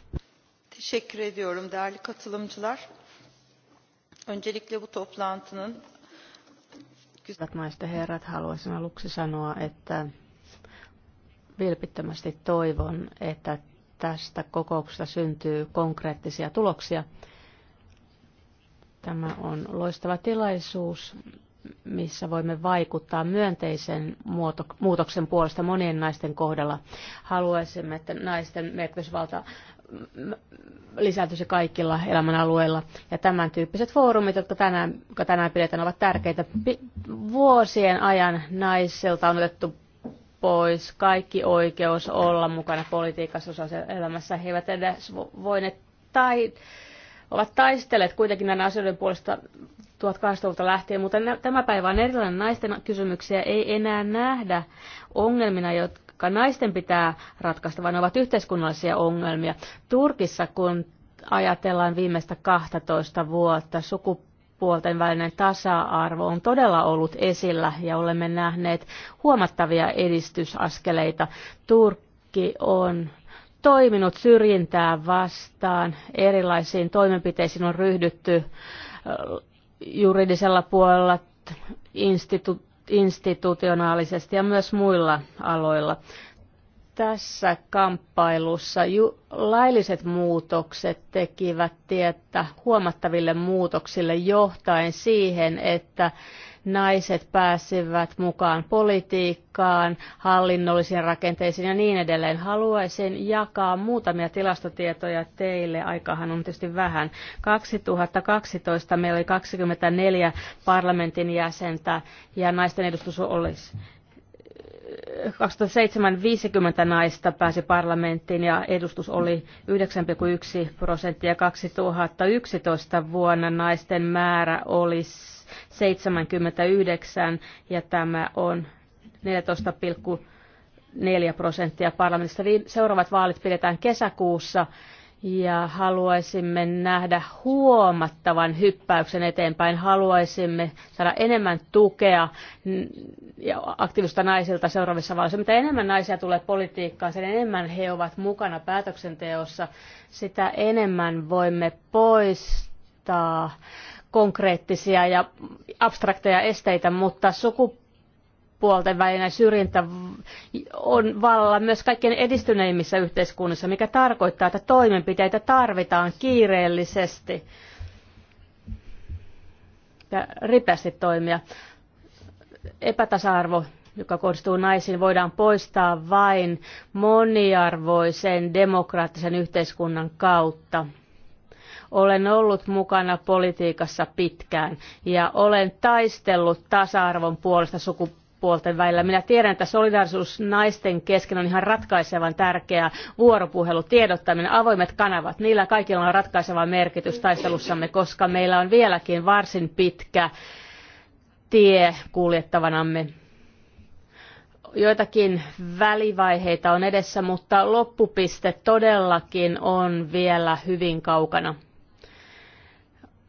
Teşekkür ediyorum değerli katılımcılar. Öncelikle bu toplantının Hyvät naiset ja herrat, haluaisin aluksi sanoa, että vilpittömästi toivon, että tästä kokouksesta syntyy konkreettisia tuloksia. Tämä on loistava tilaisuus, missä voimme vaikuttaa myönteisen muutoksen puolesta monien naisten kohdalla. Haluaisimme, että naisten merkitysvalta lisääntyisi kaikilla elämän alueilla. Ja tämän tyyppiset foorumit, jotka tänään, jotka tänään pidetään, ovat tärkeitä. Vuosien ajan naisilta on otettu pois kaikki oikeus olla mukana politiikassa osassa elämässä. He eivät edes voineet tai ovat taistelleet kuitenkin näiden asioiden puolesta 1800-luvulta lähtien, mutta tämä päivä on erilainen. Naisten kysymyksiä ei enää nähdä ongelmina, jotka naisten pitää ratkaista, vaan ne ovat yhteiskunnallisia ongelmia. Turkissa, kun ajatellaan viimeistä 12 vuotta, sukupuolta sukupuolten välinen tasa-arvo on todella ollut esillä ja olemme nähneet huomattavia edistysaskeleita. Turkki on toiminut syrjintää vastaan, erilaisiin toimenpiteisiin on ryhdytty juridisella puolella, institu- institutionaalisesti ja myös muilla aloilla tässä kamppailussa ju- lailliset muutokset tekivät tietä huomattaville muutoksille johtaen siihen, että naiset pääsivät mukaan politiikkaan, hallinnollisiin rakenteisiin ja niin edelleen. Haluaisin jakaa muutamia tilastotietoja teille. Aikahan on tietysti vähän. 2012 meillä oli 24 parlamentin jäsentä ja naisten edustus olisi 2007 50 naista pääsi parlamenttiin ja edustus oli 9,1 prosenttia. 2011 vuonna naisten määrä oli 79 ja tämä on 14,4 prosenttia parlamentista. Seuraavat vaalit pidetään kesäkuussa ja haluaisimme nähdä huomattavan hyppäyksen eteenpäin. Haluaisimme saada enemmän tukea ja aktiivista naisilta seuraavissa vaaleissa. Mitä enemmän naisia tulee politiikkaan, sen enemmän he ovat mukana päätöksenteossa, sitä enemmän voimme poistaa konkreettisia ja abstrakteja esteitä, mutta sukupuolta sukupuolten välinen syrjintä on vallalla myös kaikkein edistyneimmissä yhteiskunnissa, mikä tarkoittaa, että toimenpiteitä tarvitaan kiireellisesti ja ripeästi toimia. Epätasa-arvo, joka kohdistuu naisiin, voidaan poistaa vain moniarvoisen demokraattisen yhteiskunnan kautta. Olen ollut mukana politiikassa pitkään ja olen taistellut tasa-arvon puolesta sukupuolta sukupuolten välillä. Minä tiedän, että solidaarisuus naisten kesken on ihan ratkaisevan tärkeää. Vuoropuhelu, tiedottaminen, avoimet kanavat, niillä kaikilla on ratkaiseva merkitys taistelussamme, koska meillä on vieläkin varsin pitkä tie kuljettavanamme joitakin välivaiheita on edessä, mutta loppupiste todellakin on vielä hyvin kaukana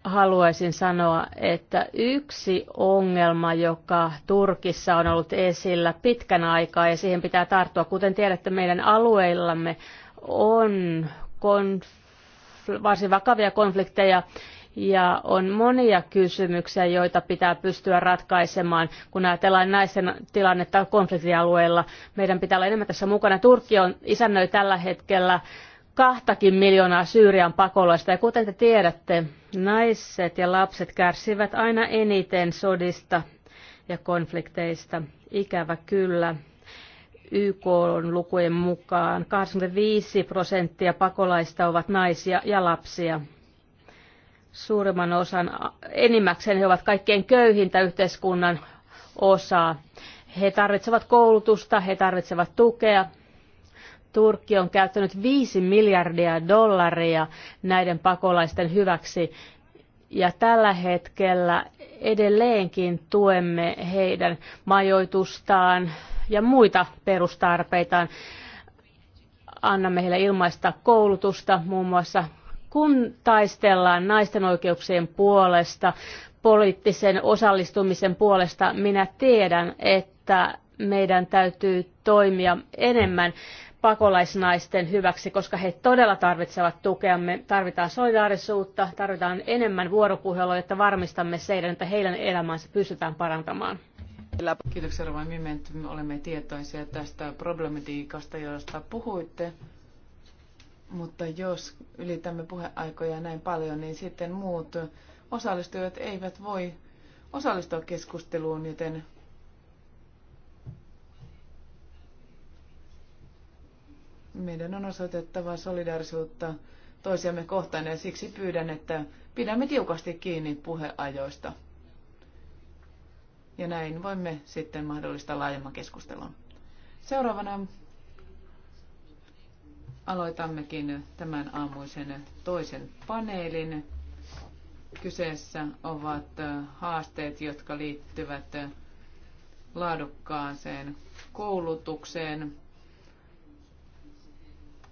haluaisin sanoa, että yksi ongelma, joka Turkissa on ollut esillä pitkän aikaa ja siihen pitää tarttua, kuten tiedätte, meidän alueillamme on konf- varsin vakavia konflikteja ja on monia kysymyksiä, joita pitää pystyä ratkaisemaan. Kun ajatellaan naisten tilannetta konfliktialueella, meidän pitää olla enemmän tässä mukana. Turkki on isännöi tällä hetkellä kahtakin miljoonaa Syyrian pakolaista. Ja kuten te tiedätte, naiset ja lapset kärsivät aina eniten sodista ja konflikteista. Ikävä kyllä. YK on lukujen mukaan 85 prosenttia pakolaista ovat naisia ja lapsia. Suurimman osan, enimmäkseen he ovat kaikkein köyhintä yhteiskunnan osaa. He tarvitsevat koulutusta, he tarvitsevat tukea, Turkki on käyttänyt 5 miljardia dollaria näiden pakolaisten hyväksi ja tällä hetkellä edelleenkin tuemme heidän majoitustaan ja muita perustarpeitaan. Annamme heille ilmaista koulutusta muun muassa kun taistellaan naisten oikeuksien puolesta, poliittisen osallistumisen puolesta, minä tiedän, että meidän täytyy toimia enemmän pakolaisnaisten hyväksi, koska he todella tarvitsevat tukeamme. Tarvitaan solidaarisuutta, tarvitaan enemmän vuoropuhelua, jotta varmistamme seidän, että heidän elämänsä pystytään parantamaan. Kiitoksia Rova Miment. olemme tietoisia tästä problematiikasta, josta puhuitte. Mutta jos ylitämme puheaikoja näin paljon, niin sitten muut osallistujat eivät voi osallistua keskusteluun, joten Meidän on osoitettava solidaarisuutta toisiamme kohtaan ja siksi pyydän, että pidämme tiukasti kiinni puheajoista. Ja näin voimme sitten mahdollistaa laajemman keskustelun. Seuraavana aloitammekin tämän aamuisen toisen paneelin. Kyseessä ovat haasteet, jotka liittyvät laadukkaaseen koulutukseen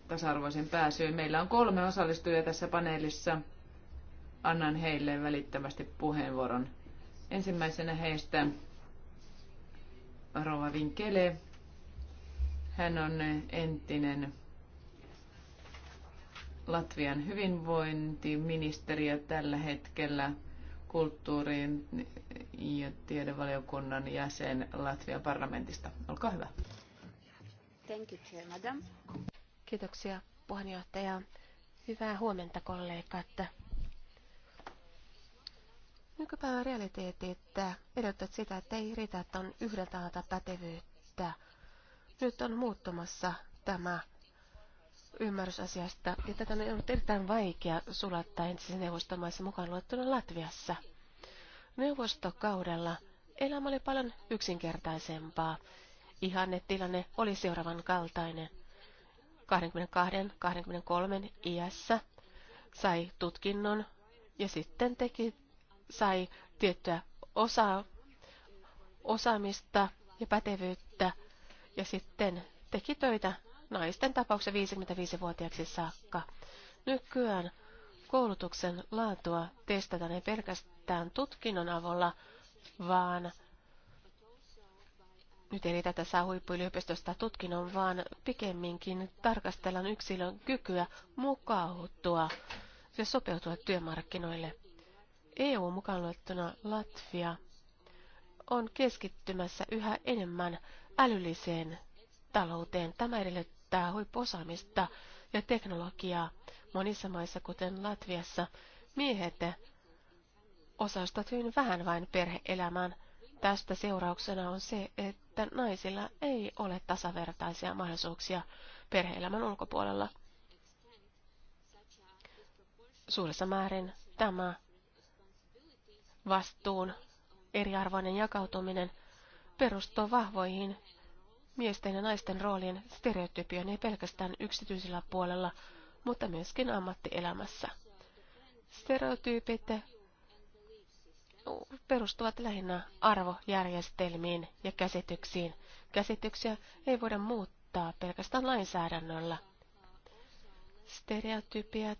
tasa-arvoisen pääsyyn. Meillä on kolme osallistujaa tässä paneelissa. Annan heille välittömästi puheenvuoron. Ensimmäisenä heistä Rova Vinkele. Hän on entinen Latvian hyvinvointiministeri ja tällä hetkellä kulttuurin ja tiedevaliokunnan jäsen Latvian parlamentista. Olkaa hyvä. Thank you, Chair, Madam. Kiitoksia puheenjohtaja. Hyvää huomenta kollegat. Nykypäivän realiteetit edellyttävät sitä, että ei riitä, että on yhdeltä alta pätevyyttä. Nyt on muuttumassa tämä ymmärrys asiasta, ja tätä on ollut erittäin vaikea sulattaa entisessä neuvostomaissa mukaan luettuna Latviassa. Neuvostokaudella elämä oli paljon yksinkertaisempaa. tilanne oli seuraavan kaltainen – 22-23 iässä, sai tutkinnon ja sitten teki, sai tiettyä osa osaamista ja pätevyyttä ja sitten teki töitä naisten tapauksessa 55-vuotiaaksi saakka. Nykyään koulutuksen laatua testataan ei pelkästään tutkinnon avulla, vaan nyt ei tätä saa huippuyliopistosta tutkinnon, vaan pikemminkin tarkastellaan yksilön kykyä mukautua ja sopeutua työmarkkinoille. EU mukaan luettuna Latvia on keskittymässä yhä enemmän älylliseen talouteen. Tämä edellyttää huippuosaamista ja teknologiaa. Monissa maissa, kuten Latviassa, miehet osastat hyvin vähän vain perheelämään. Tästä seurauksena on se, että että naisilla ei ole tasavertaisia mahdollisuuksia perheelämän ulkopuolella. Suuressa määrin tämä vastuun eriarvoinen jakautuminen perustuu vahvoihin miesten ja naisten roolien stereotypioon ei pelkästään yksityisellä puolella, mutta myöskin ammattielämässä. Stereotyypit perustuvat lähinnä arvojärjestelmiin ja käsityksiin. Käsityksiä ei voida muuttaa pelkästään lainsäädännöllä. Stereotypiat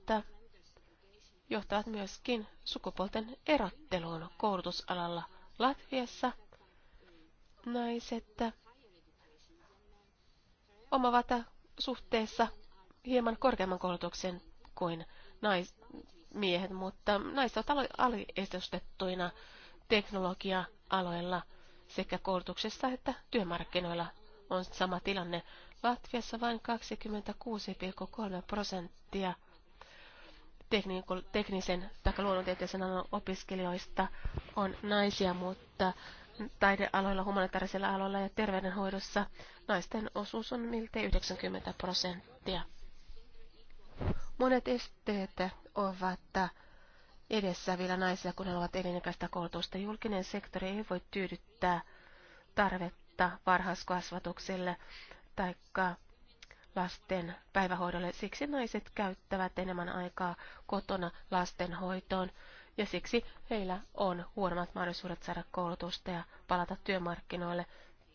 johtavat myöskin sukupuolten erotteluun koulutusalalla Latviassa. Naiset omavat suhteessa hieman korkeamman koulutuksen kuin nais, miehet, mutta naiset ovat aliestostettuina teknologia-aloilla sekä koulutuksessa että työmarkkinoilla on sama tilanne. Latviassa vain 26,3 prosenttia teknisen tai luonnontieteellisen alan opiskelijoista on naisia, mutta taidealoilla, humanitaarisilla aloilla ja terveydenhoidossa naisten osuus on miltei 90 prosenttia. Monet esteet ovat edessä vielä naisia, kun he ovat elinikäistä koulutusta. Julkinen sektori ei voi tyydyttää tarvetta varhaiskasvatukselle tai lasten päivähoidolle. Siksi naiset käyttävät enemmän aikaa kotona lastenhoitoon ja siksi heillä on huonommat mahdollisuudet saada koulutusta ja palata työmarkkinoille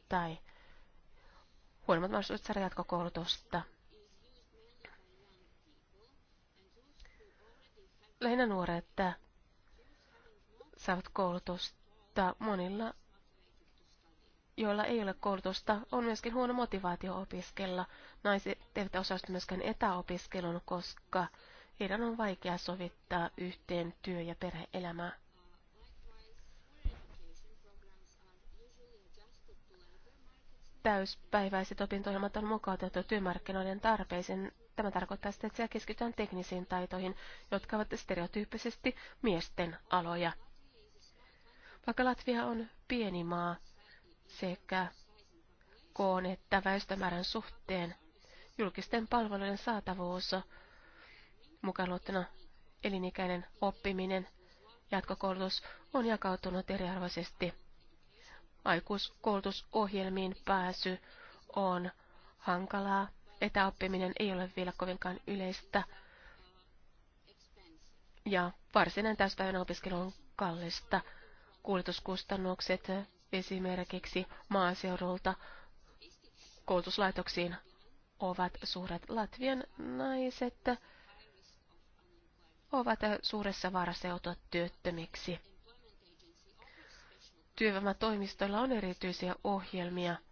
tai huonommat mahdollisuudet saada jatkokoulutusta. lähinnä nuoret saavat koulutusta. Monilla, joilla ei ole koulutusta, on myöskin huono motivaatio opiskella. Naiset eivät osallistu myöskään etäopiskelun, koska heidän on vaikea sovittaa yhteen työ- ja perheelämää. Täyspäiväiset opinto on mukautettu työmarkkinoiden tarpeisiin. Tämä tarkoittaa sitä, että siellä keskitytään teknisiin taitoihin, jotka ovat stereotyyppisesti miesten aloja. Vaikka Latvia on pieni maa sekä koon että väestömäärän suhteen, julkisten palveluiden saatavuus, mukaan elinikäinen oppiminen, jatkokoulutus on jakautunut eriarvoisesti. Aikuiskoulutusohjelmiin pääsy on hankalaa etäoppiminen ei ole vielä kovinkaan yleistä. Ja varsinainen täyspäivän opiskelu on kallista. Kuljetuskustannukset esimerkiksi maaseudulta koulutuslaitoksiin ovat suuret. Latvian naiset ovat suuressa vaarassa joutua työttömiksi. Työvoimatoimistoilla on erityisiä ohjelmia –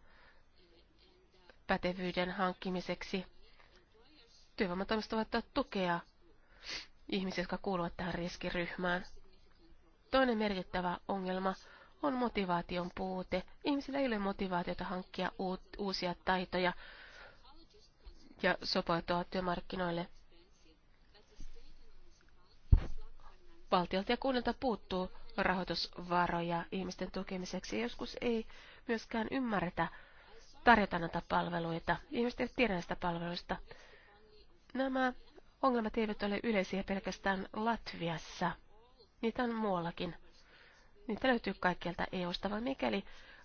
pätevyyden hankkimiseksi. Työvoimatoimisto voi ottaa tukea ihmisiä, jotka kuuluvat tähän riskiryhmään. Toinen merkittävä ongelma on motivaation puute. Ihmisillä ei ole motivaatiota hankkia uusia taitoja ja sopeutua työmarkkinoille. Valtiolta ja kunnilta puuttuu rahoitusvaroja ihmisten tukemiseksi. Joskus ei myöskään ymmärretä tarjota näitä palveluita. Ihmiset eivät tiedä näistä palveluista. Nämä ongelmat eivät ole yleisiä pelkästään Latviassa. Niitä on muuallakin. Niitä löytyy kaikkialta EU-sta, vaan mikäli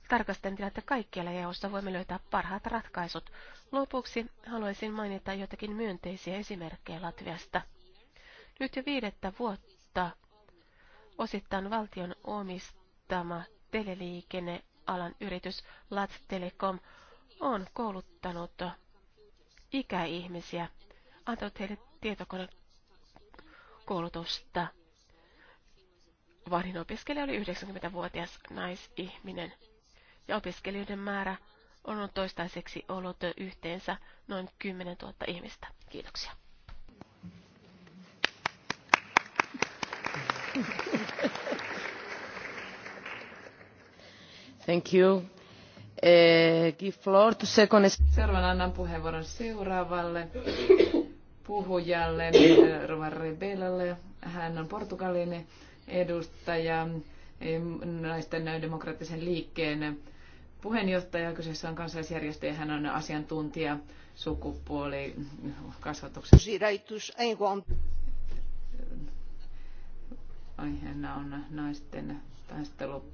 tarkastan tilannetta kaikkialla EU-ssa, voimme löytää parhaat ratkaisut. Lopuksi haluaisin mainita jotakin myönteisiä esimerkkejä Latviasta. Nyt jo viidettä vuotta osittain valtion omistama teleliikennealan yritys Lat Telecom on kouluttanut ikäihmisiä, antanut heille tietokonekoulutusta. Vanhin opiskelija oli 90-vuotias naisihminen, ja opiskelijoiden määrä on toistaiseksi ollut yhteensä noin 10 000 ihmistä. Kiitoksia. Thank you. Eh, give Seuraavan annan puheenvuoron seuraavalle puhujalle, eh, Rova Rebellalle. Hän on portugalin edustaja eh, naisten demokraattisen liikkeen puheenjohtaja. Kyseessä on kansalaisjärjestö ja hän on asiantuntija sukupuolikasvatuksessa. Aiheena on naisten taistelu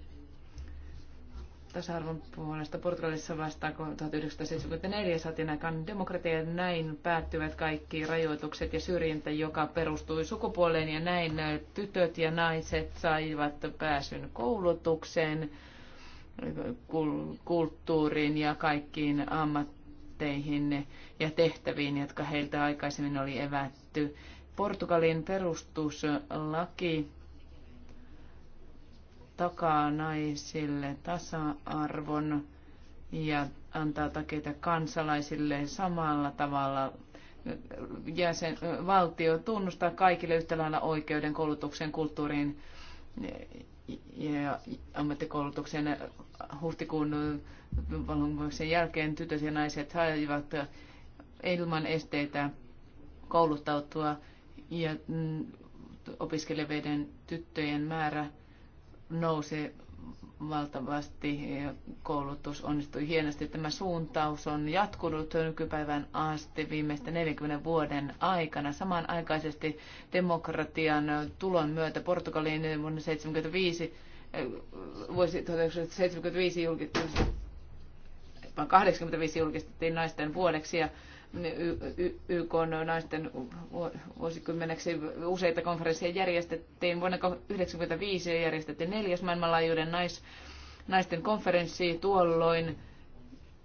tasa-arvon puolesta Portugalissa vastaan, kun 1974 saatiin aikaan demokratia ja näin päättyvät kaikki rajoitukset ja syrjintä, joka perustui sukupuoleen ja näin tytöt ja naiset saivat pääsyn koulutukseen, kulttuuriin ja kaikkiin ammatteihin ja tehtäviin, jotka heiltä aikaisemmin oli evätty. Portugalin perustuslaki takaa naisille tasa-arvon ja antaa takeita kansalaisille samalla tavalla. Jäsen, valtio tunnustaa kaikille yhtä lailla oikeuden koulutuksen kulttuuriin ja ammattikoulutuksen huhtikuun vallankumouksen jälkeen tytöt ja naiset saivat ilman esteitä kouluttautua ja mm, opiskelevien tyttöjen määrä nousi valtavasti ja koulutus onnistui hienosti. Tämä suuntaus on jatkunut nykypäivän asti viimeisten 40 vuoden aikana. Samanaikaisesti demokratian tulon myötä Portugaliin vuonna 75, eh, vuosi 1975 julkistettiin, 85 julkistettiin naisten vuodeksi ja niin, YK naisten vuosikymmeneksi useita konferensseja järjestettiin. Vuonna 1995 järjestettiin neljäs maailmanlaajuuden nais, naisten konferenssi. Tuolloin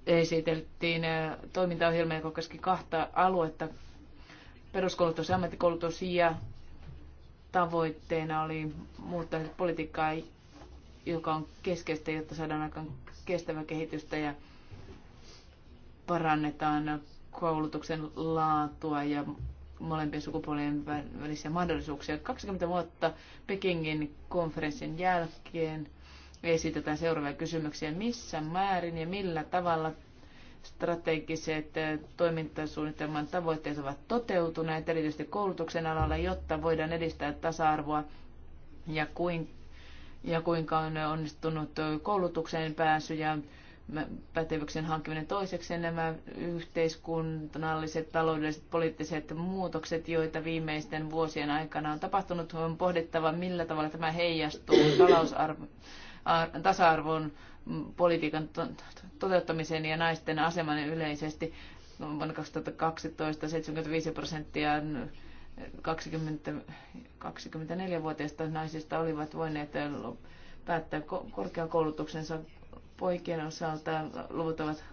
esiteltiin toimintaohjelma, joka koski kahta aluetta, peruskoulutus ja ammattikoulutus, ja tavoitteena oli muuttaa politiikkaa, joka on keskeistä, jotta saadaan aikaan kestävä kehitystä ja parannetaan koulutuksen laatua ja molempien sukupuolien välisiä mahdollisuuksia. 20 vuotta Pekingin konferenssin jälkeen esitetään seuraavia kysymyksiä. Missä määrin ja millä tavalla strategiset eh, toimintasuunnitelman tavoitteet ovat toteutuneet, erityisesti koulutuksen alalla, jotta voidaan edistää tasa-arvoa ja, kuin, ja kuinka on onnistunut koulutukseen pääsy ja pätevyyksien hankkiminen toiseksi nämä yhteiskunnalliset, taloudelliset, poliittiset muutokset, joita viimeisten vuosien aikana on tapahtunut, on pohdittava, millä tavalla tämä heijastuu tasa-arvon mm, politiikan toteuttamiseen ja naisten aseman yleisesti. Vuonna 2012 75 prosenttia 20, 24-vuotiaista naisista olivat voineet eh, päättää korkeakoulutuksensa poikien osalta luvut ovat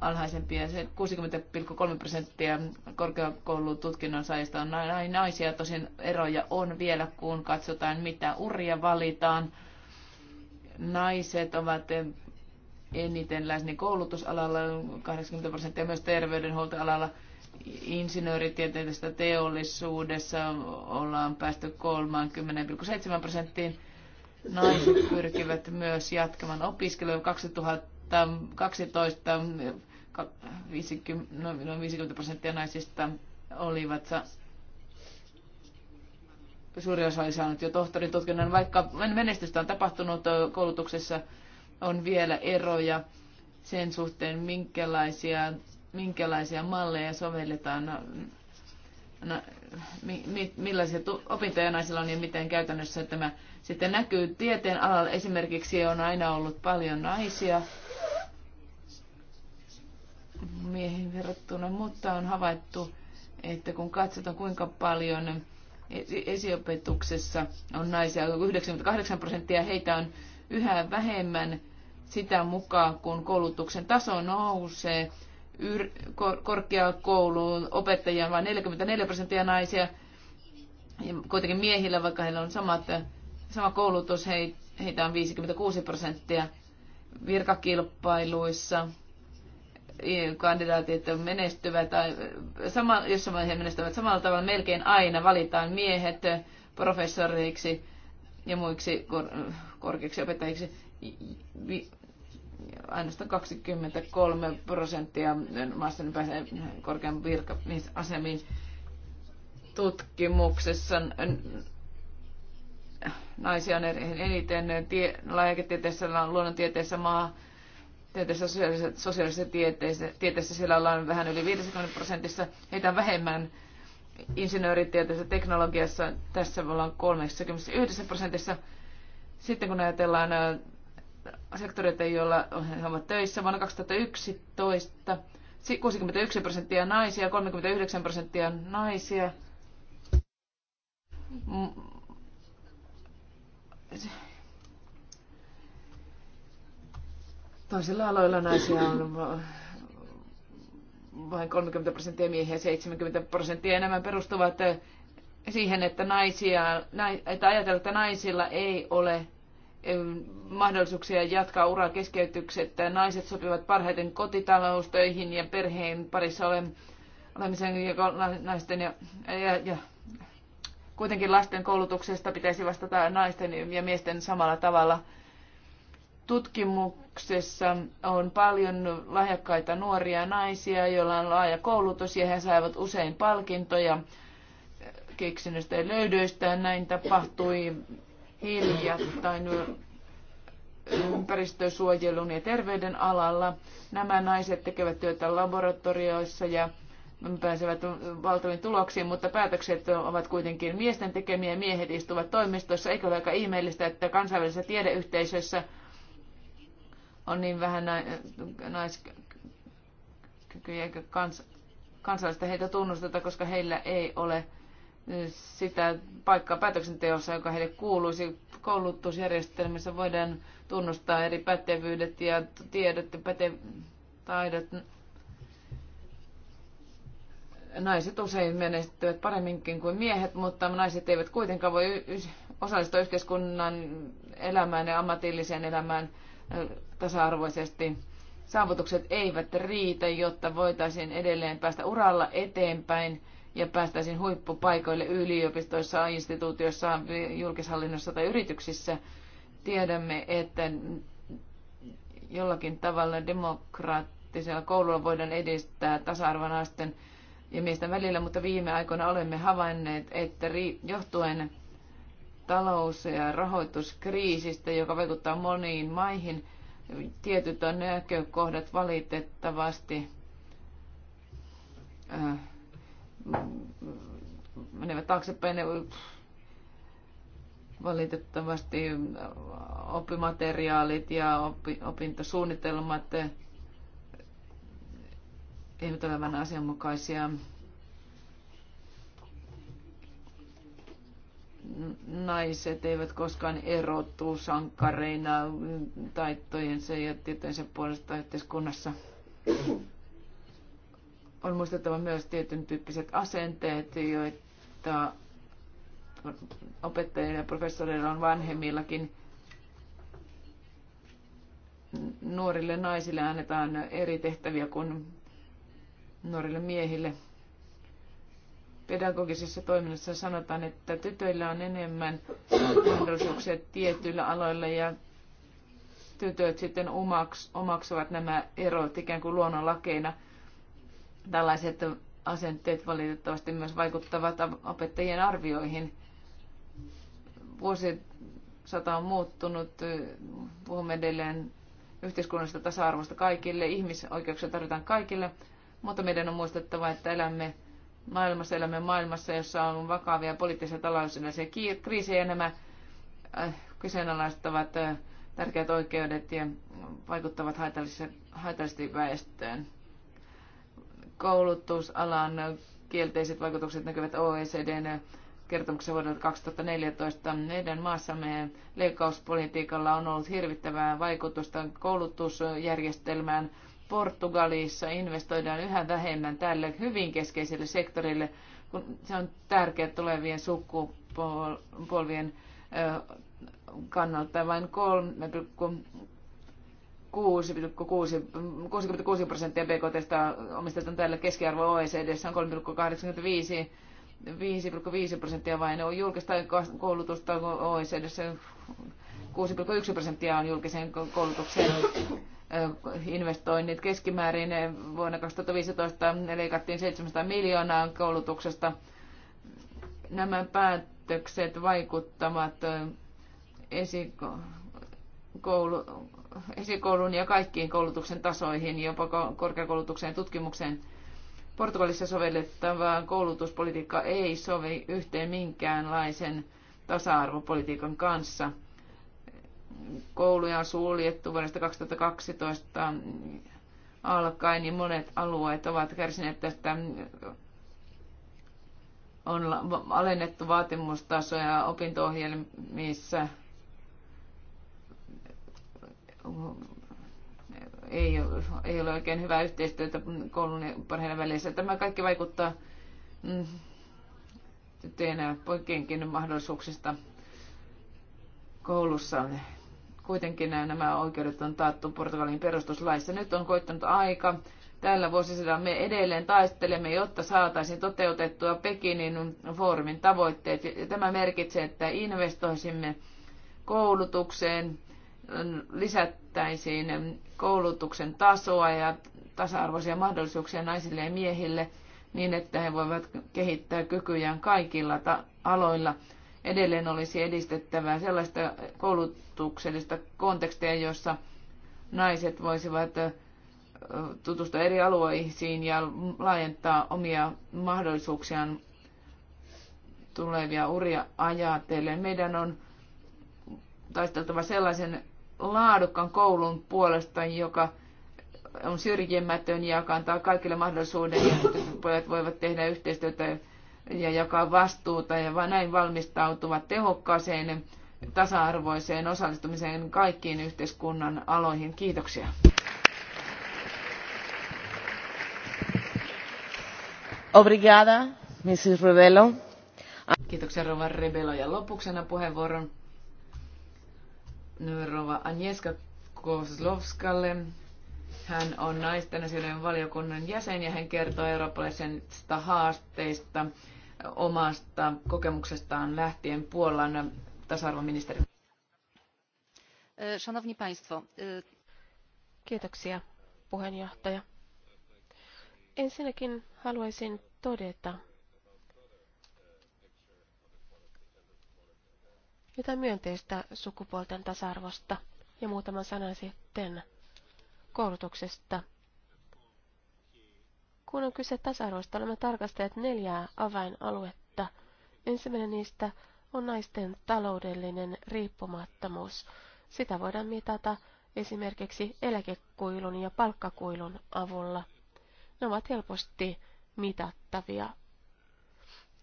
alhaisempia. Se 60,3 prosenttia tutkinnon saajista on naisia. Tosin eroja on vielä, kun katsotaan, mitä uria valitaan. Naiset ovat eniten läsnä koulutusalalla, 80 prosenttia myös terveydenhuoltoalalla. Insinööritieteellisestä teollisuudessa ollaan päästy 30,7 prosenttiin naiset pyrkivät myös jatkamaan opiskelua 2012 50, no, noin 50 prosenttia naisista olivat suuri osa oli saanut jo tohtorin tutkinnon, vaikka menestystä on tapahtunut koulutuksessa, on vielä eroja sen suhteen, minkälaisia, minkälaisia malleja sovelletaan millaisia opintoja naisilla on ja miten käytännössä tämä sitten näkyy tieteen alalla. Esimerkiksi on aina ollut paljon naisia miehiin verrattuna, mutta on havaittu, että kun katsotaan kuinka paljon e, e, esiopetuksessa on naisia, 98 prosenttia heitä on yhä vähemmän sitä mukaan, kun koulutuksen taso nousee yr- korkeakouluun opettajia on vain 44 prosenttia naisia. Ja kuitenkin miehillä, vaikka heillä on samat, sama koulutus, heitä on 56 prosenttia virkakilpailuissa kandidaatit menestyvät, tai sama, jos he menestyvät samalla tavalla, melkein aina valitaan miehet professoriksi ja muiksi kor- korkeiksi opettajiksi ainoastaan 23 prosenttia maassa pääsee korkean virkamiesasemiin tutkimuksessa. Naisia on eniten tie, lääketieteessä, luonnontieteessä, maa, tieteessä, sosiaalisessa, sosiaalisessa tieteessä, tieteessä siellä ollaan vähän yli 50 prosentissa, heitä on vähemmän insinööritieteessä, teknologiassa, tässä ollaan 31 prosentissa. Sitten kun ajatellaan sektoreita, joilla he ovat töissä vuonna 2011. 61 prosenttia naisia, 39 prosenttia naisia. Toisilla aloilla naisia on vain 30 prosenttia miehiä, 70 prosenttia enemmän perustuvat siihen, että, naisia, että ajatella, että naisilla ei ole mahdollisuuksia jatkaa uraa keskeytyksettä. Naiset sopivat parhaiten kotitaloustöihin ja perheen parissa olemisen ja naisten ja, ja, ja kuitenkin lasten koulutuksesta pitäisi vastata naisten ja miesten samalla tavalla. Tutkimuksessa on paljon lahjakkaita nuoria naisia, joilla on laaja koulutus ja he saivat usein palkintoja keksinnöistä ja löydöistä. Näin tapahtui hiljattain ympäristösuojelun ja terveyden alalla. Nämä naiset tekevät työtä laboratorioissa ja pääsevät valtaviin tuloksiin, mutta päätökset ovat kuitenkin miesten tekemiä. Miehet istuvat toimistossa. Eikö ole aika ihmeellistä, että kansainvälisessä tiedeyhteisössä on niin vähän naiskykyjä eikä kans, kansallista heitä tunnusteta, koska heillä ei ole sitä paikkaa päätöksenteossa, joka heille kuuluisi. Koulutusjärjestelmissä voidaan tunnustaa eri pätevyydet ja tiedot ja päte- taidot. Naiset usein menestyvät paremminkin kuin miehet, mutta naiset eivät kuitenkaan voi osallistua yhteiskunnan elämään ja ammatilliseen elämään tasa-arvoisesti. Saavutukset eivät riitä, jotta voitaisiin edelleen päästä uralla eteenpäin ja päästäisiin huippupaikoille yliopistoissa, instituutioissa, julkishallinnossa tai yrityksissä. Tiedämme, että jollakin tavalla demokraattisella koululla voidaan edistää tasa-arvon naisten ja miesten välillä, mutta viime aikoina olemme havainneet, että johtuen talous- ja rahoituskriisistä, joka vaikuttaa moniin maihin, tietyt on näkökohdat valitettavasti äh, menevät taaksepäin. Ne valitettavasti oppimateriaalit ja oppi, opintosuunnitelmat eivät ole vähän asianmukaisia. Naiset eivät koskaan erottu sankareina taittojensa ja tietojensa puolesta yhteiskunnassa. On muistettava myös tietyn tyyppiset asenteet, joita opettajilla ja professoreilla on vanhemmillakin. Nuorille naisille annetaan eri tehtäviä kuin nuorille miehille. Pedagogisessa toiminnassa sanotaan, että tytöillä on enemmän mahdollisuuksia tietyillä aloilla ja tytöt sitten omaksuvat nämä erot ikään kuin luonnonlakeina – Tällaiset asenteet valitettavasti myös vaikuttavat opettajien arvioihin. Vuosisata on muuttunut, puhumme edelleen yhteiskunnallisesta tasa-arvosta kaikille, ihmisoikeuksia tarvitaan kaikille, mutta meidän on muistettava, että elämme maailmassa, elämme maailmassa, jossa on vakavia poliittisia taloudellisia kriisejä nämä nämä äh, kyseenalaistavat äh, tärkeät oikeudet ja vaikuttavat haitallisesti väestöön koulutusalan kielteiset vaikutukset näkyvät OECDn kertomuksen vuodelta 2014. Meidän maassamme leikkauspolitiikalla on ollut hirvittävää vaikutusta koulutusjärjestelmään. Portugalissa investoidaan yhä vähemmän tälle hyvin keskeiselle sektorille, kun se on tärkeä tulevien sukupolvien kannalta. Vain 66 prosenttia BKT omistetaan tällä keskiarvo se on 3,85 5,5 prosenttia vain on julkista koulutusta OECD, 6,1 prosenttia on julkisen koulutuksen investoinnit. Keskimäärin vuonna 2015 leikattiin 700 miljoonaa koulutuksesta. Nämä päätökset vaikuttavat esikoulu esikoulun ja kaikkiin koulutuksen tasoihin, jopa korkeakoulutukseen ja tutkimukseen. Portugalissa sovellettavaa koulutuspolitiikka ei sovi yhteen minkäänlaisen tasa-arvopolitiikan kanssa. Kouluja on suljettu vuodesta 2012 alkaen, niin monet alueet ovat kärsineet tästä on alennettu vaatimustasoja opinto-ohjelmissa ei, ei ole oikein hyvää yhteistyötä koulun ja perheen välissä. Tämä kaikki vaikuttaa mm, tyttöjen ja poikienkin mahdollisuuksista koulussa. Kuitenkin nämä oikeudet on taattu Portugalin perustuslaissa. Nyt on koittanut aika. Tällä vuosisadalla me edelleen taistelemme, jotta saataisiin toteutettua Pekinin foorumin tavoitteet. Tämä merkitsee, että investoisimme koulutukseen, lisättäisiin koulutuksen tasoa ja tasa-arvoisia mahdollisuuksia naisille ja miehille niin, että he voivat kehittää kykyjään kaikilla aloilla. Edelleen olisi edistettävää sellaista koulutuksellista kontekstia, jossa naiset voisivat tutustua eri alueisiin ja laajentaa omia mahdollisuuksiaan tulevia uria ajatellen. Meidän on taisteltava sellaisen laadukkaan koulun puolesta, joka on syrjimätön ja antaa kaikille mahdollisuuden, ja pojat voivat tehdä yhteistyötä ja jakaa vastuuta, ja näin valmistautuvat tehokkaaseen, tasa-arvoiseen osallistumiseen kaikkiin yhteiskunnan aloihin. Kiitoksia. Obrigada, Mrs. Rebelo. Kiitoksia Rova Rebelo ja lopuksena puheenvuoron Rova Agnieszka Kozlovskalle. Hän on naisten asioiden valiokunnan jäsen ja hän kertoo eurooppalaisista haasteista omasta kokemuksestaan lähtien Puolan tasa-arvoministeri. Szanowni Państwo. Kiitoksia puheenjohtaja. Ensinnäkin haluaisin todeta, jotain myönteistä sukupuolten tasa-arvosta ja muutaman sanan sitten koulutuksesta. Kun on kyse tasa-arvosta, olemme tarkastelleet neljää avainaluetta. Ensimmäinen niistä on naisten taloudellinen riippumattomuus. Sitä voidaan mitata esimerkiksi eläkekuilun ja palkkakuilun avulla. Ne ovat helposti mitattavia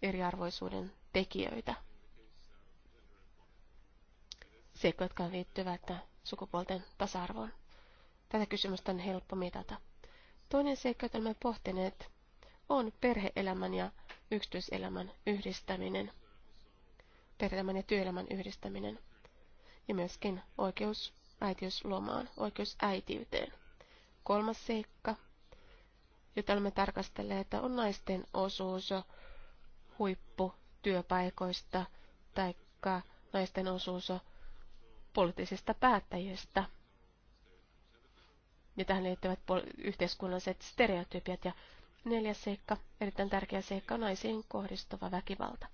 eriarvoisuuden tekijöitä seikkoja, jotka liittyvät sukupuolten tasa-arvoon. Tätä kysymystä on helppo mitata. Toinen seikka, jota olemme pohtineet, on perheelämän ja yksityiselämän yhdistäminen. Perheelämän ja työelämän yhdistäminen. Ja myöskin oikeus äitiyslomaan, oikeus äitiyteen. Kolmas seikka, jota olemme tarkastelleet, että on naisten osuus huippu työpaikoista tai naisten osuus poliittisista päättäjistä ja tähän liittyvät yhteiskunnalliset stereotypiat. Ja neljäs seikka, erittäin tärkeä seikka, naisiin kohdistuva väkivalta.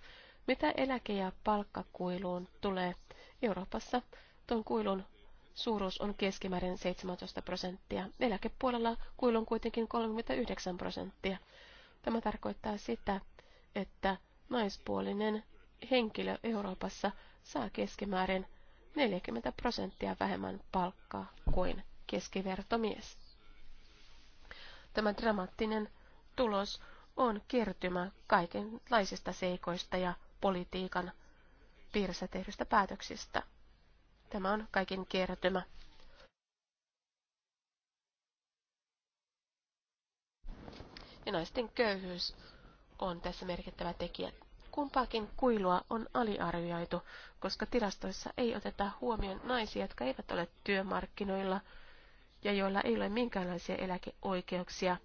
Mitä eläke- ja palkkakuiluun tulee Euroopassa? Tuon kuilun suuruus on keskimäärin 17 prosenttia. Eläkepuolella kuilu on kuitenkin 39 prosenttia. Tämä tarkoittaa sitä, että naispuolinen henkilö Euroopassa saa keskimäärin 40 prosenttia vähemmän palkkaa kuin keskivertomies. Tämä dramaattinen tulos on kertymä kaikenlaisista seikoista ja politiikan piirissä tehdyistä päätöksistä. Tämä on kaiken kertymä. Ja naisten köyhyys on tässä merkittävä tekijä kumpaakin kuilua on aliarvioitu, koska tilastoissa ei oteta huomioon naisia, jotka eivät ole työmarkkinoilla ja joilla ei ole minkäänlaisia eläkeoikeuksia.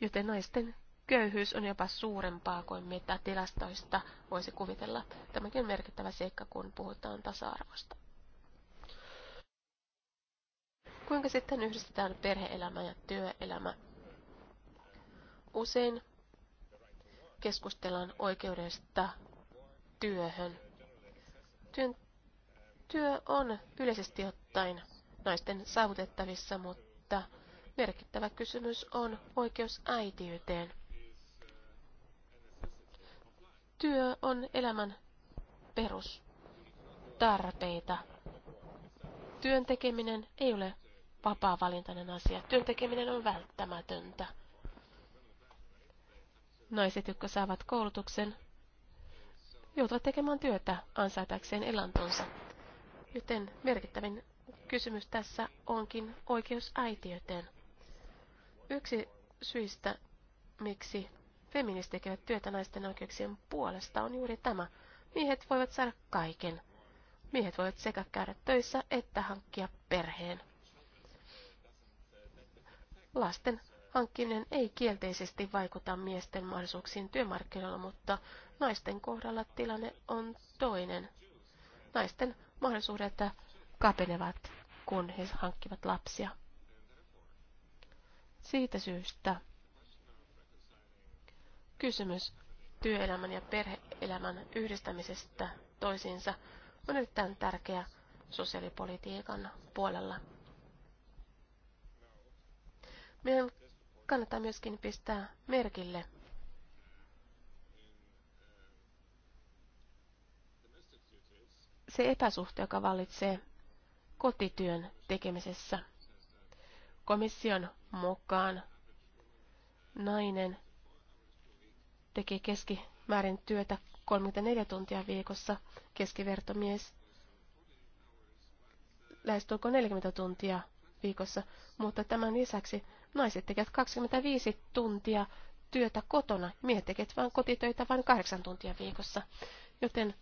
Joten naisten köyhyys on jopa suurempaa kuin mitä tilastoista voisi kuvitella. Tämäkin on merkittävä seikka, kun puhutaan tasa-arvosta. Kuinka sitten yhdistetään perheelämä ja työelämä? Usein keskustellaan oikeudesta työhön. Työn, työ on yleisesti ottaen naisten saavutettavissa, mutta merkittävä kysymys on oikeus äitiyteen. Työ on elämän perustarpeita. Työn tekeminen ei ole vapaa-valintainen asia. Työn tekeminen on välttämätöntä naiset, jotka saavat koulutuksen, joutuvat tekemään työtä ansaitakseen elantonsa. Joten merkittävin kysymys tässä onkin oikeus äitiöteen. Yksi syistä, miksi feministit tekevät työtä naisten oikeuksien puolesta, on juuri tämä. Miehet voivat saada kaiken. Miehet voivat sekä käydä töissä että hankkia perheen. Lasten hankkiminen ei kielteisesti vaikuta miesten mahdollisuuksiin työmarkkinoilla, mutta naisten kohdalla tilanne on toinen. Naisten mahdollisuudet kapenevat, kun he hankkivat lapsia. Siitä syystä kysymys työelämän ja perheelämän yhdistämisestä toisiinsa on erittäin tärkeä sosiaalipolitiikan puolella. Meidän kannattaa myöskin pistää merkille. Se epäsuhte, joka vallitsee kotityön tekemisessä. Komission mukaan nainen tekee keskimäärin työtä 34 tuntia viikossa, keskivertomies lähestulkoon 40 tuntia viikossa, mutta tämän lisäksi Naiset tekevät 25 tuntia työtä kotona, miehet tekevät vain kotitöitä vain 8 tuntia viikossa. Joten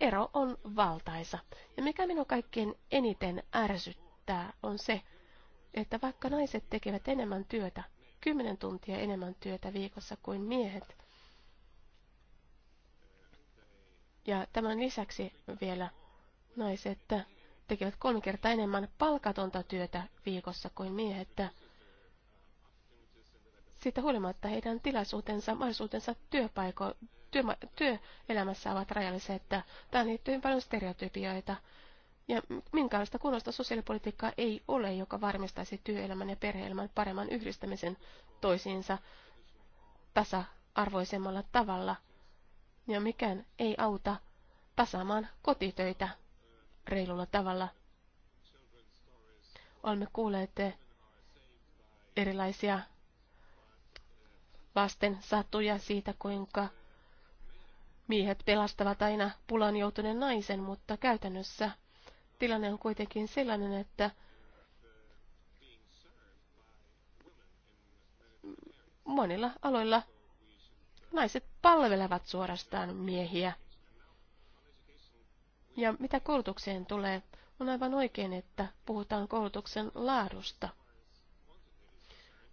ero on valtaisa. Ja mikä minun kaikkein eniten ärsyttää on se, että vaikka naiset tekevät enemmän työtä, 10 tuntia enemmän työtä viikossa kuin miehet, ja tämän lisäksi vielä naiset tekevät kolme kertaa enemmän palkatonta työtä viikossa kuin miehet, siitä huolimatta heidän tilaisuutensa, mahdollisuutensa työpaiko, työ, työelämässä ovat että Tähän liittyy paljon stereotypioita. Ja minkälaista kunnosta sosiaalipolitiikkaa ei ole, joka varmistaisi työelämän ja perheelämän paremman yhdistämisen toisiinsa tasa-arvoisemmalla tavalla. Ja mikään ei auta tasaamaan kotitöitä reilulla tavalla. Olemme kuulleet erilaisia lasten satuja siitä, kuinka miehet pelastavat aina pulan joutuneen naisen, mutta käytännössä tilanne on kuitenkin sellainen, että monilla aloilla naiset palvelevat suorastaan miehiä. Ja mitä koulutukseen tulee, on aivan oikein, että puhutaan koulutuksen laadusta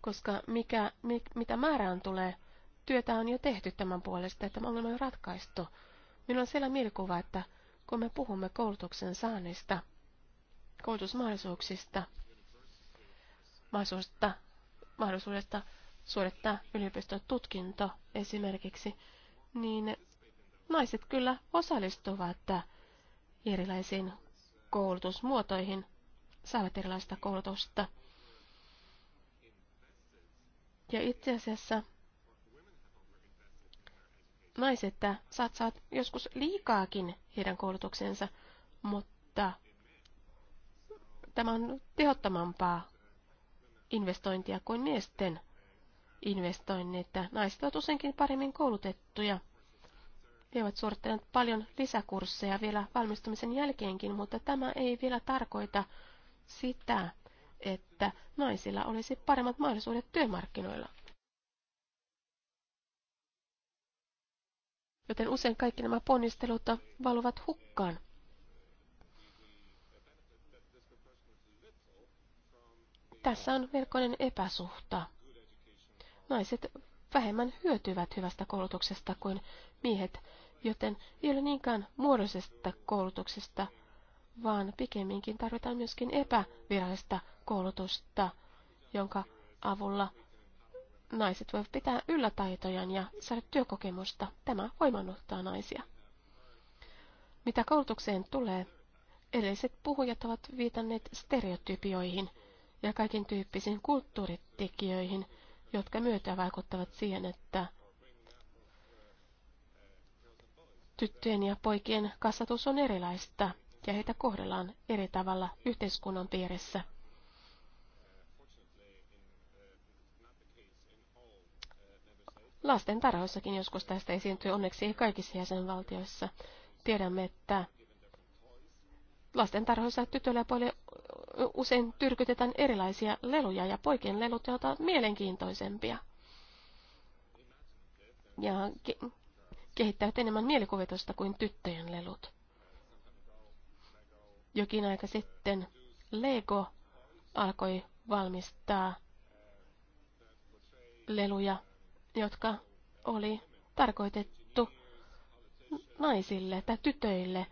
koska mikä, mi, mitä määrään tulee, työtä on jo tehty tämän puolesta, että ongelma on ratkaistu. Minulla on siellä mielikuva, että kun me puhumme koulutuksen saannista, koulutusmahdollisuuksista, mahdollisuudesta, mahdollisuudesta suorittaa tutkinto esimerkiksi, niin naiset kyllä osallistuvat erilaisiin koulutusmuotoihin, saavat erilaista koulutusta. Ja itse asiassa naiset satsaat joskus liikaakin heidän koulutuksensa, mutta tämä on tehottomampaa investointia kuin miesten investoinnit. Naiset ovat useinkin paremmin koulutettuja. He ovat suorittaneet paljon lisäkursseja vielä valmistumisen jälkeenkin, mutta tämä ei vielä tarkoita sitä, että naisilla olisi paremmat mahdollisuudet työmarkkinoilla. Joten usein kaikki nämä ponnistelut valuvat hukkaan. Tässä on melkoinen epäsuhta. Naiset vähemmän hyötyvät hyvästä koulutuksesta kuin miehet, joten ei ole niinkään muodollisesta koulutuksesta vaan pikemminkin tarvitaan myöskin epävirallista koulutusta, jonka avulla naiset voivat pitää yllä taitojaan ja saada työkokemusta. Tämä voimannuttaa naisia. Mitä koulutukseen tulee, edelliset puhujat ovat viitanneet stereotypioihin ja kaiken tyyppisiin kulttuuritekijöihin, jotka myötä vaikuttavat siihen, että tyttöjen ja poikien kasvatus on erilaista – ja heitä kohdellaan eri tavalla yhteiskunnan piirissä. Lasten tarhoissakin joskus tästä esiintyy, onneksi ei kaikissa jäsenvaltioissa. Tiedämme, että tarhoissa tytöille ja poille usein tyrkytetään erilaisia leluja ja poikien lelut ovat mielenkiintoisempia. Ja ke- kehittävät enemmän mielikuvitusta kuin tyttöjen lelut. Jokin aika sitten Lego alkoi valmistaa leluja, jotka oli tarkoitettu naisille tai tytöille.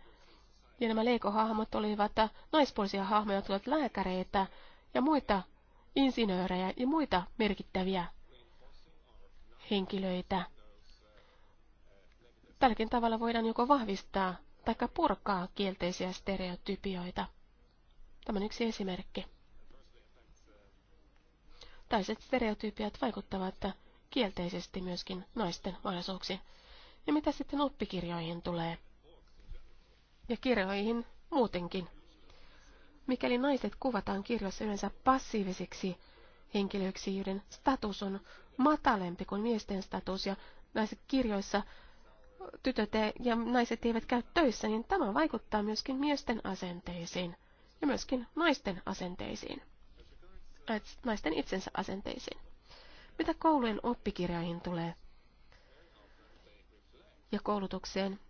Ja nämä Lego-hahmot olivat naispuolisia hahmoja, jotka olivat lääkäreitä ja muita insinöörejä ja muita merkittäviä henkilöitä. Tälläkin tavalla voidaan joko vahvistaa tai purkaa kielteisiä stereotypioita. Tämä on yksi esimerkki. Tällaiset stereotypiat vaikuttavat kielteisesti myöskin naisten mahdollisuuksiin. Ja mitä sitten oppikirjoihin tulee? Ja kirjoihin muutenkin. Mikäli naiset kuvataan kirjoissa yleensä passiivisiksi henkilöiksi, joiden status on matalempi kuin miesten status, ja näissä kirjoissa tytöt ja naiset eivät käy töissä, niin tämä vaikuttaa myöskin miesten asenteisiin ja myöskin naisten asenteisiin, naisten itsensä asenteisiin. Mitä koulujen oppikirjoihin tulee ja koulutukseen?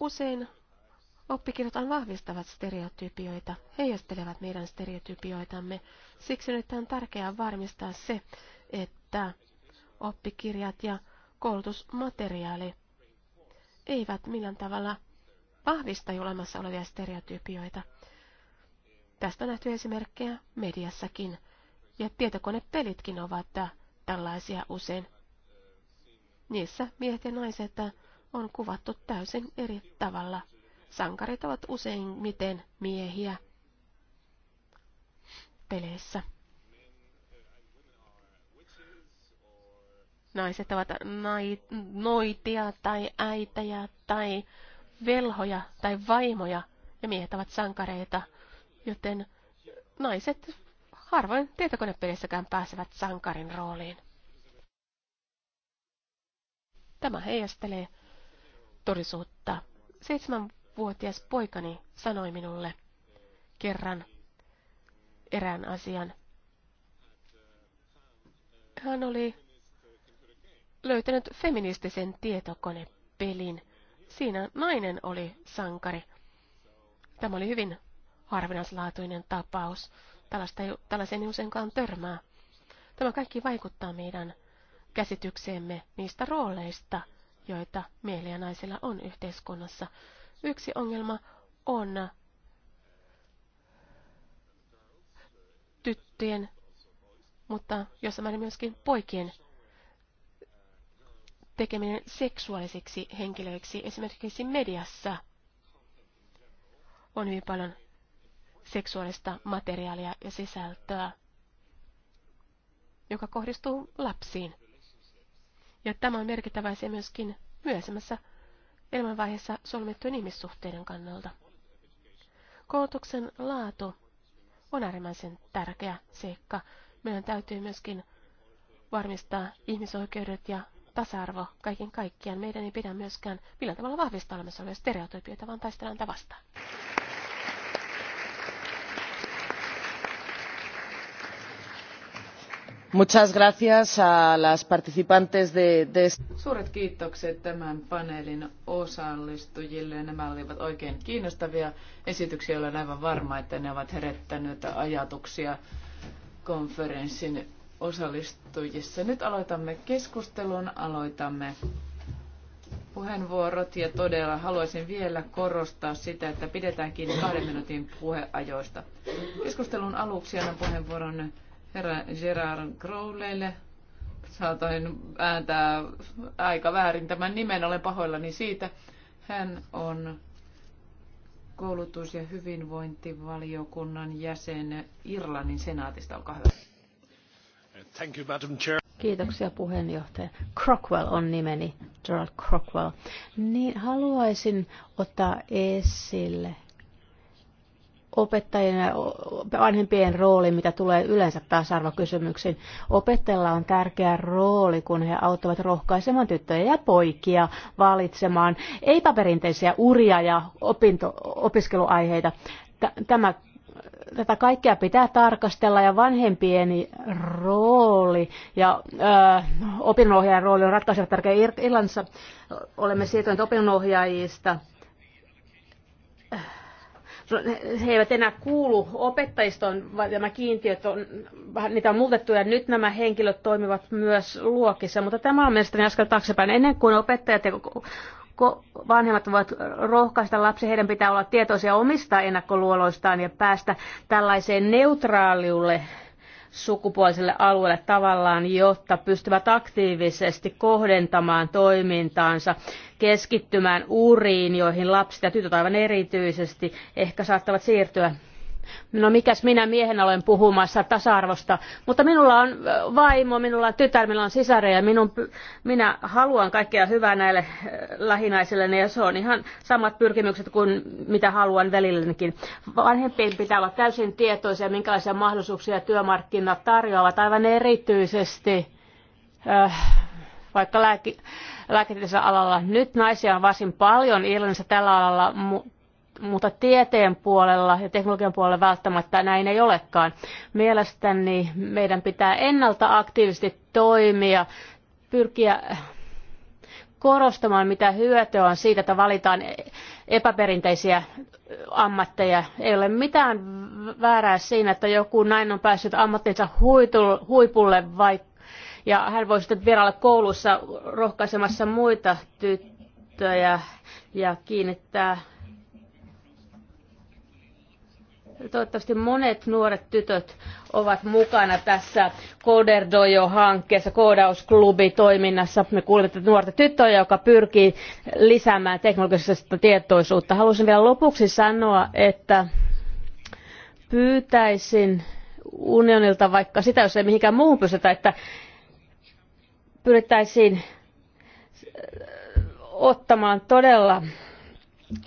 Usein oppikirjat vahvistavat stereotypioita, heijastelevat meidän stereotypioitamme. Siksi nyt on tärkeää varmistaa se, että oppikirjat ja koulutusmateriaali eivät millään tavalla vahvista olemassa olevia stereotypioita. Tästä on nähty esimerkkejä mediassakin, ja tietokonepelitkin ovat tällaisia usein. Niissä miehet ja naiset on kuvattu täysin eri tavalla. Sankarit ovat usein miten miehiä peleissä. naiset ovat nai, noitia tai äitejä tai velhoja tai vaimoja ja miehet ovat sankareita, joten naiset harvoin tietokonepelissäkään pääsevät sankarin rooliin. Tämä heijastelee todellisuutta. Seitsemänvuotias poikani sanoi minulle kerran erään asian. Hän oli löytänyt feministisen tietokonepelin. Siinä nainen oli sankari. Tämä oli hyvin harvinaislaatuinen tapaus. Tällaisen ei, ei useinkaan törmää. Tämä kaikki vaikuttaa meidän käsitykseemme niistä rooleista, joita miehillä ja naisilla on yhteiskunnassa. Yksi ongelma on tyttöjen, mutta jossain määrin myöskin poikien tekeminen seksuaalisiksi henkilöiksi esimerkiksi mediassa. On hyvin paljon seksuaalista materiaalia ja sisältöä, joka kohdistuu lapsiin. Ja tämä on merkittävä se myöskin myöhemmässä elämänvaiheessa solmittujen ihmissuhteiden kannalta. Koulutuksen laatu on äärimmäisen tärkeä seikka. Meidän täytyy myöskin varmistaa ihmisoikeudet ja tasa-arvo kaiken kaikkiaan. Meidän ei pidä myöskään millään tavalla vahvistaa olemassa olevia stereotypioita, vaan taistellaan niitä vastaan. Muchas gracias a las participantes de, de... Suuret kiitokset tämän paneelin osallistujille. Nämä olivat oikein kiinnostavia esityksiä. Olen aivan varma, että ne ovat herättäneet ajatuksia konferenssin osallistujissa. Nyt aloitamme keskustelun, aloitamme puheenvuorot ja todella haluaisin vielä korostaa sitä, että pidetään kiinni kahden minuutin puheajoista. Keskustelun aluksi annan puheenvuoron herra Gerard Crowleylle. Saatoin ääntää aika väärin tämän nimen, olen pahoillani siitä. Hän on koulutus- ja hyvinvointivaliokunnan jäsen Irlannin senaatista. Olkaa hyvä. Kiitoksia puheenjohtaja. Crockwell on nimeni, Gerald Crockwell. Niin haluaisin ottaa esille opettajien ja vanhempien rooli, mitä tulee yleensä tasa-arvokysymyksiin. Opettajilla on tärkeä rooli, kun he auttavat rohkaisemaan tyttöjä ja poikia valitsemaan ei-perinteisiä uria ja opinto, opiskeluaiheita. Tämä tätä kaikkea pitää tarkastella ja vanhempien rooli ja äh, opinnonohjaajan rooli on ratkaiseva tärkeä. Irlannissa olemme siirtyneet opinnonohjaajista. He eivät enää kuulu opettajistoon, vaan nämä kiintiöt on, niitä on muutettu ja nyt nämä henkilöt toimivat myös luokissa. Mutta tämä on mielestäni askel taaksepäin. Ennen kuin opettajat ja vanhemmat voivat rohkaista lapsia, heidän pitää olla tietoisia omista ennakkoluoloistaan ja päästä tällaiseen neutraaliulle sukupuoliselle alueelle tavallaan, jotta pystyvät aktiivisesti kohdentamaan toimintaansa, keskittymään uriin, joihin lapset ja tytöt aivan erityisesti ehkä saattavat siirtyä No mikäs minä miehenä olen puhumassa tasa-arvosta, mutta minulla on vaimo, minulla on tytär, minulla on sisareja, minun, minä haluan kaikkea hyvää näille lähinaisille ja se on ihan samat pyrkimykset kuin mitä haluan velillenikin. Vanhempien pitää olla täysin tietoisia, minkälaisia mahdollisuuksia työmarkkinat tarjoavat aivan erityisesti äh, vaikka lääki, lääketieteellisellä alalla. Nyt naisia on varsin paljon Irlannissa tällä alalla, mutta tieteen puolella ja teknologian puolella välttämättä näin ei olekaan. Mielestäni meidän pitää ennalta aktiivisesti toimia, pyrkiä korostamaan, mitä hyötyä on siitä, että valitaan epäperinteisiä ammatteja. Ei ole mitään väärää siinä, että joku näin on päässyt ammattinsa huipulle vaikka ja hän voi sitten vierailla koulussa rohkaisemassa muita tyttöjä ja kiinnittää Toivottavasti monet nuoret tytöt ovat mukana tässä Koderdojo-hankkeessa, koodausklubi-toiminnassa. Me kuulemme nuorta tyttöä, joka pyrkii lisäämään teknologisesta tietoisuutta. Haluaisin vielä lopuksi sanoa, että pyytäisin unionilta vaikka sitä, jos ei mihinkään muuhun pystytä, että pyrittäisiin ottamaan todella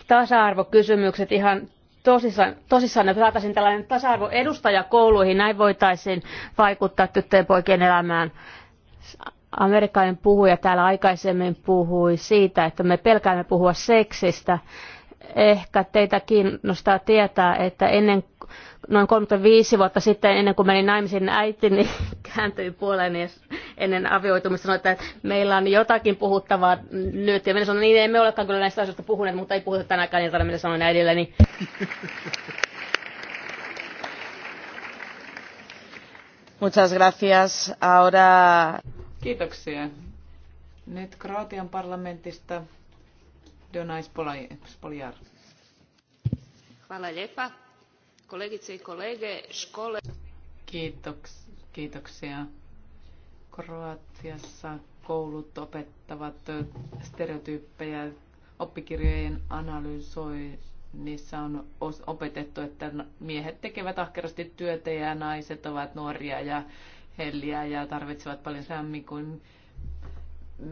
tasa-arvokysymykset ihan tosissaan, tosissaan että saataisiin tällainen tasa-arvo edustaja kouluihin, näin voitaisiin vaikuttaa tyttöjen poikien elämään. Amerikkalainen puhuja täällä aikaisemmin puhui siitä, että me pelkäämme puhua seksistä. Ehkä teitä kiinnostaa tietää, että ennen noin 35 vuotta sitten, ennen kuin menin naimisiin, äitini niin kääntyi puoleeni ennen avioitumista, sanoi, että meillä on jotakin puhuttavaa nyt. Ja minä sanoin, niin emme olekaan kyllä näistä asioista puhuneet, mutta ei puhuta tänäkään iltana, niin minä sanoin äidilleni. Muchas gracias. Ahora... Kiitoksia. Nyt Kroatian parlamentista Donais Poljar. Hvala lijepa Kolegitse i kolege, škole... Kiitoks, kiitoksia. Kroatiassa koulut opettavat stereotyyppejä oppikirjojen analysoinnissa on opetettu, että miehet tekevät ahkerasti työtä ja naiset ovat nuoria ja helliä ja tarvitsevat paljon sammi kuin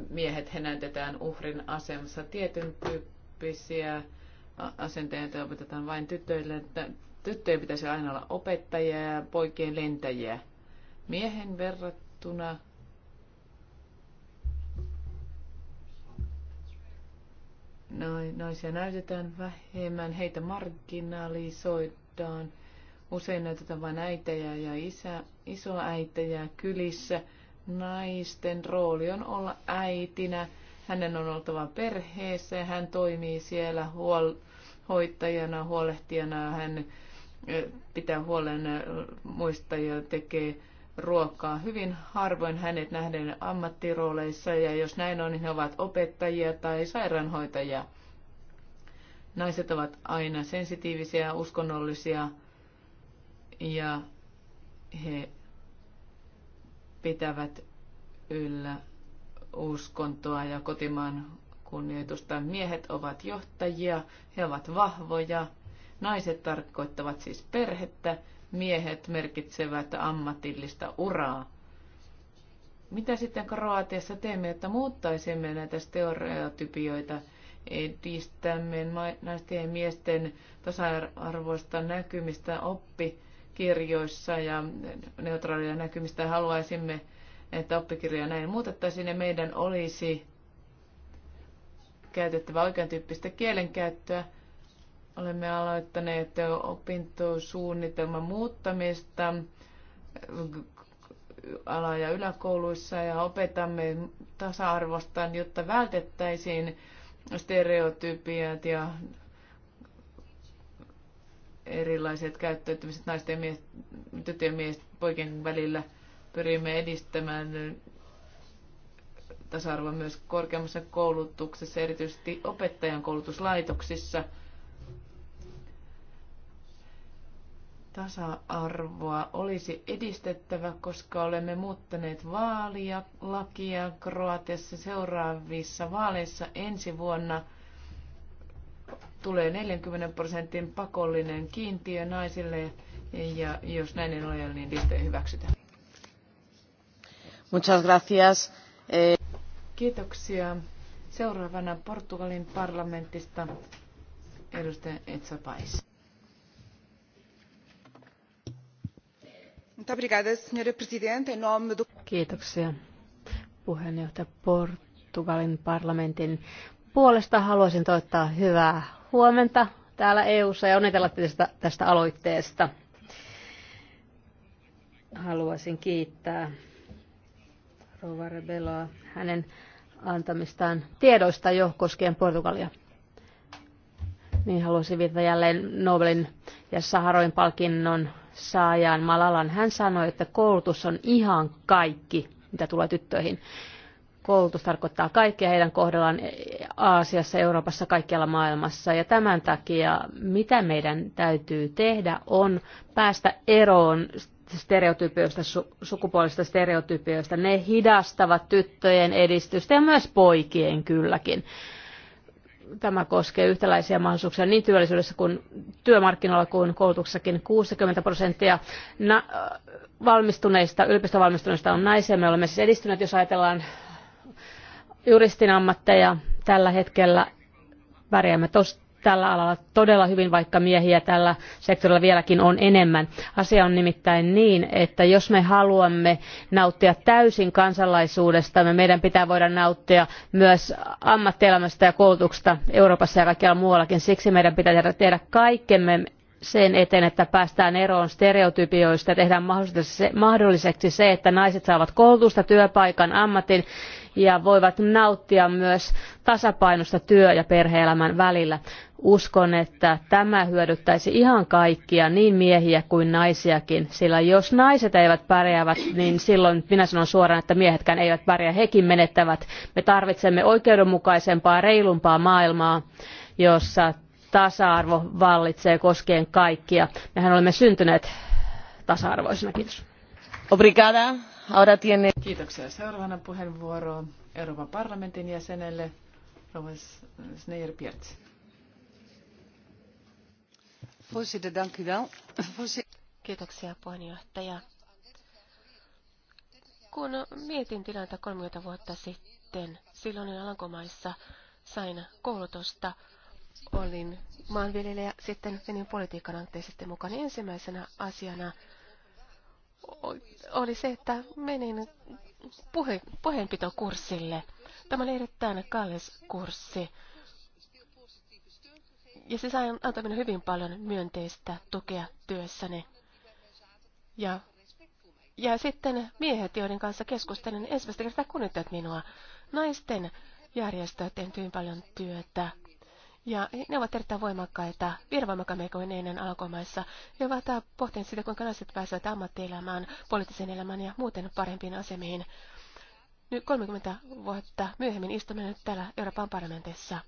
miehet näytetään uhrin asemassa. Tietyn tyyppisiä asenteita opetetaan vain tytöille. Tyttöjen pitäisi aina olla opettajia ja poikien lentäjiä. Miehen verrattuna naisia näytetään vähemmän, heitä marginalisoidaan. Usein näytetään vain äitejä ja isä, isoäitejä kylissä. Naisten rooli on olla äitinä. Hänen on oltava perheessä ja hän toimii siellä huol- hoitajana, huolehtijana. Hän pitää huolen muista ja tekee ruokaa. Hyvin harvoin hänet nähdään ammattirooleissa ja jos näin on, niin he ovat opettajia tai sairaanhoitajia. Naiset ovat aina sensitiivisiä, uskonnollisia ja he pitävät yllä uskontoa ja kotimaan kunnioitusta. Miehet ovat johtajia, he ovat vahvoja, Naiset tarkoittavat siis perhettä, miehet merkitsevät ammatillista uraa. Mitä sitten Kroatiassa teemme, että muuttaisimme näitä stereotypioita, edistämme naisten ja miesten tasa-arvoista näkymistä oppikirjoissa ja neutraalia näkymistä haluaisimme, että oppikirjoja näin muutettaisiin ja meidän olisi käytettävä oikean tyyppistä kielenkäyttöä, Olemme aloittaneet opintosuunnitelman muuttamista ala- ja yläkouluissa ja opetamme tasa-arvosta, jotta vältettäisiin stereotypiat ja erilaiset käyttäytymiset naisten ja mies, tyttöjen ja mies, poikien välillä. Pyrimme edistämään tasa-arvoa myös korkeammassa koulutuksessa, erityisesti opettajan koulutuslaitoksissa – tasa-arvoa olisi edistettävä, koska olemme muuttaneet vaalia, lakia Kroatiassa seuraavissa vaaleissa ensi vuonna tulee 40 prosentin pakollinen kiintiö naisille ja jos näin ei ole, niin niistä ei hyväksytä. Muchas gracias. Eh, Kiitoksia. Seuraavana Portugalin parlamentista edustaja Etsapais. Kiitoksia puheenjohtaja Portugalin parlamentin puolesta. Haluaisin toivottaa hyvää huomenta täällä EU-ssa ja onnitella tästä, tästä aloitteesta. Haluaisin kiittää Rova Rebeloa hänen antamistaan tiedoista jo koskien Portugalia. Niin haluaisin viitata jälleen Nobelin ja Saharoin palkinnon saajaan Malalan. Hän sanoi, että koulutus on ihan kaikki, mitä tulee tyttöihin. Koulutus tarkoittaa kaikkea heidän kohdallaan e- Aasiassa, Euroopassa, kaikkialla maailmassa. Ja tämän takia, mitä meidän täytyy tehdä, on päästä eroon stereotypioista, su- sukupuolista stereotypioista. Ne hidastavat tyttöjen edistystä ja myös poikien kylläkin. Tämä koskee yhtäläisiä mahdollisuuksia niin työllisyydessä kuin työmarkkinoilla kuin koulutuksessakin. 60 prosenttia na- valmistuneista, yliopistovalmistuneista on naisia. Me olemme siis edistyneet, jos ajatellaan juristin ammatteja tällä hetkellä. Pärjäämme tällä alalla todella hyvin, vaikka miehiä tällä sektorilla vieläkin on enemmän. Asia on nimittäin niin, että jos me haluamme nauttia täysin kansalaisuudesta, meidän pitää voida nauttia myös ammattielämästä ja koulutuksesta Euroopassa ja kaikkialla muuallakin. Siksi meidän pitää tehdä, tehdä kaikkemme sen eteen, että päästään eroon stereotypioista ja tehdään mahdolliseksi se, että naiset saavat koulutusta, työpaikan, ammatin ja voivat nauttia myös tasapainosta työ- ja perheelämän välillä. Uskon, että tämä hyödyttäisi ihan kaikkia, niin miehiä kuin naisiakin, sillä jos naiset eivät pärjäävät, niin silloin minä sanon suoraan, että miehetkään eivät pärjää, hekin menettävät. Me tarvitsemme oikeudenmukaisempaa, reilumpaa maailmaa, jossa tasa-arvo vallitsee koskien kaikkia. Mehän olemme syntyneet tasa-arvoisina. Kiitos. Obrigada. Ahora tiene... Kiitoksia. Seuraavana puheenvuoro Euroopan parlamentin jäsenelle rouva Sneijer-Pierts. Kiitoksia puheenjohtaja. Kun mietin tilannetta 30 vuotta sitten, silloin Alankomaissa sain koulutusta. Olin maanviljelijä, sitten menin politiikan sitten mukaan ensimmäisenä asiana – oli se, että menin puhe, puheenpitokurssille. Tämä oli erittäin kallis kurssi. Ja se sai antaa minulle hyvin paljon myönteistä tukea työssäni. Ja, ja sitten miehet, joiden kanssa keskustelin, ensimmäistä kertaa kunnittavat minua. Naisten järjestöt teen hyvin paljon työtä. Ja ne ovat erittäin voimakkaita, vielä ennen alkomaissa. Ne ovat äh, pohtineet sitä, kuinka naiset pääsevät ammattielämään, poliittiseen elämään ja muuten parempiin asemiin. Nyt 30 vuotta myöhemmin istumme nyt täällä Euroopan parlamentissa.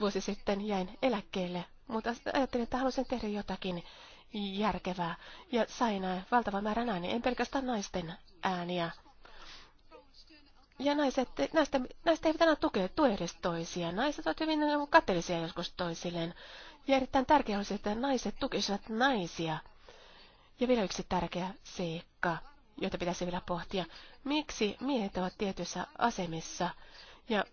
Vuosi sitten jäin eläkkeelle, mutta ajattelin, että halusin tehdä jotakin järkevää. Ja sain äh, valtavan määrän ääniä, en pelkästään naisten ääniä ja naiset, näistä, näistä eivät aina tukea, tue edes toisia. Naiset ovat hyvin kateellisia joskus toisilleen. Ja erittäin tärkeää olisi, että naiset tukisivat naisia. Ja vielä yksi tärkeä seikka, jota pitäisi vielä pohtia. Miksi miehet ovat tietyissä asemissa ja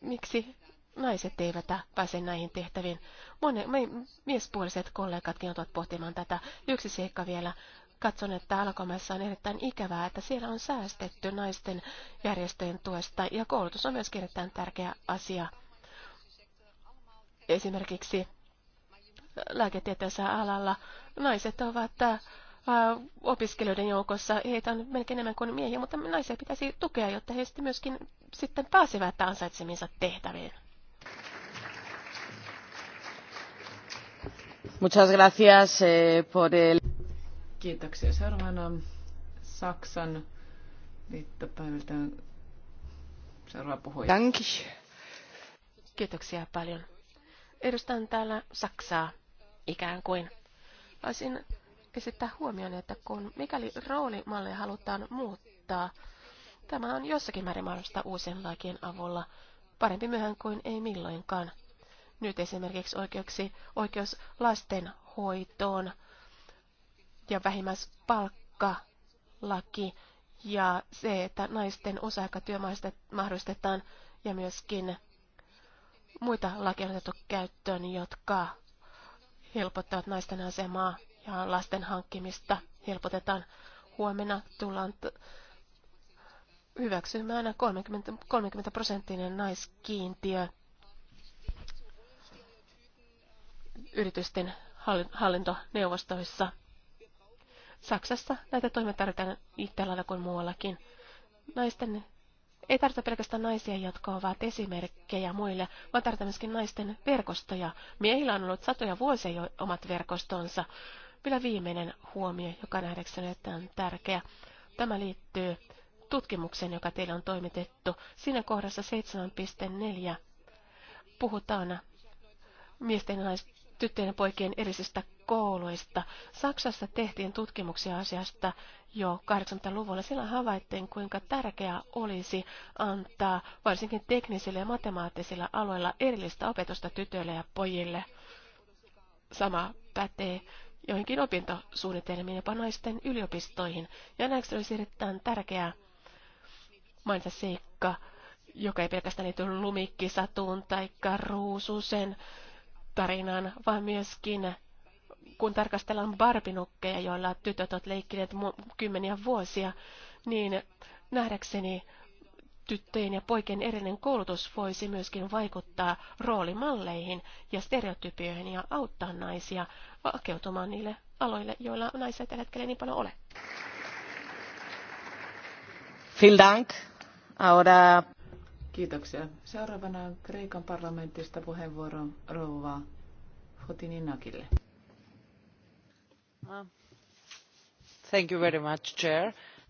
miksi naiset eivät pääse näihin tehtäviin? Monet miespuoliset kollegatkin ovat pohtimaan tätä. Yksi seikka vielä. Katson, että Alkomaissa on erittäin ikävää, että siellä on säästetty naisten järjestöjen tuesta ja koulutus on myös erittäin tärkeä asia. Esimerkiksi lääketieteellisellä alalla naiset ovat äh, opiskelijoiden joukossa. Heitä on melkein enemmän kuin miehiä, mutta naisia pitäisi tukea, jotta he sitten myöskin sitten pääsevät ansaitsemiinsa tehtäviin. Muchas gracias eh, por el... Kiitoksia. Seuraavana Saksan viittopäiviltä seuraava puhuja. Dankish. Kiitoksia paljon. Edustan täällä Saksaa ikään kuin. Voisin esittää huomioon, että kun mikäli roolimalleja halutaan muuttaa, tämä on jossakin määrin mahdollista uusien lakien avulla. Parempi myöhään kuin ei milloinkaan. Nyt esimerkiksi oikeuksi, oikeus lastenhoitoon ja vähimmäispalkkalaki ja se, että naisten osa aikatyömaista mahdollistetaan ja myöskin muita lakeja on otettu käyttöön, jotka helpottavat naisten asemaa ja lasten hankkimista helpotetaan. Huomenna tullaan hyväksymään 30, 30 prosenttinen naiskiintiö yritysten hallintoneuvostoissa. Saksassa näitä toimia tarvitaan yhtä lailla kuin muuallakin. Naisten ei tarvita pelkästään naisia, jotka ovat esimerkkejä muille, vaan tarvitaan myöskin naisten verkostoja. Miehillä on ollut satoja vuosia jo omat verkostonsa. Vielä viimeinen huomio, joka nähdäkseni on tärkeä. Tämä liittyy tutkimukseen, joka teille on toimitettu. Siinä kohdassa 7.4 puhutaan miesten ja naisten tyttöjen ja poikien erisistä kouluista. Saksassa tehtiin tutkimuksia asiasta jo 80-luvulla. Silloin havaittiin, kuinka tärkeää olisi antaa varsinkin teknisillä ja matemaattisilla aloilla erillistä opetusta tytöille ja pojille. Sama pätee joihinkin opintosuunnitelmiin, jopa naisten yliopistoihin. Ja näistä olisi erittäin tärkeää mainita seikka, joka ei pelkästään liity lumikkisatuun tai ruususen tarinaan, vaan myöskin kun tarkastellaan barbinukkeja, joilla tytöt ovat leikkineet kymmeniä vuosia, niin nähdäkseni tyttöjen ja poikien erillinen koulutus voisi myöskin vaikuttaa roolimalleihin ja stereotypioihin ja auttaa naisia hakeutumaan niille aloille, joilla naiset tällä hetkellä niin paljon ole. Vielen Dank. Ahora... Kiitoksia. Seuraavana Kreikan parlamentista puheenvuoron rouva Fotininakille.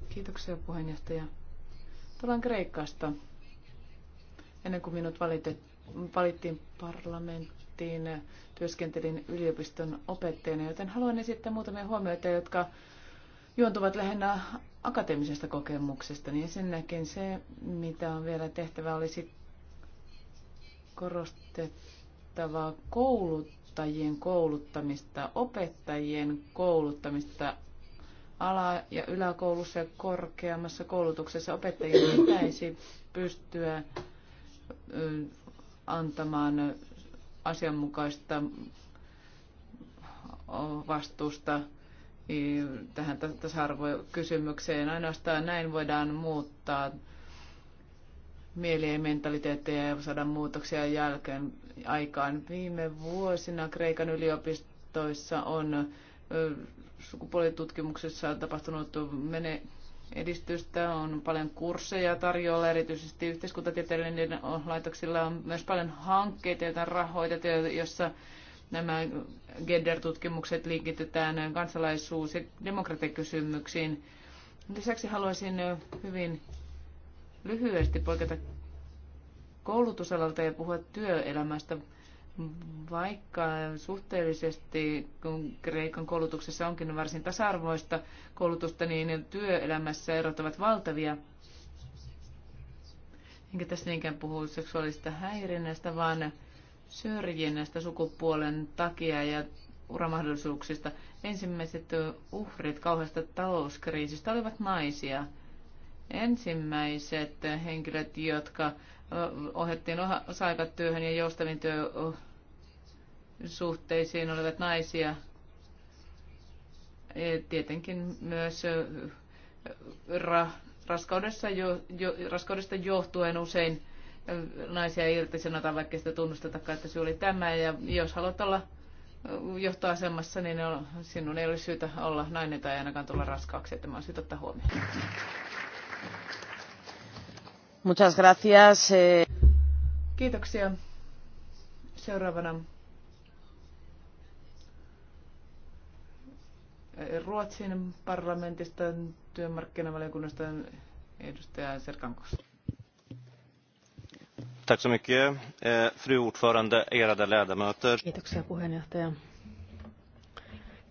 Kiitoksia puheenjohtaja. Tullaan Kreikasta. Ennen kuin minut valittiin parlamenttiin, työskentelin yliopiston opettajana, joten haluan esittää muutamia huomioita, jotka juontuvat lähinnä akateemisesta kokemuksesta. Niin ensinnäkin se, mitä on vielä tehtävä, olisi korostettava koulut opettajien kouluttamista, opettajien kouluttamista ala- ja yläkoulussa ja korkeammassa koulutuksessa opettajien pitäisi pystyä antamaan asianmukaista vastuusta tähän tasa-arvokysymykseen. Ainoastaan näin voidaan muuttaa mieli ja mentaliteetteja ja saada muutoksia jälkeen aikaan. Viime vuosina Kreikan yliopistoissa on sukupuolitutkimuksessa tapahtunut mene edistystä, on paljon kursseja tarjolla, erityisesti yhteiskuntatieteellinen laitoksilla on myös paljon hankkeita, joita rahoitetaan, jossa nämä gender-tutkimukset linkitetään kansalaisuus- ja demokratiakysymyksiin. Lisäksi haluaisin hyvin lyhyesti poiketa koulutusalalta ja puhua työelämästä, vaikka suhteellisesti, kun Kreikan koulutuksessa onkin varsin tasa-arvoista koulutusta, niin työelämässä erot ovat valtavia. Enkä tässä niinkään puhu seksuaalista häirinnästä, vaan syrjinnästä sukupuolen takia ja uramahdollisuuksista. Ensimmäiset uhrit kauheasta talouskriisistä olivat naisia. Ensimmäiset henkilöt, jotka ohjattiin osa-aikatyöhön ja joustavin työsuhteisiin olivat naisia. Ja tietenkin myös ra, raskaudessa jo, jo, raskaudesta johtuen usein naisia irtisanotaan, vaikka sitä tunnustetakaan, että se oli tämä. Ja jos haluat olla johtoasemassa, niin sinun ei ole syytä olla nainen tai ainakaan tulla raskaaksi. Tämä on syytä ottaa huomioon. Muchas gracias. Eh. Kiitoksia. Seuraavana eh, Ruotsin parlamentista työmarkkinavaliokunnasta edustaja Serkankos. Tack så mycket, eh, fru ordförande, ärade ledamöter. Kiitoksia puheenjohtaja.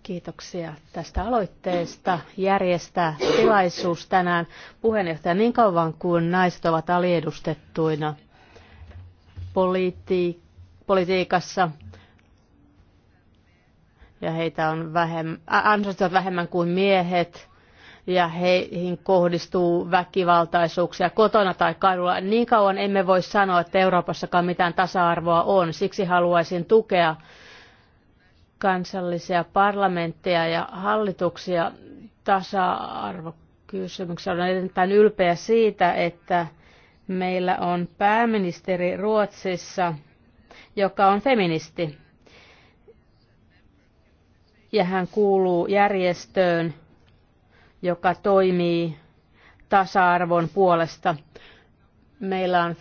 Kiitoksia tästä aloitteesta järjestää tilaisuus tänään puheenjohtaja niin kauan kuin naiset ovat aliedustettuina politi- politiikassa ja heitä on vähemmän, ansaitsevat vähemmän kuin miehet ja heihin kohdistuu väkivaltaisuuksia kotona tai kadulla. Niin kauan emme voi sanoa, että Euroopassakaan mitään tasa-arvoa on. Siksi haluaisin tukea kansallisia parlamentteja ja hallituksia tasa arvokysymyksiä Olen erittäin ylpeä siitä, että meillä on pääministeri Ruotsissa, joka on feministi. Ja hän kuuluu järjestöön, joka toimii tasa-arvon puolesta. Meillä on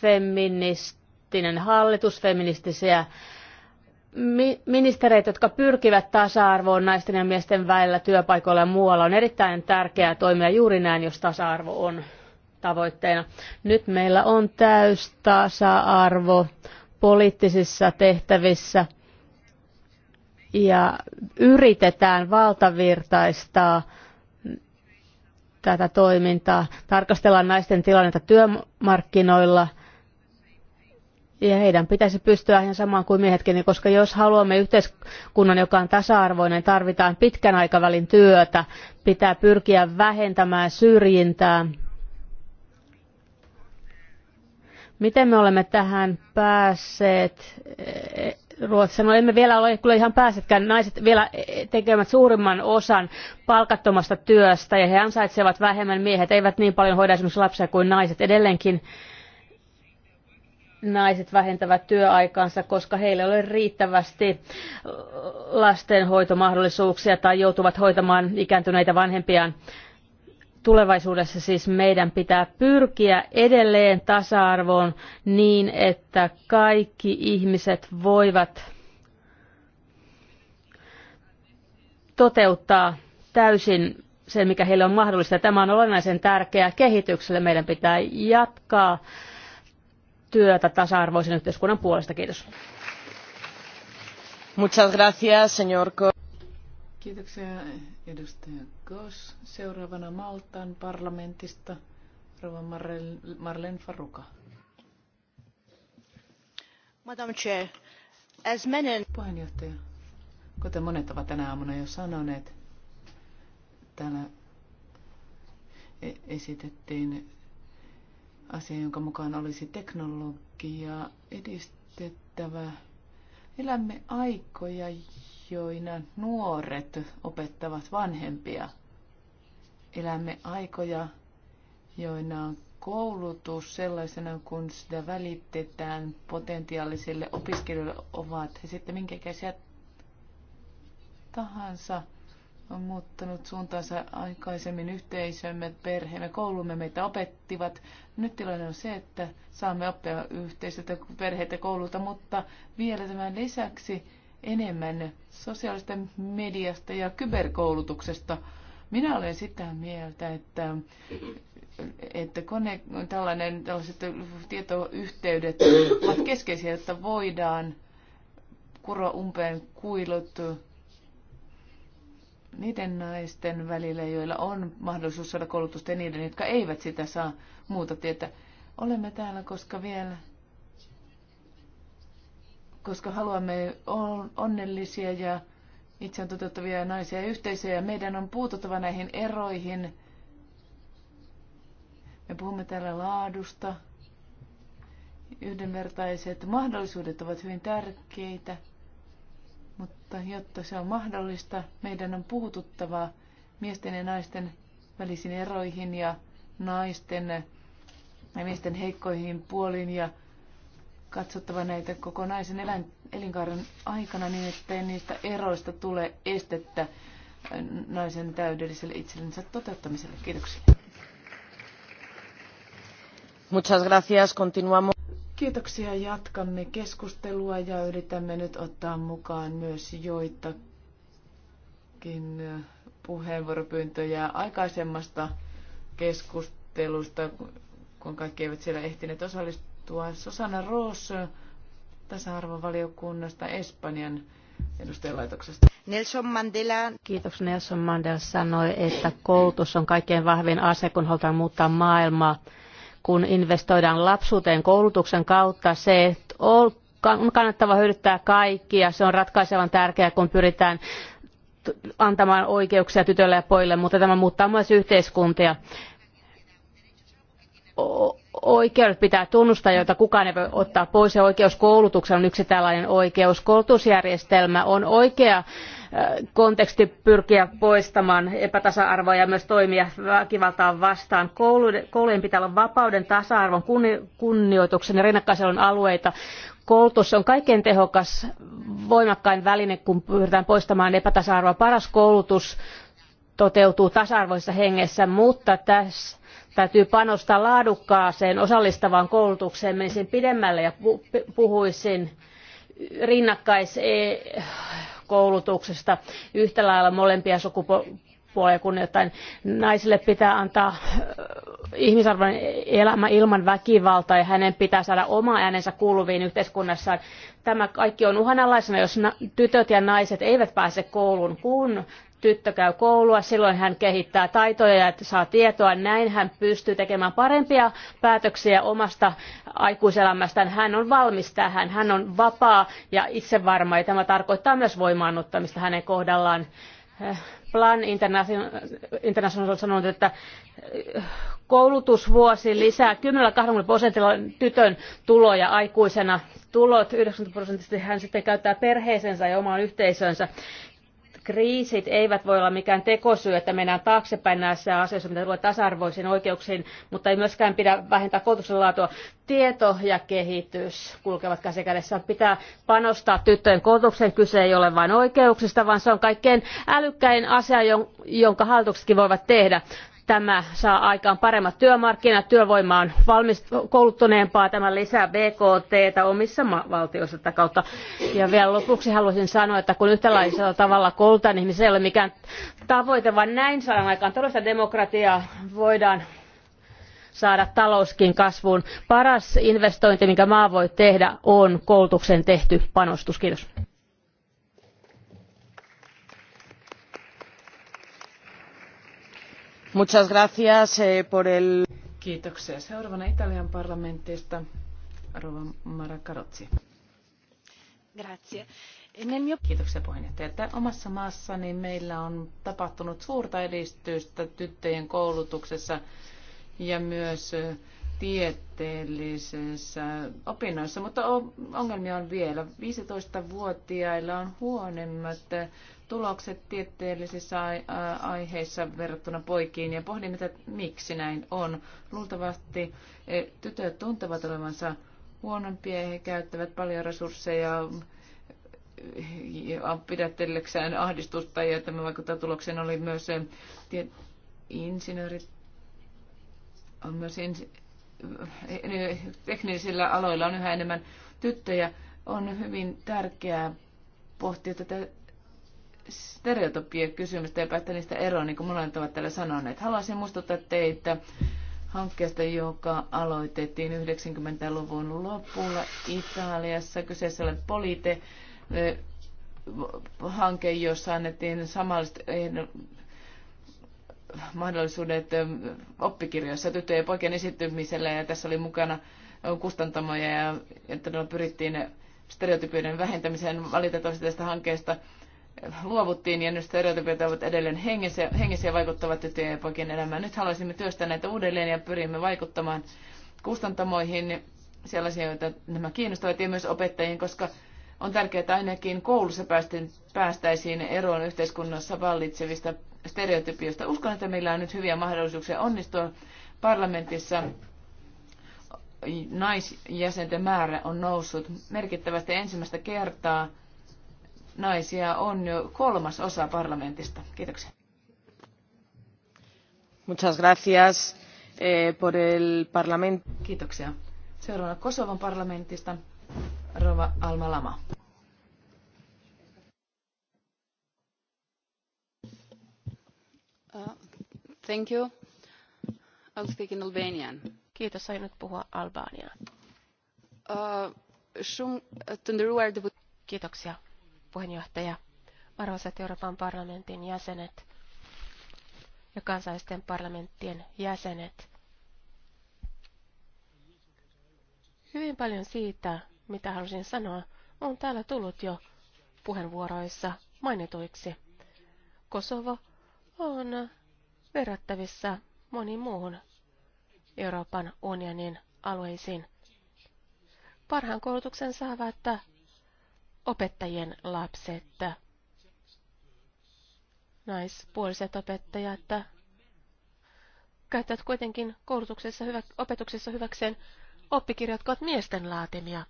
feministinen hallitus, feministisiä ministereitä, jotka pyrkivät tasa-arvoon naisten ja miesten välillä työpaikoilla ja muualla. On erittäin tärkeää toimia juuri näin, jos tasa-arvo on tavoitteena. Nyt meillä on täys tasa-arvo poliittisissa tehtävissä ja yritetään valtavirtaistaa tätä toimintaa. Tarkastellaan naisten tilannetta työmarkkinoilla – ja heidän pitäisi pystyä ihan samaan kuin miehetkin, koska jos haluamme yhteiskunnan, joka on tasa-arvoinen, tarvitaan pitkän aikavälin työtä, pitää pyrkiä vähentämään syrjintää. Miten me olemme tähän päässeet? Ruotsi sanoi, emme vielä ole kyllä ihan pääsetkään. Naiset vielä tekevät suurimman osan palkattomasta työstä ja he ansaitsevat vähemmän. Miehet eivät niin paljon hoida esimerkiksi lapsia kuin naiset edelleenkin naiset vähentävät työaikansa, koska heillä ei ole riittävästi lastenhoitomahdollisuuksia tai joutuvat hoitamaan ikääntyneitä vanhempiaan. Tulevaisuudessa siis meidän pitää pyrkiä edelleen tasa-arvoon niin, että kaikki ihmiset voivat toteuttaa täysin sen, mikä heille on mahdollista. Tämä on olennaisen tärkeää kehitykselle. Meidän pitää jatkaa työtä tasa-arvoisen yhteiskunnan puolesta. Kiitos. Muchas gracias, señor Kiitoksia edustaja Goss. Seuraavana Maltan parlamentista rouva Marlen Faruka. Madam Chair, as many... Puheenjohtaja, kuten monet ovat tänä aamuna jo sanoneet, täällä e- esitettiin asia, jonka mukaan olisi teknologia edistettävä. Elämme aikoja, joina nuoret opettavat vanhempia. Elämme aikoja, joina on koulutus sellaisena, kun sitä välitetään potentiaalisille opiskelijoille, ovat he sitten minkä tahansa – on muuttanut suuntaansa aikaisemmin yhteisömme, perheemme, koulumme meitä opettivat. Nyt tilanne on se, että saamme oppia yhteisöltä, perheitä, koululta, mutta vielä tämän lisäksi enemmän sosiaalista mediasta ja kyberkoulutuksesta. Minä olen sitä mieltä, että, että kone, tällainen, tällaiset tietoyhteydet ovat keskeisiä, että voidaan kuroa umpeen kuilut niiden naisten välillä, joilla on mahdollisuus saada koulutusta ja niiden, jotka eivät sitä saa muuta tietä. Olemme täällä, koska vielä koska haluamme onnellisia ja itseään toteuttavia naisia ja yhteisöjä. Meidän on puututtava näihin eroihin. Me puhumme täällä laadusta. Yhdenvertaiset mahdollisuudet ovat hyvin tärkeitä. Mutta jotta se on mahdollista, meidän on puhututtava miesten ja naisten välisiin eroihin ja naisten ja miesten heikkoihin puoliin ja katsottava näitä naisen elän, elinkaaren aikana niin, että niistä eroista tule estettä naisen täydelliselle itsellensä toteuttamiselle. Kiitoksia. Muchas gracias. Continuamos. Kiitoksia. Jatkamme keskustelua ja yritämme nyt ottaa mukaan myös joitakin puheenvuoropyyntöjä aikaisemmasta keskustelusta, kun kaikki eivät siellä ehtineet osallistua. Susanna Roos tasa-arvovaliokunnasta Espanjan edustajalaitoksesta. Nelson Mandela. Kiitos. Nelson Mandela sanoi, että koulutus on kaikkein vahvin ase, kun halutaan muuttaa maailmaa kun investoidaan lapsuuteen koulutuksen kautta, se on kannattava hyödyttää kaikkia. Se on ratkaisevan tärkeää, kun pyritään antamaan oikeuksia tytöille ja pojille, mutta tämä muuttaa myös yhteiskuntia. Oikeudet pitää tunnustaa, joita kukaan ei voi ottaa pois, ja oikeus koulutukseen on yksi tällainen oikeus. Koulutusjärjestelmä on oikea konteksti pyrkiä poistamaan epätasa-arvoa ja myös toimia väkivaltaa vastaan. Koulujen pitää olla vapauden, tasa-arvon, kunnioituksen ja rinnakkaiselon alueita. Koulutus on kaikkein tehokas, voimakkain väline, kun pyritään poistamaan epätasa-arvoa. Paras koulutus toteutuu tasa-arvoisessa hengessä, mutta tässä täytyy panostaa laadukkaaseen osallistavaan koulutukseen. Menisin pidemmälle ja puhuisin rinnakkais e- koulutuksesta yhtä lailla molempia sukupuolia kunnioittain. Naisille pitää antaa äh, ihmisarvoinen elämä ilman väkivaltaa ja hänen pitää saada oma äänensä kuuluviin yhteiskunnassaan. Tämä kaikki on uhanalaisena, jos tytöt ja naiset eivät pääse kouluun, kun tyttö käy koulua, silloin hän kehittää taitoja ja saa tietoa. Näin hän pystyy tekemään parempia päätöksiä omasta aikuiselämästään. Hän on valmis tähän, hän on vapaa ja itsevarma ja tämä tarkoittaa myös voimaannuttamista hänen kohdallaan. Eh, Plan International on sanonut, että eh, koulutusvuosi lisää 10-20 prosentilla tytön tuloja aikuisena. Tulot 90 prosenttisesti hän sitten käyttää perheeseensä ja omaan yhteisöönsä kriisit eivät voi olla mikään tekosyy, että mennään taaksepäin näissä asioissa, mitä tulee tasa-arvoisiin oikeuksiin, mutta ei myöskään pidä vähentää koulutuksen laatua. Tieto ja kehitys kulkevat käsi kädessä. Pitää panostaa tyttöjen koulutukseen. Kyse ei ole vain oikeuksista, vaan se on kaikkein älykkäin asia, jonka hallituksetkin voivat tehdä. Tämä saa aikaan paremmat työmarkkinat, työvoima on kouluttuneempaa, tämä lisää BKT omissa valtioissa tätä kautta. Ja vielä lopuksi haluaisin sanoa, että kun yhtäläisellä tavalla koulutetaan ihmisiä, niin ei ole mikään tavoite, vaan näin saadaan aikaan todellista demokratiaa, voidaan saada talouskin kasvuun. Paras investointi, minkä maa voi tehdä, on koulutukseen tehty panostus. Kiitos. Muchas gracias eh, por el... Kiitoksia. Seuraavana Italian parlamentista Rova Mara Karotsi. Grazie. E Kiitoksia puheenjohtaja. Tää omassa maassani meillä on tapahtunut suurta edistystä tyttöjen koulutuksessa ja myös tieteellisessä opinnoissa, mutta ongelmia on vielä. 15-vuotiailla on huonemmat tulokset tieteellisissä aiheissa verrattuna poikiin ja pohdin, että miksi näin on. Luultavasti e, tytöt tuntevat olevansa huonompia ja he käyttävät paljon resursseja pidättelleksään ahdistusta ja tämä vaikuttaa tulokseen oli myös e, insinöörit on myös e, teknisillä aloilla on yhä enemmän tyttöjä. On hyvin tärkeää pohtia tätä stereotypia kysymystä ja päästä niistä eroon, niin kuin molemmat ovat täällä sanoneet. Haluaisin muistuttaa teitä hankkeesta, joka aloitettiin 90-luvun lopulla Italiassa. Kyseessä oli Polite hanke, jossa annettiin samalliset mahdollisuudet oppikirjoissa tyttöjen ja poikien esittymisellä ja tässä oli mukana kustantamoja ja, ja todella pyrittiin stereotypioiden vähentämiseen. Valitettavasti tästä hankkeesta luovuttiin ja nyt stereotypiat ovat edelleen hengisiä, hengisiä vaikuttavat tyttöjen ja poikien elämään. Nyt haluaisimme työstää näitä uudelleen ja pyrimme vaikuttamaan kustantamoihin sellaisia, joita nämä kiinnostavat ja myös opettajien, koska on tärkeää, että ainakin koulussa päästäisiin eroon yhteiskunnassa vallitsevista stereotypioista. Uskon, että meillä on nyt hyviä mahdollisuuksia onnistua parlamentissa naisjäsenten määrä on noussut merkittävästi ensimmäistä kertaa – naisia on jo kolmas osa parlamentista. Kiitoksia. Muchas gracias eh, por el parlament. Kiitoksia. Seuraavana Kosovan parlamentista Rova Alma Lama. Uh, thank you. I'll speak in Albanian. Kiitos, sain nyt puhua Albaniaa. Uh, Kiitoksia puheenjohtaja, arvoisat Euroopan parlamentin jäsenet ja kansallisten parlamenttien jäsenet. Hyvin paljon siitä, mitä halusin sanoa, on täällä tullut jo puheenvuoroissa mainituiksi. Kosovo on verrattavissa moniin muuhun Euroopan unionin alueisiin. Parhaan koulutuksen saavat opettajien lapset, naispuoliset opettajat, käyttävät kuitenkin koulutuksessa hyvä, opetuksessa hyväkseen oppikirjat, jotka ovat miesten laatimia.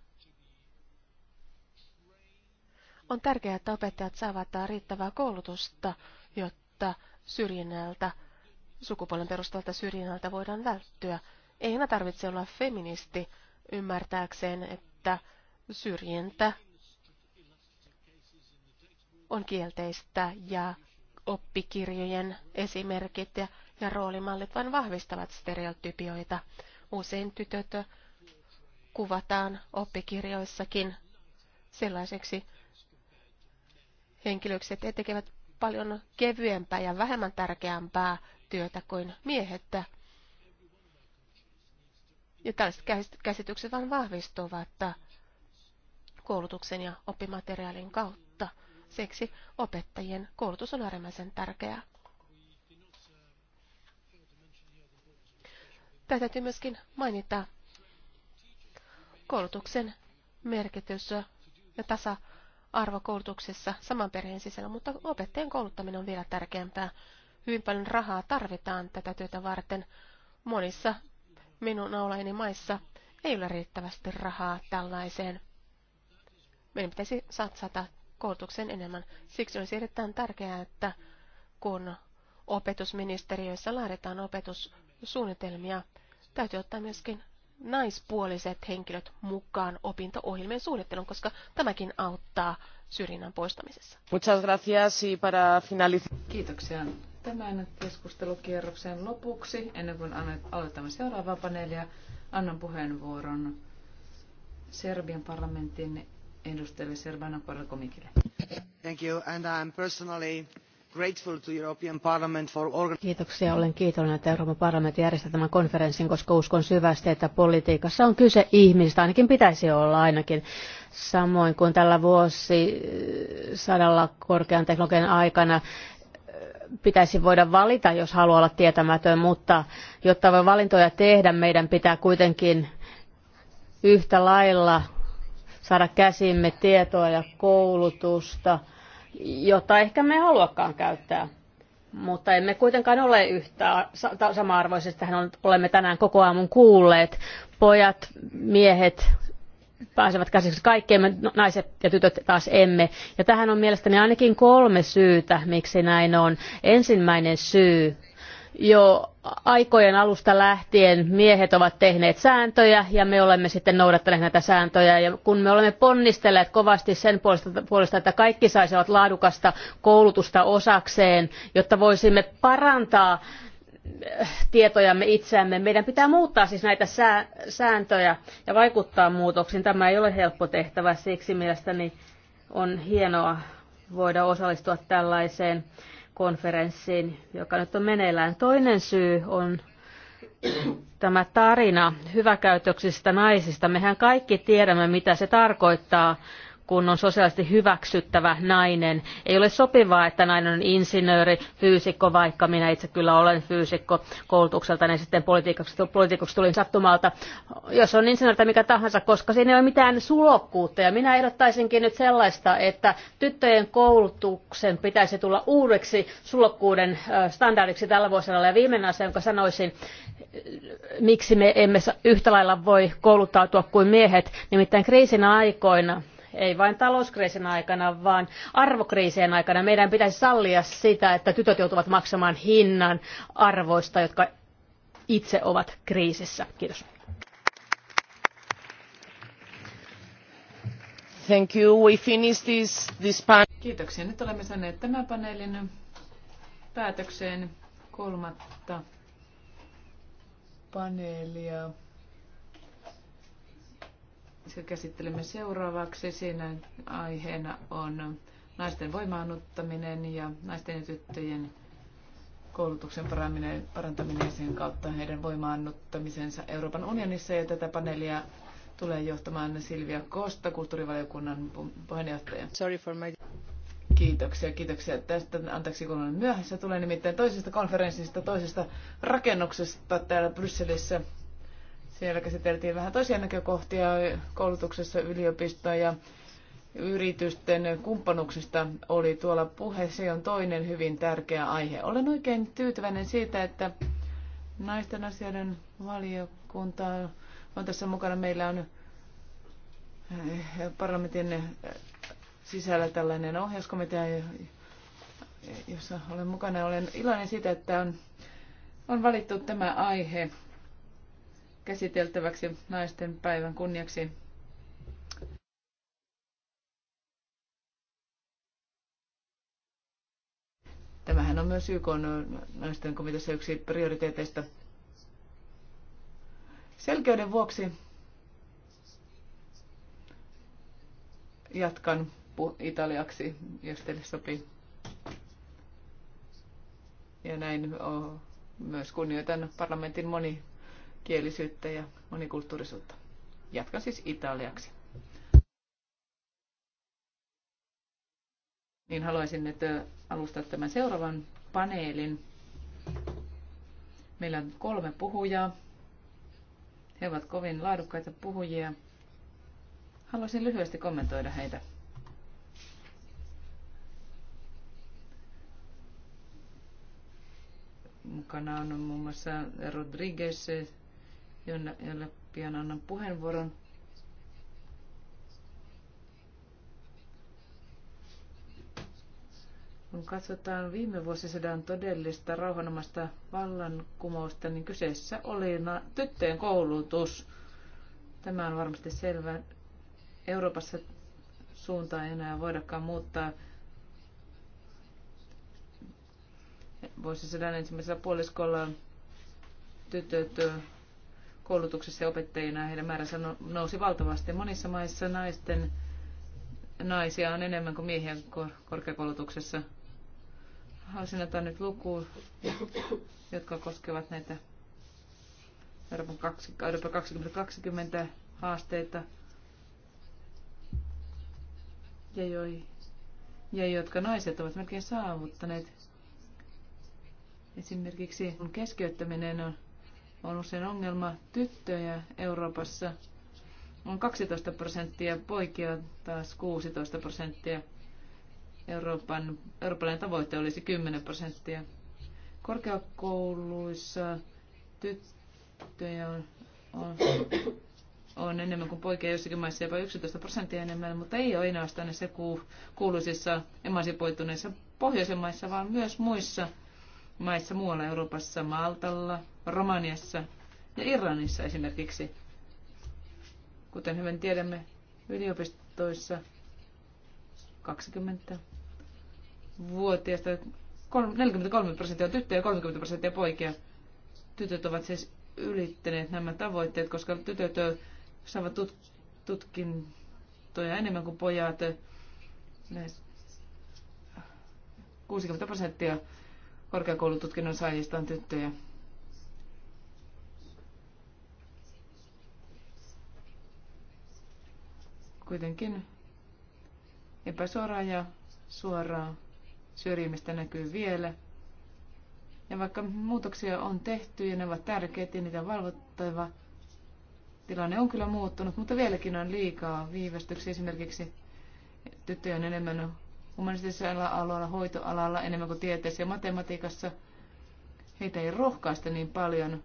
On tärkeää, että opettajat saavat riittävää koulutusta, jotta syrjinnältä, sukupuolen perustalta syrjinnältä voidaan välttyä. Ei enää tarvitse olla feministi ymmärtääkseen, että syrjintä on kielteistä ja oppikirjojen esimerkit ja, ja roolimallit vain vahvistavat stereotypioita. Usein tytöt kuvataan oppikirjoissakin sellaiseksi henkilöksi, että he tekevät paljon kevyempää ja vähemmän tärkeämpää työtä kuin miehet. Ja tällaiset käsitykset vain vahvistuvat koulutuksen ja oppimateriaalin kautta. Siksi opettajien koulutus on äärimmäisen tärkeää. Tätä täytyy myöskin mainita koulutuksen merkitys ja tasa-arvo koulutuksessa saman perheen sisällä, mutta opettajien kouluttaminen on vielä tärkeämpää. Hyvin paljon rahaa tarvitaan tätä työtä varten. Monissa minun naulaini maissa ei ole riittävästi rahaa tällaiseen. Meidän pitäisi satsata koulutukseen enemmän. Siksi olisi erittäin tärkeää, että kun opetusministeriöissä laaditaan opetussuunnitelmia, täytyy ottaa myöskin naispuoliset henkilöt mukaan opinto-ohjelmien suunnitteluun, koska tämäkin auttaa syrjinnän poistamisessa. Muchas gracias y para finalizar. Kiitoksia. Tämän keskustelukierroksen lopuksi, ennen kuin aloitamme seuraavaa paneelia, annan puheenvuoron Serbian parlamentin edustajalle Thank you and I'm personally grateful to European Parliament for Kiitoksia. Olen kiitollinen, että Euroopan parlamentti järjestää tämän konferenssin, koska uskon syvästi, että politiikassa on kyse ihmistä, ainakin pitäisi olla ainakin. Samoin kuin tällä vuosisadalla korkean teknologian aikana pitäisi voida valita, jos haluaa olla tietämätön, mutta jotta voi valintoja tehdä, meidän pitää kuitenkin yhtä lailla saada käsimme tietoa ja koulutusta, jota ehkä me haluakaan käyttää. Mutta emme kuitenkaan ole yhtä sama-arvoisesti, olemme tänään koko aamun kuulleet. Pojat, miehet, pääsevät käsiksi kaikkeen, me no, naiset ja tytöt taas emme. Ja tähän on mielestäni ainakin kolme syytä, miksi näin on. Ensimmäinen syy jo aikojen alusta lähtien miehet ovat tehneet sääntöjä ja me olemme sitten noudattaneet näitä sääntöjä. Ja kun me olemme ponnistelleet kovasti sen puolesta, että kaikki saisivat laadukasta koulutusta osakseen, jotta voisimme parantaa eh, tietojamme itseämme. Meidän pitää muuttaa siis näitä sääntöjä ja vaikuttaa muutoksiin. Tämä ei ole helppo tehtävä, siksi mielestäni on hienoa voida osallistua tällaiseen konferenssiin, joka nyt on meneillään. Toinen syy on tämä tarina hyväkäytöksistä naisista. Mehän kaikki tiedämme, mitä se tarkoittaa kun on sosiaalisesti hyväksyttävä nainen. Ei ole sopivaa, että nainen on insinööri, fyysikko, vaikka minä itse kyllä olen fyysikko koulutukselta, niin sitten poliitikoksi tulin sattumalta. Jos on insinööri mikä tahansa, koska siinä ei ole mitään sulokkuutta. Ja minä ehdottaisinkin nyt sellaista, että tyttöjen koulutuksen pitäisi tulla uudeksi sulokkuuden standardiksi tällä vuosina. Ja viimeinen asia, jonka sanoisin, miksi me emme yhtä lailla voi kouluttautua kuin miehet, nimittäin kriisin aikoina – ei vain talouskriisin aikana, vaan arvokriisien aikana. Meidän pitäisi sallia sitä, että tytöt joutuvat maksamaan hinnan arvoista, jotka itse ovat kriisissä. Kiitos. Thank you. We finish this, this panel. Kiitoksia. Nyt olemme saaneet tämän paneelin päätökseen kolmatta paneelia käsittelemme seuraavaksi. Siinä aiheena on naisten voimaannuttaminen ja naisten ja tyttöjen koulutuksen parantaminen sen kautta heidän voimaannuttamisensa Euroopan unionissa. Ja tätä paneelia tulee johtamaan Silvia Kosta, kulttuurivaliokunnan puheenjohtaja. Sorry for my... Kiitoksia, kiitoksia tästä. Anteeksi, kun olen myöhässä. Tulee nimittäin toisesta konferenssista, toisesta rakennuksesta täällä Brysselissä. Siellä käsiteltiin vähän toisia näkökohtia koulutuksessa yliopistoa ja yritysten kumppanuksista oli tuolla puhe. Se on toinen hyvin tärkeä aihe. Olen oikein tyytyväinen siitä, että naisten asioiden valiokunta on tässä mukana. Meillä on eh, parlamentin sisällä tällainen ohjauskomitea, jossa olen mukana. Olen iloinen siitä, että on, on valittu tämä aihe käsiteltäväksi naisten päivän kunniaksi. Tämähän on myös YK naisten komiteassa yksi prioriteeteista. Selkeyden vuoksi jatkan italiaksi, jos teille sopii. Ja näin myös kunnioitan parlamentin moni kielisyyttä ja monikulttuurisuutta. Jatkan siis italiaksi. Niin haluaisin nyt alustaa tämän seuraavan paneelin. Meillä on kolme puhujaa. He ovat kovin laadukkaita puhujia. Haluaisin lyhyesti kommentoida heitä. Mukana on muun muassa Rodriguez, jolle pian annan puheenvuoron. Kun katsotaan viime vuosisadan todellista rauhanomasta vallankumousta, niin kyseessä oli tyttöjen koulutus. Tämä on varmasti selvä. Euroopassa suuntaa ei enää voidakaan muuttaa. Vuosisadan ensimmäisellä puoliskolla tytöt koulutuksessa ja opettajina heidän määränsä no-, nousi valtavasti. Monissa maissa naisten, naisia on enemmän kuin miehiä korkeakoulutuksessa. Haluaisin ottaa nyt luku, jotka koskevat näitä Euroopan 2020 haasteita ja, joi, ja jotka naiset ovat melkein saavuttaneet. Esimerkiksi keskeyttäminen on on usein ongelma tyttöjä Euroopassa. On 12 prosenttia, poikia taas 16 prosenttia. Euroopan, eurooppalainen tavoite olisi 10 prosenttia. Korkeakouluissa tyttöjä on, on, on enemmän kuin poikia, jossakin maissa jopa 11 prosenttia enemmän, mutta ei ole ainoastaan näissä kuuluisissa emansipoituneissa pohjoisemaissa, vaan myös muissa maissa muualla Euroopassa, Maltalla, Romaniassa ja Irlannissa esimerkiksi. Kuten hyvin tiedämme, yliopistoissa 20-vuotiaista 43 prosenttia on tyttöjä ja 30 prosenttia poikia. Tytöt ovat siis ylittäneet nämä tavoitteet, koska tytöt saavat tut- tutkintoja enemmän kuin pojat. 60 prosenttia korkeakoulututkinnon saajista on tyttöjä. kuitenkin epäsuoraa ja suoraa syrjimistä näkyy vielä. Ja vaikka muutoksia on tehty ja ne ovat tärkeitä ja niitä valvottava, tilanne on kyllä muuttunut, mutta vieläkin on liikaa viivästyksiä. Esimerkiksi tyttöjä on enemmän humanistisella alueella, hoitoalalla, enemmän kuin tieteessä ja matematiikassa. Heitä ei rohkaista niin paljon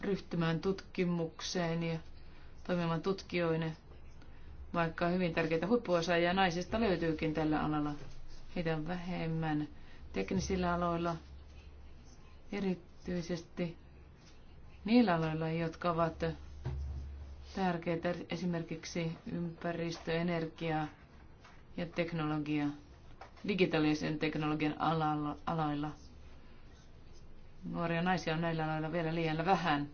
ryhtymään tutkimukseen ja toimimaan tutkijoina vaikka hyvin tärkeitä huippuosaajia naisista löytyykin tällä alalla. Heitä on vähemmän teknisillä aloilla, erityisesti niillä aloilla, jotka ovat tärkeitä, esimerkiksi ympäristö, energia ja teknologia, digitaalisen teknologian alalla, aloilla. Nuoria naisia on näillä aloilla vielä liian vähän.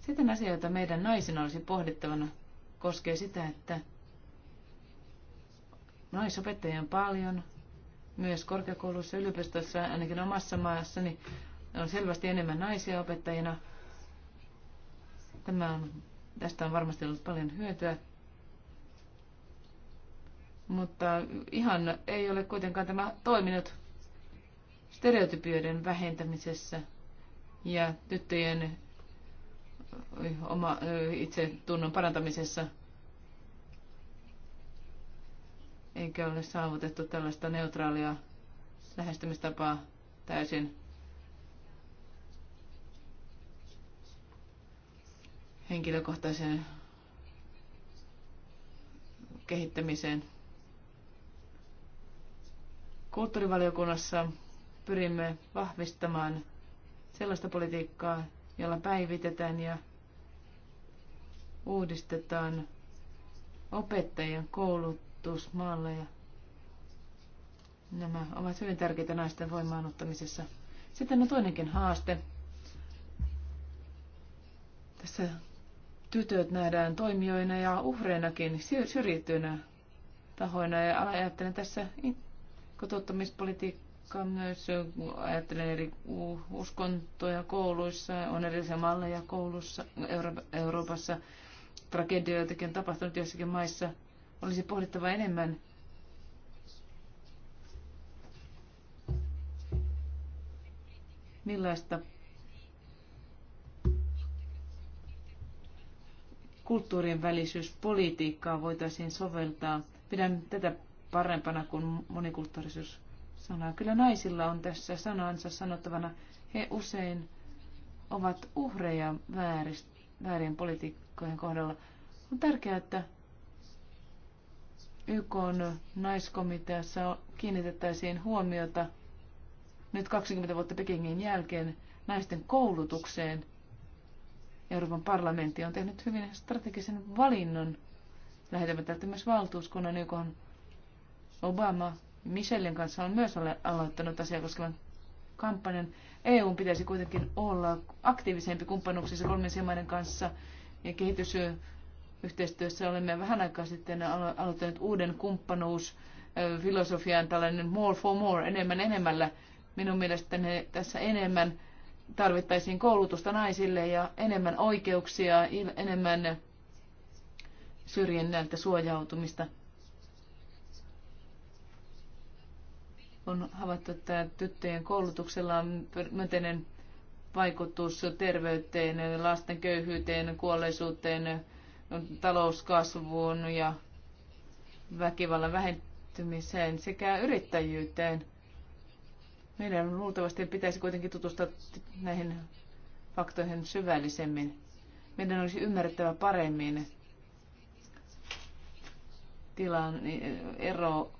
Sitten asia, jota meidän naisina olisi pohdittavana – koskee sitä, että naisopettajia on paljon, myös korkeakouluissa, yliopistossa, ainakin omassa maassani, on selvästi enemmän naisia opettajina. Tämä on, tästä on varmasti ollut paljon hyötyä. Mutta ihan ei ole kuitenkaan tämä toiminut stereotypioiden vähentämisessä ja tyttöjen oma itse tunnon parantamisessa. Eikä ole saavutettu tällaista neutraalia lähestymistapaa täysin henkilökohtaiseen kehittämiseen. Kulttuurivaliokunnassa pyrimme vahvistamaan sellaista politiikkaa, jolla päivitetään ja uudistetaan opettajien koulutusmalleja. Nämä ovat hyvin tärkeitä naisten voimaanottamisessa. Sitten on toinenkin haaste. Tässä tytöt nähdään toimijoina ja uhreinakin, syrjityinä tahoina. Ja ajattelen tässä kotouttamispolitiikkaa joka myös ajattelee eri uskontoja kouluissa, on erilaisia malleja koulussa Euroopassa, tragedioitakin on tapahtunut joissakin maissa. Olisi pohdittava enemmän millaista kulttuurien välisyyspolitiikkaa voitaisiin soveltaa. Pidän tätä parempana kuin monikulttuurisuus sanaa. Kyllä naisilla on tässä sanansa sanottavana. He usein ovat uhreja väärien politiikkojen kohdalla. On tärkeää, että YK on naiskomiteassa kiinnitettäisiin huomiota nyt 20 vuotta Pekingin jälkeen naisten koulutukseen. Euroopan parlamentti on tehnyt hyvin strategisen valinnon. Lähetämme täältä myös valtuuskunnan, joka on Obama Michellen kanssa on myös ole aloittanut asiaa koskevan kampanjan. EU pitäisi kuitenkin olla aktiivisempi kumppanuuksissa kolmen maiden kanssa ja kehitysyhteistyössä olemme vähän aikaa sitten aloittaneet uuden kumppanuus filosofian tällainen more for more, enemmän enemmällä. Minun mielestäni tässä enemmän tarvittaisiin koulutusta naisille ja enemmän oikeuksia, enemmän syrjinnältä suojautumista. On havaittu, että tyttöjen koulutuksella on myönteinen vaikutus terveyteen, lasten köyhyyteen, kuolleisuuteen, talouskasvuun ja väkivallan vähentymiseen sekä yrittäjyyteen. Meidän luultavasti pitäisi kuitenkin tutustua näihin faktoihin syvällisemmin. Meidän olisi ymmärrettävä paremmin tilan eh, ero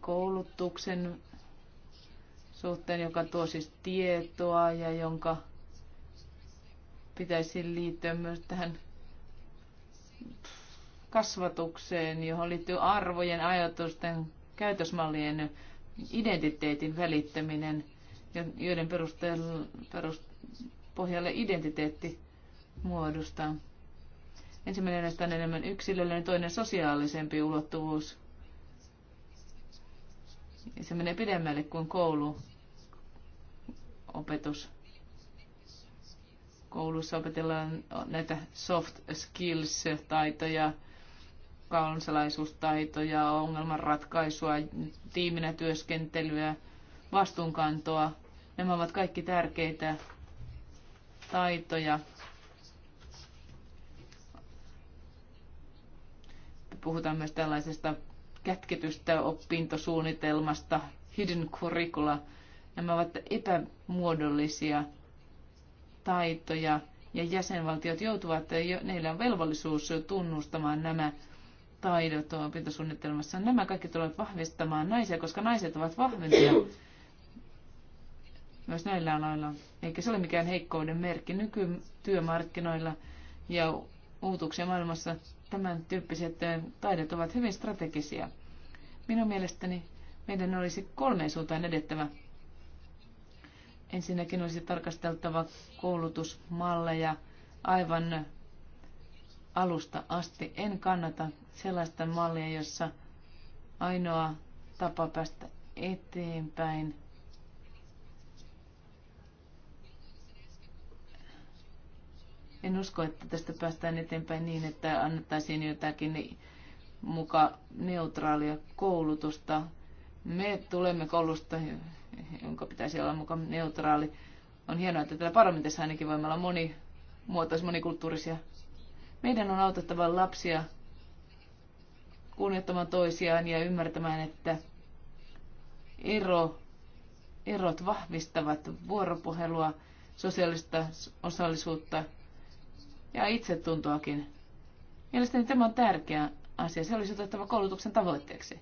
koulutuksen suhteen, joka tuo siis tietoa ja jonka pitäisi liittyä myös tähän kasvatukseen, johon liittyy arvojen, ajatusten, käytösmallien, identiteetin välittäminen, joiden perusteella, perust, pohjalle identiteetti muodostaa. Ensimmäinen näistä on enemmän yksilöllinen, toinen sosiaalisempi ulottuvuus – se menee pidemmälle kuin opetus Koulussa opetellaan näitä soft skills-taitoja, kansalaisuustaitoja, ongelmanratkaisua, tiiminä työskentelyä, vastuunkantoa. Nämä ovat kaikki tärkeitä taitoja. Puhutaan myös tällaisesta kätketystä opintosuunnitelmasta, hidden curricula. Nämä ovat epämuodollisia taitoja ja jäsenvaltiot joutuvat, niillä on velvollisuus tunnustamaan nämä taidot opintosuunnitelmassa. Nämä kaikki tulevat vahvistamaan naisia, koska naiset ovat vahvempia myös näillä aloilla. Eikä se ole mikään heikkouden merkki nykytyömarkkinoilla ja uutuksia maailmassa Tämän tyyppiset taidot ovat hyvin strategisia. Minun mielestäni meidän olisi kolmeen suuntaan edettävä. Ensinnäkin olisi tarkasteltava koulutusmalleja aivan alusta asti. En kannata sellaista mallia, jossa ainoa tapa päästä eteenpäin – En usko, että tästä päästään eteenpäin niin, että annettaisiin jotakin muka neutraalia koulutusta. Me tulemme koulusta, jonka pitäisi olla muka neutraali. On hienoa, että täällä parlamentissa ainakin voimme olla monimuotoisia, monikulttuurisia. Meidän on autettava lapsia kunnioittamaan toisiaan ja ymmärtämään, että ero, erot vahvistavat vuoropuhelua, sosiaalista osallisuutta – ja itsetuntoakin. Mielestäni tämä on tärkeä asia. Se olisi otettava koulutuksen tavoitteeksi.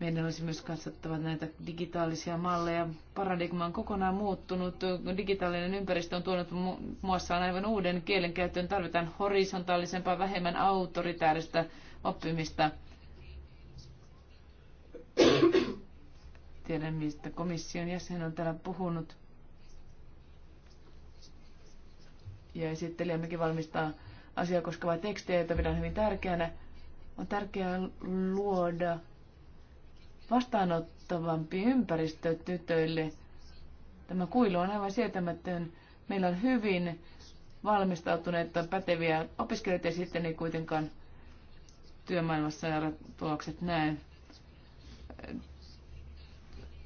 Meidän olisi myös katsottava näitä digitaalisia malleja. Paradigma on kokonaan muuttunut. Digitaalinen ympäristö on tuonut muassaan aivan uuden kielen käyttöön. Tarvitaan horisontaalisempaa, vähemmän autoritääristä oppimista tiedä, mistä komission jäsen on täällä puhunut. Ja esittelijämmekin valmistaa asiaa koskevaa tekstejä, joita pidän hyvin tärkeänä. On tärkeää luoda vastaanottavampi ympäristö tytöille. Tämä kuilu on aivan sietämätön. Meillä on hyvin valmistautuneita, päteviä opiskelijoita ja sitten ei kuitenkaan työmaailmassa ja tulokset näe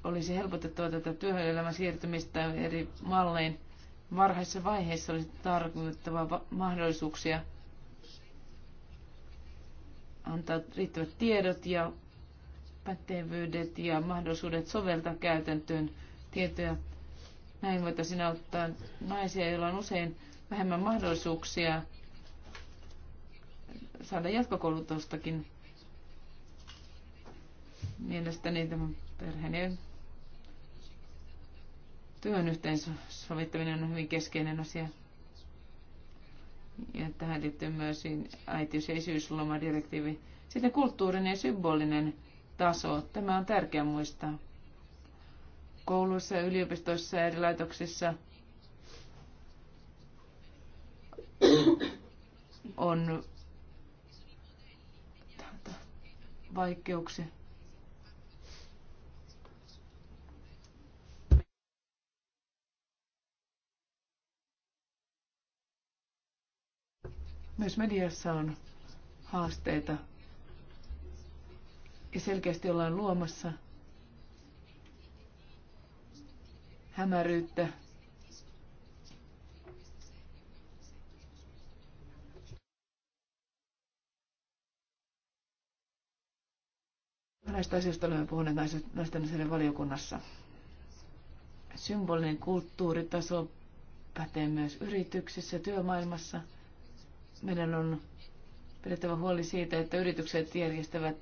olisi helpotettua tätä työelämän siirtymistä eri mallein. Varhaisessa vaiheessa olisi tarkoitettava mahdollisuuksia antaa riittävät tiedot ja pätevyydet ja mahdollisuudet soveltaa käytäntöön tietoja. Näin voitaisiin auttaa naisia, joilla on usein vähemmän mahdollisuuksia saada jatkokoulutustakin. Mielestäni tämä perheen työn yhteensovittaminen on hyvin keskeinen asia. Ja tähän liittyy myös äitiys- ja isyyslomadirektiivi. Sitten kulttuurinen ja symbolinen taso. Tämä on tärkeää muistaa. Kouluissa, yliopistoissa ja eri laitoksissa on vaikeuksia Myös mediassa on haasteita ja selkeästi ollaan luomassa hämäryyttä. Näistä asioista olemme puhuneet naisten asioiden valiokunnassa. Symbolinen kulttuuritaso pätee myös yrityksissä, työmaailmassa – meidän on pidettävä huoli siitä, että yritykset järjestävät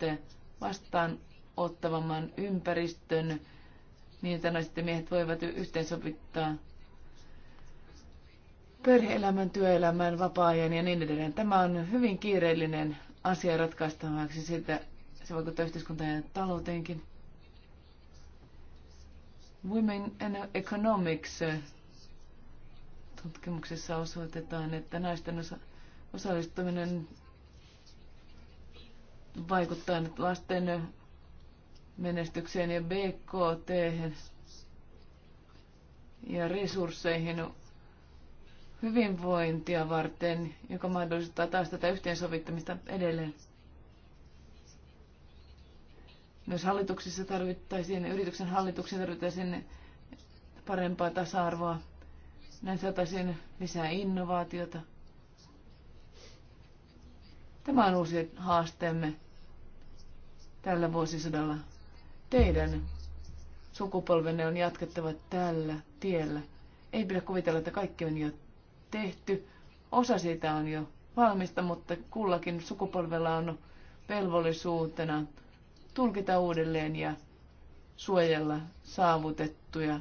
vastaanottavamman ympäristön niin, että naiset ja miehet voivat yhteensovittaa perhe-elämän, työelämän, vapaa-ajan ja niin edelleen. Tämä on hyvin kiireellinen asia ratkaistavaksi siitä, se vaikuttaa yhteiskuntaan ja talouteenkin. Women and Economics tutkimuksessa osoitetaan, että naisten osa- osallistuminen vaikuttaa nyt lasten menestykseen ja BKT ja resursseihin hyvinvointia varten, joka mahdollistaa taas tätä yhteensovittamista edelleen. Myös hallituksissa tarvittaisiin, yrityksen hallituksen tarvittaisiin parempaa tasa-arvoa. Näin saataisiin lisää innovaatiota. Tämä on uusi haasteemme tällä vuosisadalla. Teidän sukupolvenne on jatkettava tällä tiellä. Ei pidä kuvitella, että kaikki on jo tehty. Osa siitä on jo valmista, mutta kullakin sukupolvella on velvollisuutena tulkita uudelleen ja suojella saavutettuja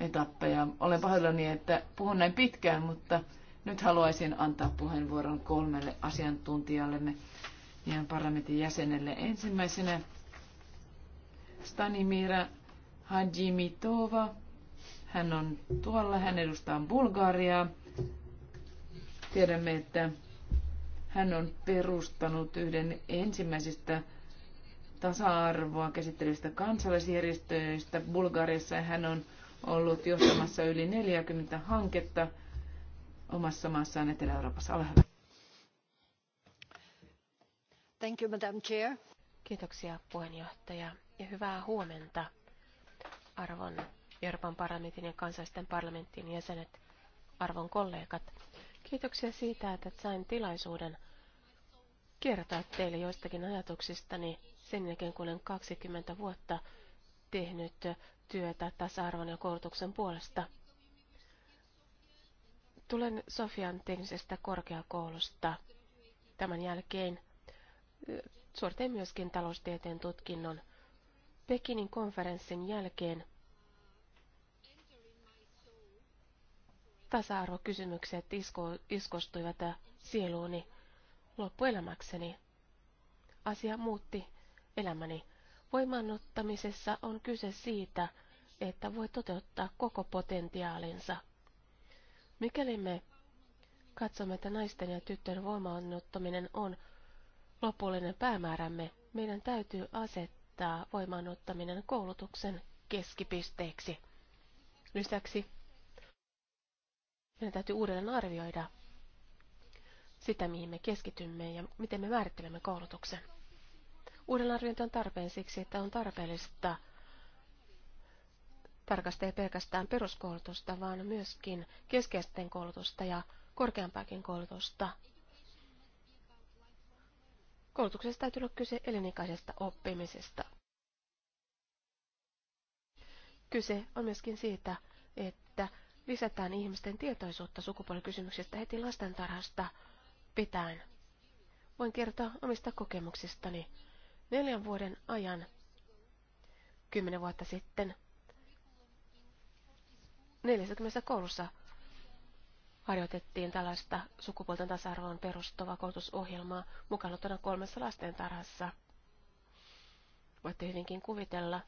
etappeja. Olen pahoillani, että puhun näin pitkään, mutta nyt haluaisin antaa puheenvuoron kolmelle asiantuntijallemme ja parlamentin jäsenelle. Ensimmäisenä Stanimira Hadjimitova. Hän on tuolla, hän edustaa Bulgariaa. Tiedämme, että hän on perustanut yhden ensimmäisistä tasa-arvoa käsittelevistä kansalaisjärjestöistä Bulgariassa. Hän on ollut johtamassa yli 40 hanketta – omassa maassaan Etelä-Euroopassa. Ole hyvä. Thank you, Madam Chair. Kiitoksia puheenjohtaja ja hyvää huomenta arvon Euroopan parlamentin ja kansallisten parlamenttien jäsenet, arvon kollegat. Kiitoksia siitä, että sain tilaisuuden kertoa teille joistakin ajatuksistani sen jälkeen, kun olen 20 vuotta tehnyt työtä tasa-arvon ja koulutuksen puolesta. Tulen Sofian teknisestä korkeakoulusta. Tämän jälkeen suoritin myöskin taloustieteen tutkinnon. Pekinin konferenssin jälkeen tasa-arvokysymykset isko, iskostuivat sieluuni loppuelämäkseni. Asia muutti elämäni. Voimannuttamisessa on kyse siitä, että voi toteuttaa koko potentiaalinsa. Mikäli me katsomme, että naisten ja tyttöjen voimaanottaminen on lopullinen päämäärämme, meidän täytyy asettaa voimaanottaminen koulutuksen keskipisteeksi. Lisäksi meidän täytyy uudelleen arvioida sitä, mihin me keskitymme ja miten me määrittelemme koulutuksen. Uudelleenarviointi on tarpeen siksi, että on tarpeellista tarkastele pelkästään peruskoulutusta, vaan myöskin keskeisten koulutusta ja korkeampaakin koulutusta. Koulutuksessa täytyy olla kyse elinikäisestä oppimisesta. Kyse on myöskin siitä, että lisätään ihmisten tietoisuutta sukupuolikysymyksestä heti lastentarhasta pitäen. Voin kertoa omista kokemuksistani. Neljän vuoden ajan, kymmenen vuotta sitten, 40 koulussa harjoitettiin tällaista sukupuolten tasa-arvoon perustuvaa koulutusohjelmaa mukaan kolmessa tarhassa. Voitte hyvinkin kuvitella,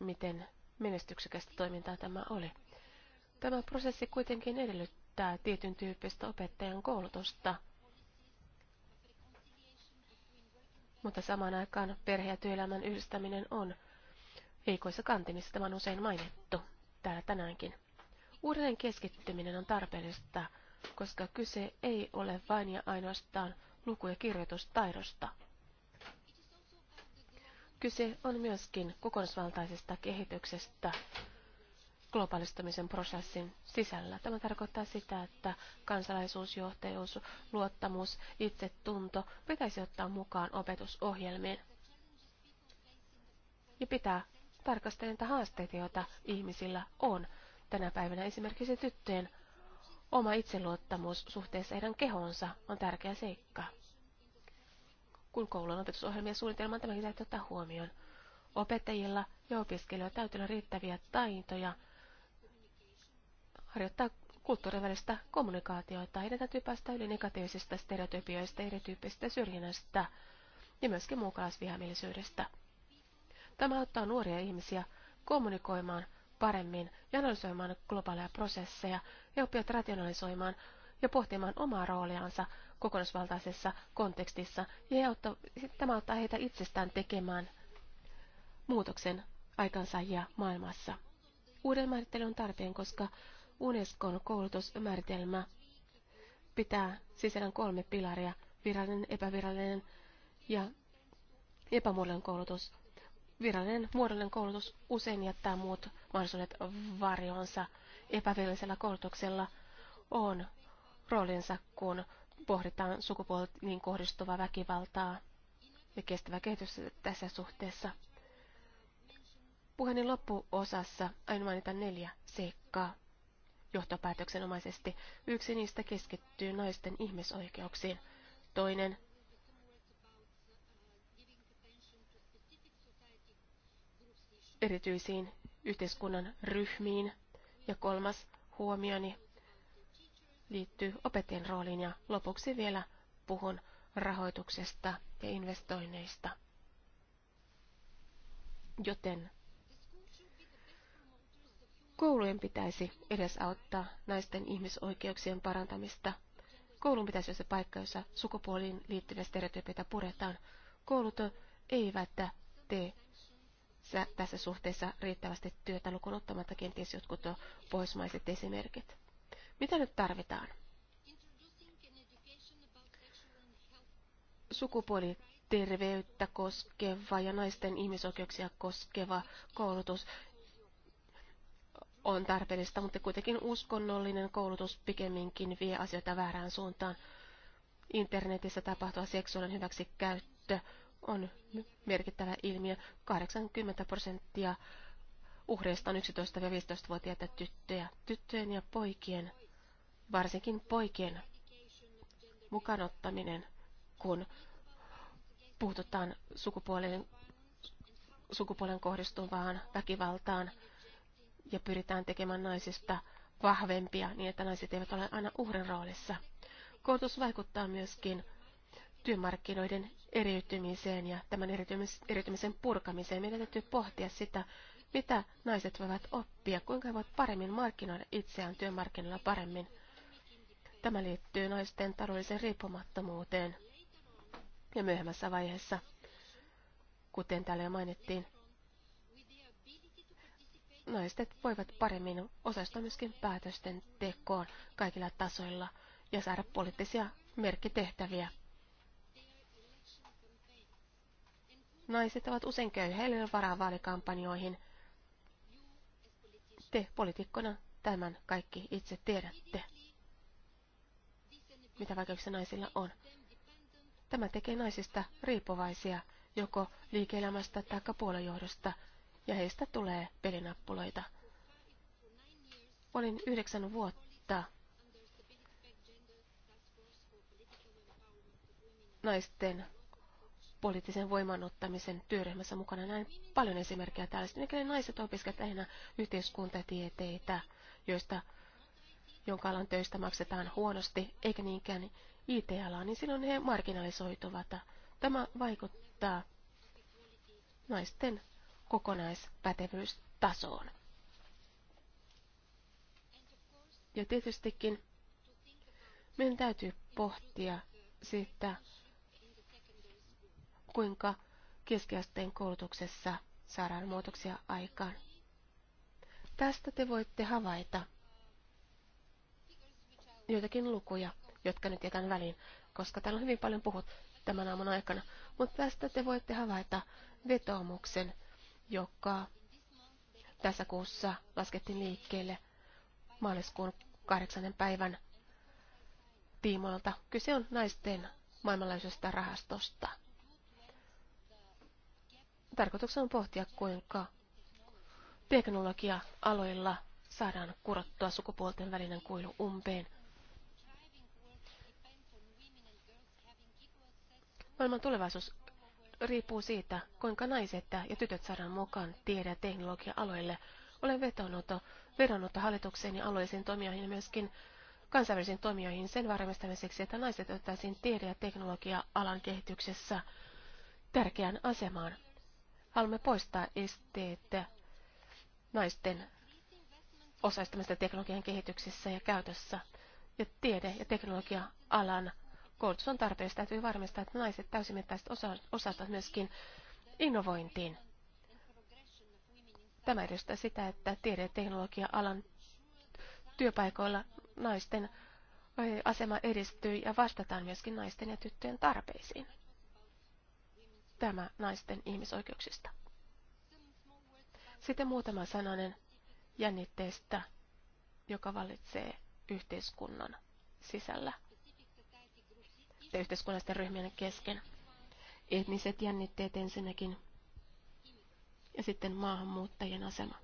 miten menestyksekästä toimintaa tämä oli. Tämä prosessi kuitenkin edellyttää tietyn tyyppistä opettajan koulutusta, mutta samaan aikaan perhe- ja työelämän yhdistäminen on heikoissa kantimissa, tämä on usein mainittu täällä tänäänkin. Uudelleen keskittyminen on tarpeellista, koska kyse ei ole vain ja ainoastaan luku- ja kirjoitustaidosta. Kyse on myöskin kokonaisvaltaisesta kehityksestä globaalistamisen prosessin sisällä. Tämä tarkoittaa sitä, että kansalaisuus, johtajuus, luottamus, itsetunto pitäisi ottaa mukaan opetusohjelmiin. Ja pitää tarkastelen niitä haasteita, joita ihmisillä on tänä päivänä. Esimerkiksi tyttöjen oma itseluottamus suhteessa heidän kehonsa on tärkeä seikka. Kun koulun opetusohjelmia suunnitelmaan tämäkin täytyy ottaa huomioon. Opettajilla ja opiskelijoilla täytyy olla riittäviä taitoja harjoittaa kulttuurin välistä kommunikaatioita. Heidän täytyy päästä yli negatiivisista stereotypioista, erityyppisistä syrjinnästä ja myöskin muukalaisvihamielisyydestä. Tämä auttaa nuoria ihmisiä kommunikoimaan paremmin ja analysoimaan globaaleja prosesseja ja oppivat rationalisoimaan ja pohtimaan omaa rooliansa kokonaisvaltaisessa kontekstissa. Ja auttaa, tämä auttaa heitä itsestään tekemään muutoksen aikansa ja maailmassa. Uuden määrittely on tarpeen, koska Unescon koulutusmääritelmä pitää sisällään kolme pilaria, virallinen, epävirallinen ja epämuodollinen koulutus. Virallinen muodollinen koulutus usein jättää muut mahdollisuudet varjonsa. Epävirallisella koulutuksella on roolinsa, kun pohditaan sukupuoliin kohdistuvaa väkivaltaa ja kestävä kehitys tässä suhteessa. Puheeni loppuosassa aina mainita neljä seikkaa johtopäätöksenomaisesti. Yksi niistä keskittyy naisten ihmisoikeuksiin, toinen erityisiin yhteiskunnan ryhmiin. Ja kolmas huomioni liittyy opettajien rooliin ja lopuksi vielä puhun rahoituksesta ja investoinneista. Joten koulujen pitäisi edesauttaa naisten ihmisoikeuksien parantamista. Koulun pitäisi olla se paikka, jossa sukupuoliin liittyviä stereotypioita puretaan. Koulut eivät tee tässä suhteessa riittävästi työtä lukuun ottamatta kenties jotkut pohjoismaiset esimerkit. Mitä nyt tarvitaan? Sukupuoliterveyttä koskeva ja naisten ihmisoikeuksia koskeva koulutus on tarpeellista, mutta kuitenkin uskonnollinen koulutus pikemminkin vie asioita väärään suuntaan. Internetissä tapahtuva seksuaalinen hyväksikäyttö on merkittävä ilmiö. 80 prosenttia uhreista on 11-15-vuotiaita tyttöjä. Tyttöjen ja poikien, varsinkin poikien mukanottaminen, kun puhututaan sukupuolen, sukupuolen kohdistuvaan väkivaltaan ja pyritään tekemään naisista vahvempia niin, että naiset eivät ole aina uhrin roolissa. Koulutus vaikuttaa myöskin työmarkkinoiden eriytymiseen ja tämän eriytymisen purkamiseen. Meidän täytyy pohtia sitä, mitä naiset voivat oppia, kuinka he voivat paremmin markkinoida itseään työmarkkinoilla paremmin. Tämä liittyy naisten taloudelliseen riippumattomuuteen ja myöhemmässä vaiheessa, kuten täällä jo mainittiin, naiset voivat paremmin osallistua myöskin päätösten tekoon kaikilla tasoilla ja saada poliittisia merkkitehtäviä. Naiset ovat usein köyheilyn varaa vaalikampanjoihin. Te poliitikkona tämän kaikki itse tiedätte, mitä vaikeuksia naisilla on. Tämä tekee naisista riippuvaisia joko liike-elämästä tai puoluejohdosta, ja heistä tulee pelinappuloita. Olin yhdeksän vuotta naisten poliittisen voimanottamisen työryhmässä mukana näin paljon esimerkkejä tällaista. Mikäli naiset opiskelevat lähinnä yhteiskuntatieteitä, joista jonka alan töistä maksetaan huonosti, eikä niinkään IT-alaa, niin silloin he marginalisoituvat. Tämä vaikuttaa naisten kokonaispätevyystasoon. Ja tietystikin meidän täytyy pohtia sitä, kuinka keskiasteen koulutuksessa saadaan muutoksia aikaan. Tästä te voitte havaita joitakin lukuja, jotka nyt jätän väliin, koska täällä on hyvin paljon puhut tämän aamun aikana. Mutta tästä te voitte havaita vetoomuksen, joka tässä kuussa laskettiin liikkeelle maaliskuun kahdeksannen päivän tiimoilta. Kyse on naisten maailmanlaajuisesta rahastosta. Tarkoituksena on pohtia, kuinka teknologia-aloilla saadaan kurottua sukupuolten välinen kuilu umpeen. Maailman tulevaisuus riippuu siitä, kuinka naiset ja tytöt saadaan mukaan tiede- ja teknologia-aloille. Olen vetonut, vedonnut hallitukseen ja alueisiin toimijoihin ja myöskin kansainvälisiin toimijoihin sen varmistamiseksi, että naiset otettaisiin tiede- ja teknologia-alan kehityksessä tärkeään asemaan. Haluamme poistaa esteet naisten osaistamista teknologian kehityksessä ja käytössä. Ja tiede- ja teknologia-alan koulutus on tarpeesta. Täytyy varmistaa, että naiset täysimittaiset osaavat myöskin innovointiin. Tämä edistää sitä, että tiede- ja teknologia-alan työpaikoilla naisten asema edistyy ja vastataan myöskin naisten ja tyttöjen tarpeisiin tämä naisten ihmisoikeuksista. Sitten muutama sananen jännitteestä, joka valitsee yhteiskunnan sisällä ja yhteiskunnallisten ryhmien kesken. Etniset jännitteet ensinnäkin ja sitten maahanmuuttajien asema.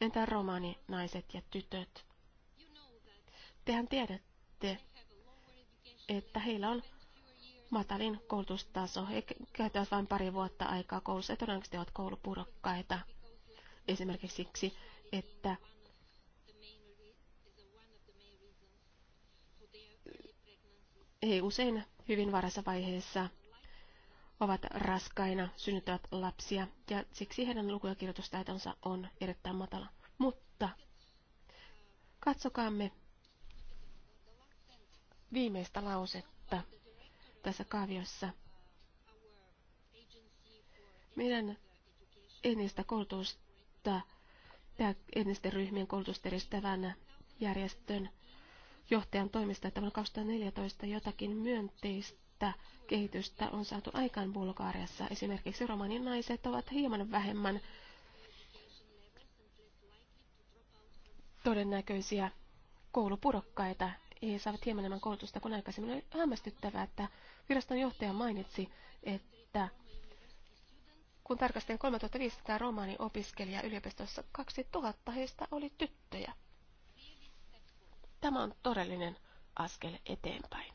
Entä romani naiset ja tytöt? Tehän tiedätte, että heillä on matalin koulutustaso. He käyttävät vain pari vuotta aikaa koulussa ja todennäköisesti ovat koulupurokkaita. Esimerkiksi siksi, että he usein hyvin varassa vaiheessa ovat raskaina, synnyttävät lapsia ja siksi heidän luku- ja kirjoitustaitonsa on erittäin matala. Mutta katsokaamme viimeistä lausetta tässä kaaviossa. Meidän ennistä koulutusta ja ennisten ryhmien koulutusteristävän järjestön johtajan toimista, että vuonna 2014 jotakin myönteistä kehitystä on saatu aikaan Bulgaariassa. Esimerkiksi romanin naiset ovat hieman vähemmän todennäköisiä koulupudokkaita he saavat hieman enemmän koulutusta kuin aikaisemmin. Oli hämmästyttävää, että viraston johtaja mainitsi, että kun tarkastin 3500 romaaniopiskelijaa yliopistossa, 2000 heistä oli tyttöjä. Tämä on todellinen askel eteenpäin.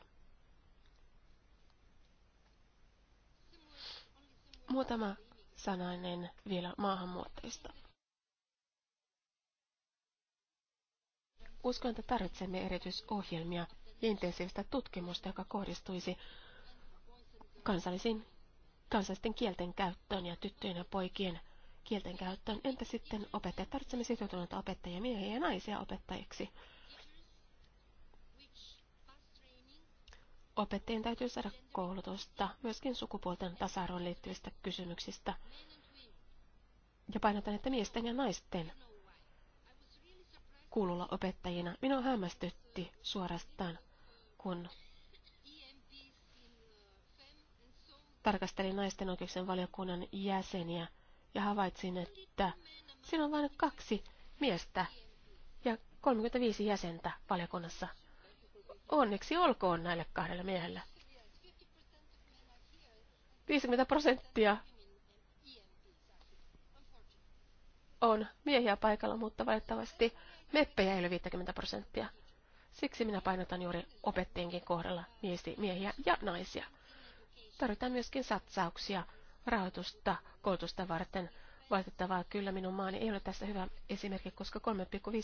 Muutama sanainen vielä maahanmuuttajista. Uskon, että tarvitsemme erityisohjelmia ja intensiivistä tutkimusta, joka kohdistuisi kansallisiin, kansallisten kielten käyttöön ja tyttöjen ja poikien kielten käyttöön. Entä sitten opettajat? Tarvitsemme sitoutuneita opettajia, miehiä ja naisia opettajiksi. Opettajien täytyy saada koulutusta myöskin sukupuolten tasa-arvoon liittyvistä kysymyksistä. Ja painotan, että miesten ja naisten kuulolla opettajina. Minua hämmästytti suorastaan, kun tarkastelin naisten oikeuksien valiokunnan jäseniä ja havaitsin, että siinä on vain kaksi miestä ja 35 jäsentä valiokunnassa. Onneksi olkoon näille kahdelle miehelle. 50 prosenttia on miehiä paikalla, mutta valitettavasti Meppejä ei ole 50 prosenttia. Siksi minä painotan juuri opettajienkin kohdalla miehiä ja naisia. Tarvitaan myöskin satsauksia, rahoitusta, koulutusta varten. Valitettavaa kyllä minun maani ei ole tässä hyvä esimerkki, koska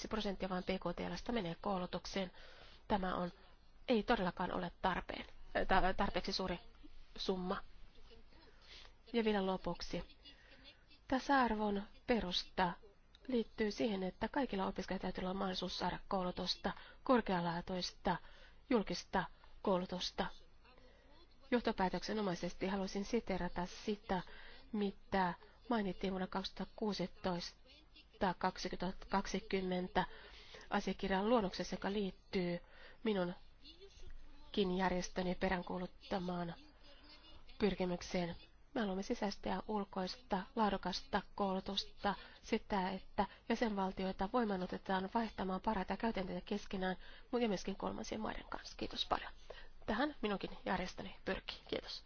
3,5 prosenttia vain PKTLstä menee koulutukseen. Tämä on, ei todellakaan ole tarpeen, äh, tarpeeksi suuri summa. Ja vielä lopuksi. Tasa-arvon perusta liittyy siihen, että kaikilla opiskelijoilla täytyy olla mahdollisuus saada koulutusta, korkealaatuista, julkista koulutusta. Johtopäätöksenomaisesti haluaisin siterata sitä, mitä mainittiin vuonna 2016 2020 asiakirjan luonnoksessa, joka liittyy minunkin järjestöni peräänkuuluttamaan pyrkimykseen me haluamme ja ulkoista, laadukasta koulutusta, sitä, että jäsenvaltioita voimanotetaan vaihtamaan parhaita käytänteitä keskenään, mutta myöskin kolmansien maiden kanssa. Kiitos paljon. Tähän minunkin järjestäni pyrkii. Kiitos.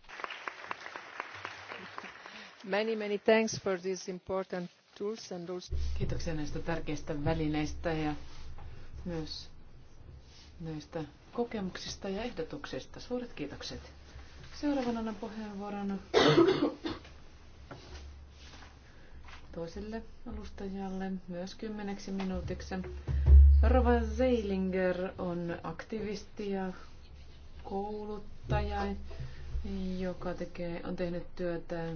Many, many thanks for this important tools and tools. Kiitoksia näistä tärkeistä välineistä ja myös näistä kokemuksista ja ehdotuksista. Suuret kiitokset. Seuraavana annan puheenvuoron toiselle alustajalle myös kymmeneksi minuutiksi. Rova Zeilinger on aktivisti ja kouluttaja, joka tekee, on tehnyt työtä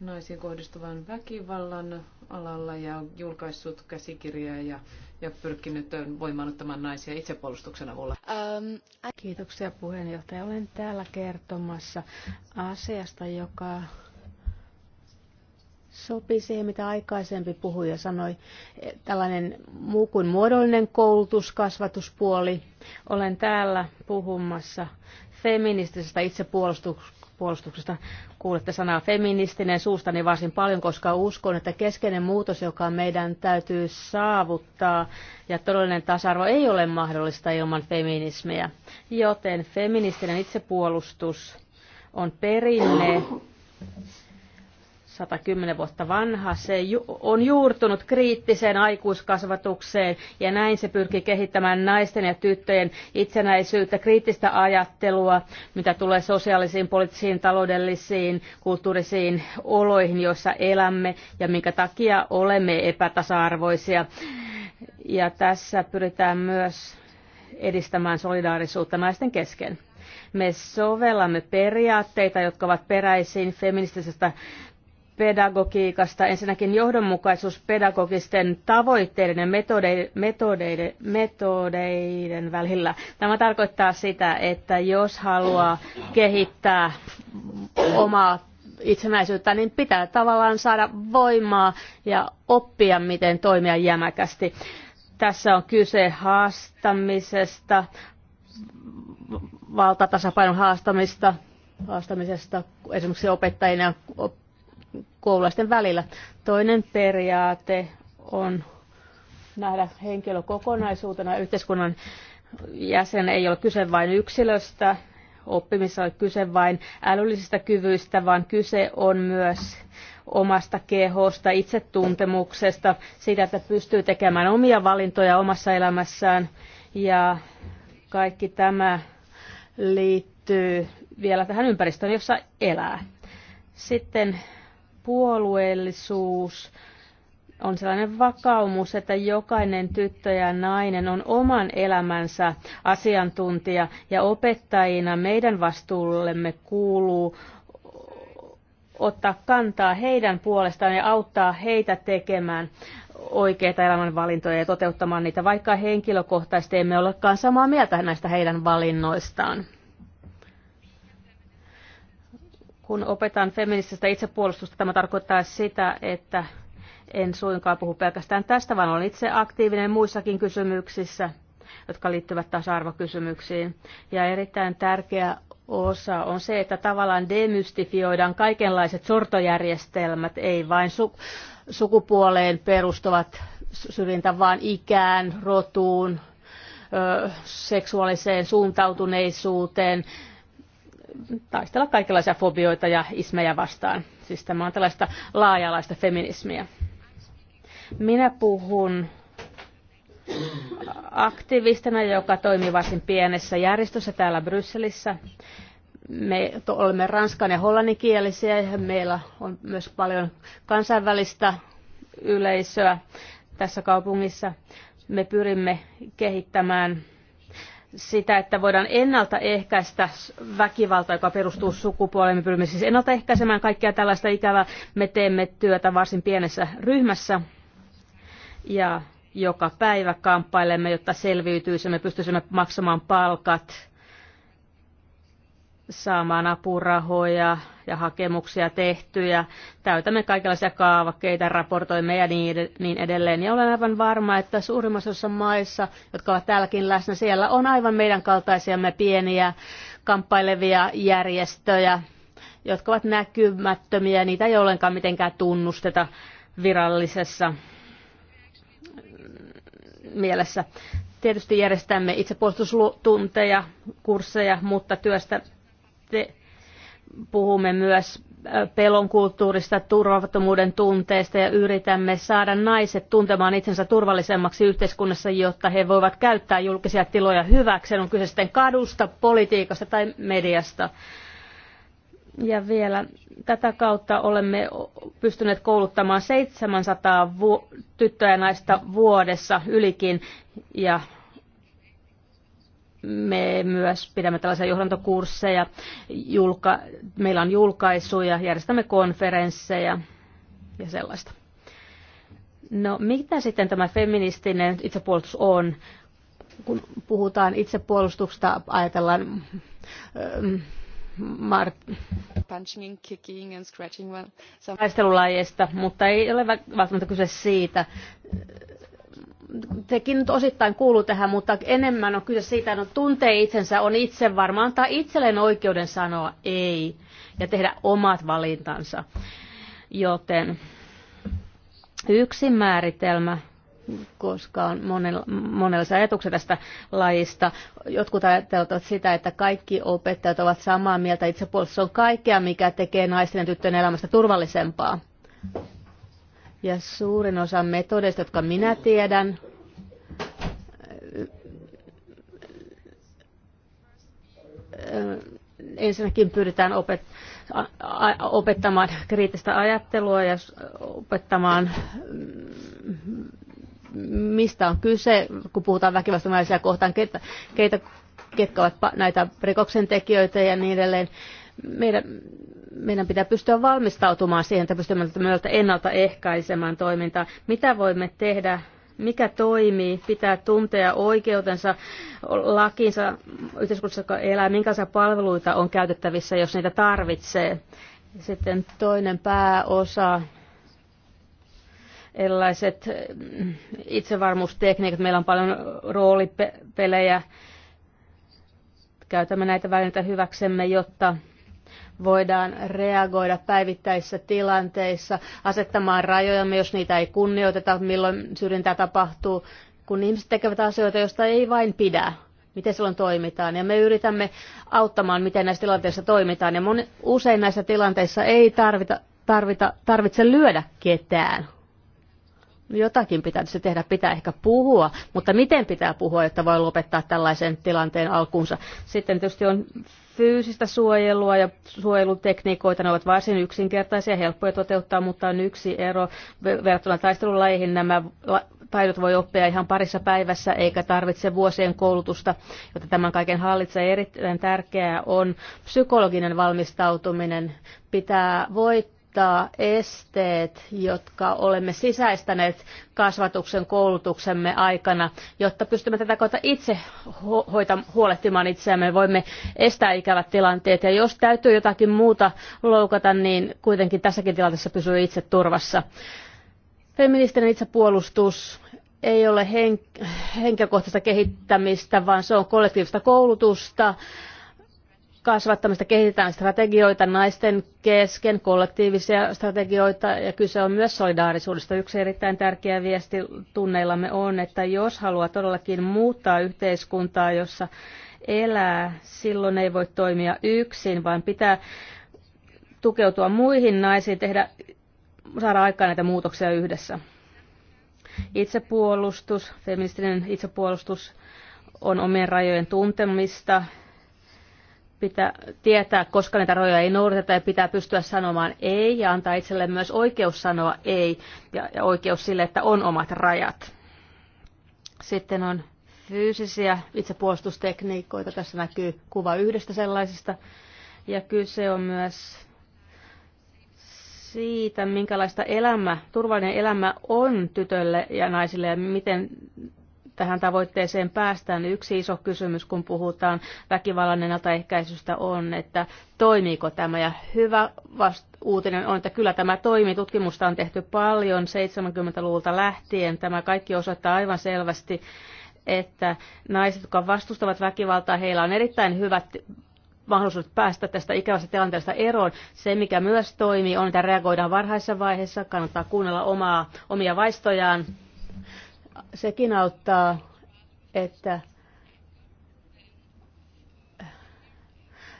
naisiin kohdistuvan väkivallan alalla ja julkaissut käsikirjaa ja ja pyrkinyt voimaannuttamaan naisia itsepuolustuksen avulla. Ähm, Kiitoksia puheenjohtaja. Olen täällä kertomassa asiasta, joka sopii siihen, mitä aikaisempi puhuja sanoi, e, tällainen muu kuin muodollinen koulutus, kasvatuspuoli. Olen täällä puhumassa feministisestä itsepuolustuksesta kuulette sanaa feministinen suustani varsin paljon, koska uskon, että keskeinen muutos, joka meidän täytyy saavuttaa ja todellinen tasa-arvo ei ole mahdollista ilman feminismiä. Joten feministinen itsepuolustus on perinne, 110 vuotta vanha, se on juurtunut kriittiseen aikuiskasvatukseen ja näin se pyrkii kehittämään naisten ja tyttöjen itsenäisyyttä, kriittistä ajattelua, mitä tulee sosiaalisiin, poliittisiin, taloudellisiin, kulttuurisiin oloihin, joissa elämme ja minkä takia olemme epätasa-arvoisia. Ja tässä pyritään myös edistämään solidaarisuutta naisten kesken me sovellamme periaatteita, jotka ovat peräisin feministisestä pedagogiikasta. Ensinnäkin johdonmukaisuus pedagogisten tavoitteiden ja metodeiden, metodeiden, metodeiden välillä. Tämä tarkoittaa sitä, että jos haluaa kehittää omaa itsenäisyyttä, niin pitää tavallaan saada voimaa ja oppia, miten toimia jämäkästi. Tässä on kyse haastamisesta, valtatasapainon haastamista, haastamisesta esimerkiksi opettajina ja koululaisten välillä. Toinen periaate on nähdä henkilö kokonaisuutena. Yhteiskunnan jäsen ei ole kyse vain yksilöstä, oppimisessa ole kyse vain älyllisistä kyvyistä, vaan kyse on myös omasta kehosta, itsetuntemuksesta, siitä, että pystyy tekemään omia valintoja omassa elämässään. Ja kaikki tämä liittyy vielä tähän ympäristöön, jossa elää. Sitten puolueellisuus on sellainen vakaumus, että jokainen tyttö ja nainen on oman elämänsä asiantuntija ja opettajina meidän vastuullemme kuuluu ottaa kantaa heidän puolestaan ja auttaa heitä tekemään oikeita elämänvalintoja ja toteuttamaan niitä, vaikka henkilökohtaisesti emme olekaan samaa mieltä näistä heidän valinnoistaan. Kun opetan feminististä itsepuolustusta, tämä tarkoittaa sitä, että en suinkaan puhu pelkästään tästä, vaan olen itse aktiivinen muissakin kysymyksissä, jotka liittyvät tasa-arvokysymyksiin. Ja erittäin tärkeä osa on se, että tavallaan demystifioidaan kaikenlaiset sortojärjestelmät, ei vain su- sukupuoleen perustuvat syrjintä, vaan ikään, rotuun, ö, seksuaaliseen suuntautuneisuuteen, taistella kaikenlaisia fobioita ja ismejä vastaan. Siis tämä on tällaista laajalaista feminismiä. Minä puhun aktivistina, joka toimii varsin pienessä järjestössä täällä Brysselissä. Me olemme ranskan ja hollanninkielisiä ja meillä on myös paljon kansainvälistä yleisöä tässä kaupungissa. Me pyrimme kehittämään sitä, että voidaan ennaltaehkäistä väkivaltaa, joka perustuu sukupuoleen. Me pyrimme siis ennaltaehkäisemään kaikkea tällaista ikävää. Me teemme työtä varsin pienessä ryhmässä ja joka päivä kamppailemme, jotta selviytyisimme, pystyisimme maksamaan palkat saamaan apurahoja ja hakemuksia tehtyjä. Täytämme kaikenlaisia kaavakkeita, raportoimme ja niin, niin edelleen. Ja olen aivan varma, että suurimmassa osassa maissa, jotka ovat täälläkin läsnä, siellä on aivan meidän kaltaisiamme pieniä kamppailevia järjestöjä, jotka ovat näkymättömiä ja niitä ei ollenkaan mitenkään tunnusteta virallisessa mielessä. Tietysti järjestämme itsepuolustustunteja, kursseja, mutta työstä, sitten puhumme myös pelon kulttuurista, turvattomuuden tunteesta ja yritämme saada naiset tuntemaan itsensä turvallisemmaksi yhteiskunnassa, jotta he voivat käyttää julkisia tiloja hyväksi. on kyse sitten kadusta, politiikasta tai mediasta. Ja vielä tätä kautta olemme pystyneet kouluttamaan 700 tyttöä ja naista vuodessa ylikin ja me myös pidämme tällaisia johdantokursseja, julka, meillä on julkaisuja, järjestämme konferensseja ja sellaista. No mitä sitten tämä feministinen itsepuolustus on? Kun puhutaan itsepuolustuksesta, ajatellaan ähm, Mart- punching, kicking and scratching. Well, some... mutta ei ole välttämättä kyse siitä tekin nyt osittain kuuluu tähän, mutta enemmän on kyse siitä, että tuntee itsensä, on itse varmaan antaa itselleen oikeuden sanoa ei ja tehdä omat valintansa. Joten yksi määritelmä, koska on monella, monenlaisia ajatuksia tästä lajista. Jotkut ajattelevat sitä, että kaikki opettajat ovat samaa mieltä itsepuolesta. Se on kaikkea, mikä tekee naisten ja tyttöjen elämästä turvallisempaa. Ja suurin osa metodeista, jotka minä tiedän, eh, ensinnäkin pyritään opettamaan kriittistä ajattelua ja opettamaan mm, mistä on kyse, kun puhutaan väkivaltamaisia kohtaan, keitä, keitä, ketkä ovat näitä rikoksentekijöitä ja niin edelleen. Meidän meidän pitää pystyä valmistautumaan siihen, että pystymme myötä ennaltaehkäisemään toimintaa. Mitä voimme tehdä mikä toimii, pitää tuntea oikeutensa, lakinsa, yhteiskunnassa, joka elää, minkälaisia palveluita on käytettävissä, jos niitä tarvitsee. Sitten toinen pääosa, erilaiset mm, itsevarmuustekniikat. Meillä on paljon roolipelejä. Käytämme näitä välineitä hyväksemme, jotta voidaan reagoida päivittäisissä tilanteissa asettamaan rajoja, jos niitä ei kunnioiteta, milloin syrjintää tapahtuu, kun ihmiset tekevät asioita, joista ei vain pidä. Miten silloin toimitaan? Ja me yritämme auttamaan, miten näissä tilanteissa toimitaan. Ja moni, usein näissä tilanteissa ei tarvita, tarvita, tarvitse lyödä ketään Jotakin pitää tehdä, pitää ehkä puhua, mutta miten pitää puhua, jotta voi lopettaa tällaisen tilanteen alkuunsa. Sitten tietysti on fyysistä suojelua ja suojelutekniikoita, ne ovat varsin yksinkertaisia helppoja toteuttaa, mutta on yksi ero verrattuna taistelulajeihin. Nämä taidot voi oppia ihan parissa päivässä eikä tarvitse vuosien koulutusta, jotta tämän kaiken hallitsee. Erittäin tärkeää on psykologinen valmistautuminen. Pitää voittaa poistaa esteet, jotka olemme sisäistäneet kasvatuksen koulutuksemme aikana, jotta pystymme tätä kautta itse hoita, huolehtimaan itseämme. Voimme estää ikävät tilanteet ja jos täytyy jotakin muuta loukata, niin kuitenkin tässäkin tilanteessa pysyy itse turvassa. Feministinen itsepuolustus ei ole henk- henkilökohtaista kehittämistä, vaan se on kollektiivista koulutusta, kasvattamista kehitetään strategioita naisten kesken, kollektiivisia strategioita ja kyse on myös solidaarisuudesta. Yksi erittäin tärkeä viesti tunneillamme on, että jos haluaa todellakin muuttaa yhteiskuntaa, jossa elää, silloin ei voi toimia yksin, vaan pitää tukeutua muihin naisiin, tehdä, saada aikaan näitä muutoksia yhdessä. Itsepuolustus, feministinen itsepuolustus on omien rajojen tuntemista, pitää tietää, koska näitä rajoja ei noudateta ja pitää pystyä sanomaan ei ja antaa itselle myös oikeus sanoa ei ja, ja oikeus sille, että on omat rajat. Sitten on fyysisiä itsepuolustustekniikoita. Tässä näkyy kuva yhdestä sellaisesta. Ja kyse on myös siitä, minkälaista elämä, turvallinen elämä on tytölle ja naisille ja miten tähän tavoitteeseen päästään, niin yksi iso kysymys, kun puhutaan väkivallan ennaltaehkäisystä, on, että toimiiko tämä. Ja hyvä vast- uutinen on, että kyllä tämä toimii. Tutkimusta on tehty paljon 70-luvulta lähtien. Tämä kaikki osoittaa aivan selvästi, että naiset, jotka vastustavat väkivaltaa, heillä on erittäin hyvät mahdollisuudet päästä tästä ikävästä tilanteesta eroon. Se, mikä myös toimii, on, että reagoidaan varhaisessa vaiheessa. Kannattaa kuunnella omaa, omia vaistojaan sekin auttaa, että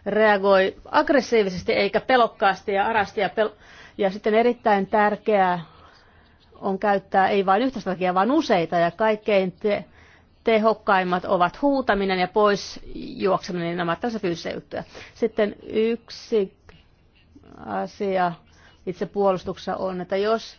reagoi aggressiivisesti eikä pelokkaasti ja arasti. Ja, pel- ja sitten erittäin tärkeää on käyttää ei vain yhtä strategia, vaan useita. Ja kaikkein te- tehokkaimmat ovat huutaminen ja pois juokseminen, niin nämä tässä juttuja. Sitten yksi asia itse puolustuksessa on, että jos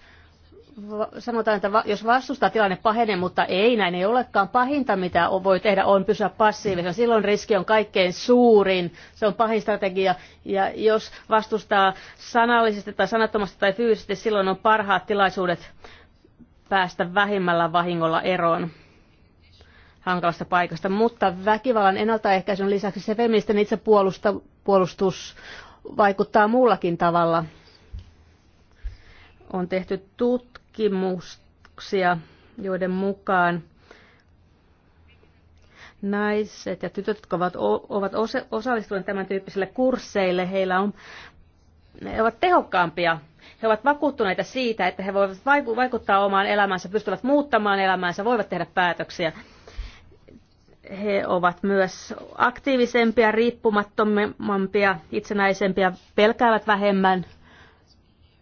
sanotaan, että jos vastustaa tilanne pahenee, mutta ei näin ei olekaan. Pahinta, mitä voi tehdä, on pysyä passiivisena. Silloin riski on kaikkein suurin. Se on pahin strategia. Ja jos vastustaa sanallisesti tai sanattomasti tai fyysisesti, silloin on parhaat tilaisuudet päästä vähimmällä vahingolla eroon hankalasta paikasta. Mutta väkivallan ennaltaehkäisyn lisäksi se feministinen itsepuolustus vaikuttaa muullakin tavalla on tehty tut- tutkimuksia, joiden mukaan naiset ja tytöt, jotka ovat, ovat osallistuneet tämän tyyppisille kursseille, heillä on, he ovat tehokkaampia. He ovat vakuuttuneita siitä, että he voivat vaikuttaa omaan elämäänsä, pystyvät muuttamaan elämäänsä, voivat tehdä päätöksiä. He ovat myös aktiivisempia, riippumattomampia, itsenäisempiä, pelkäävät vähemmän,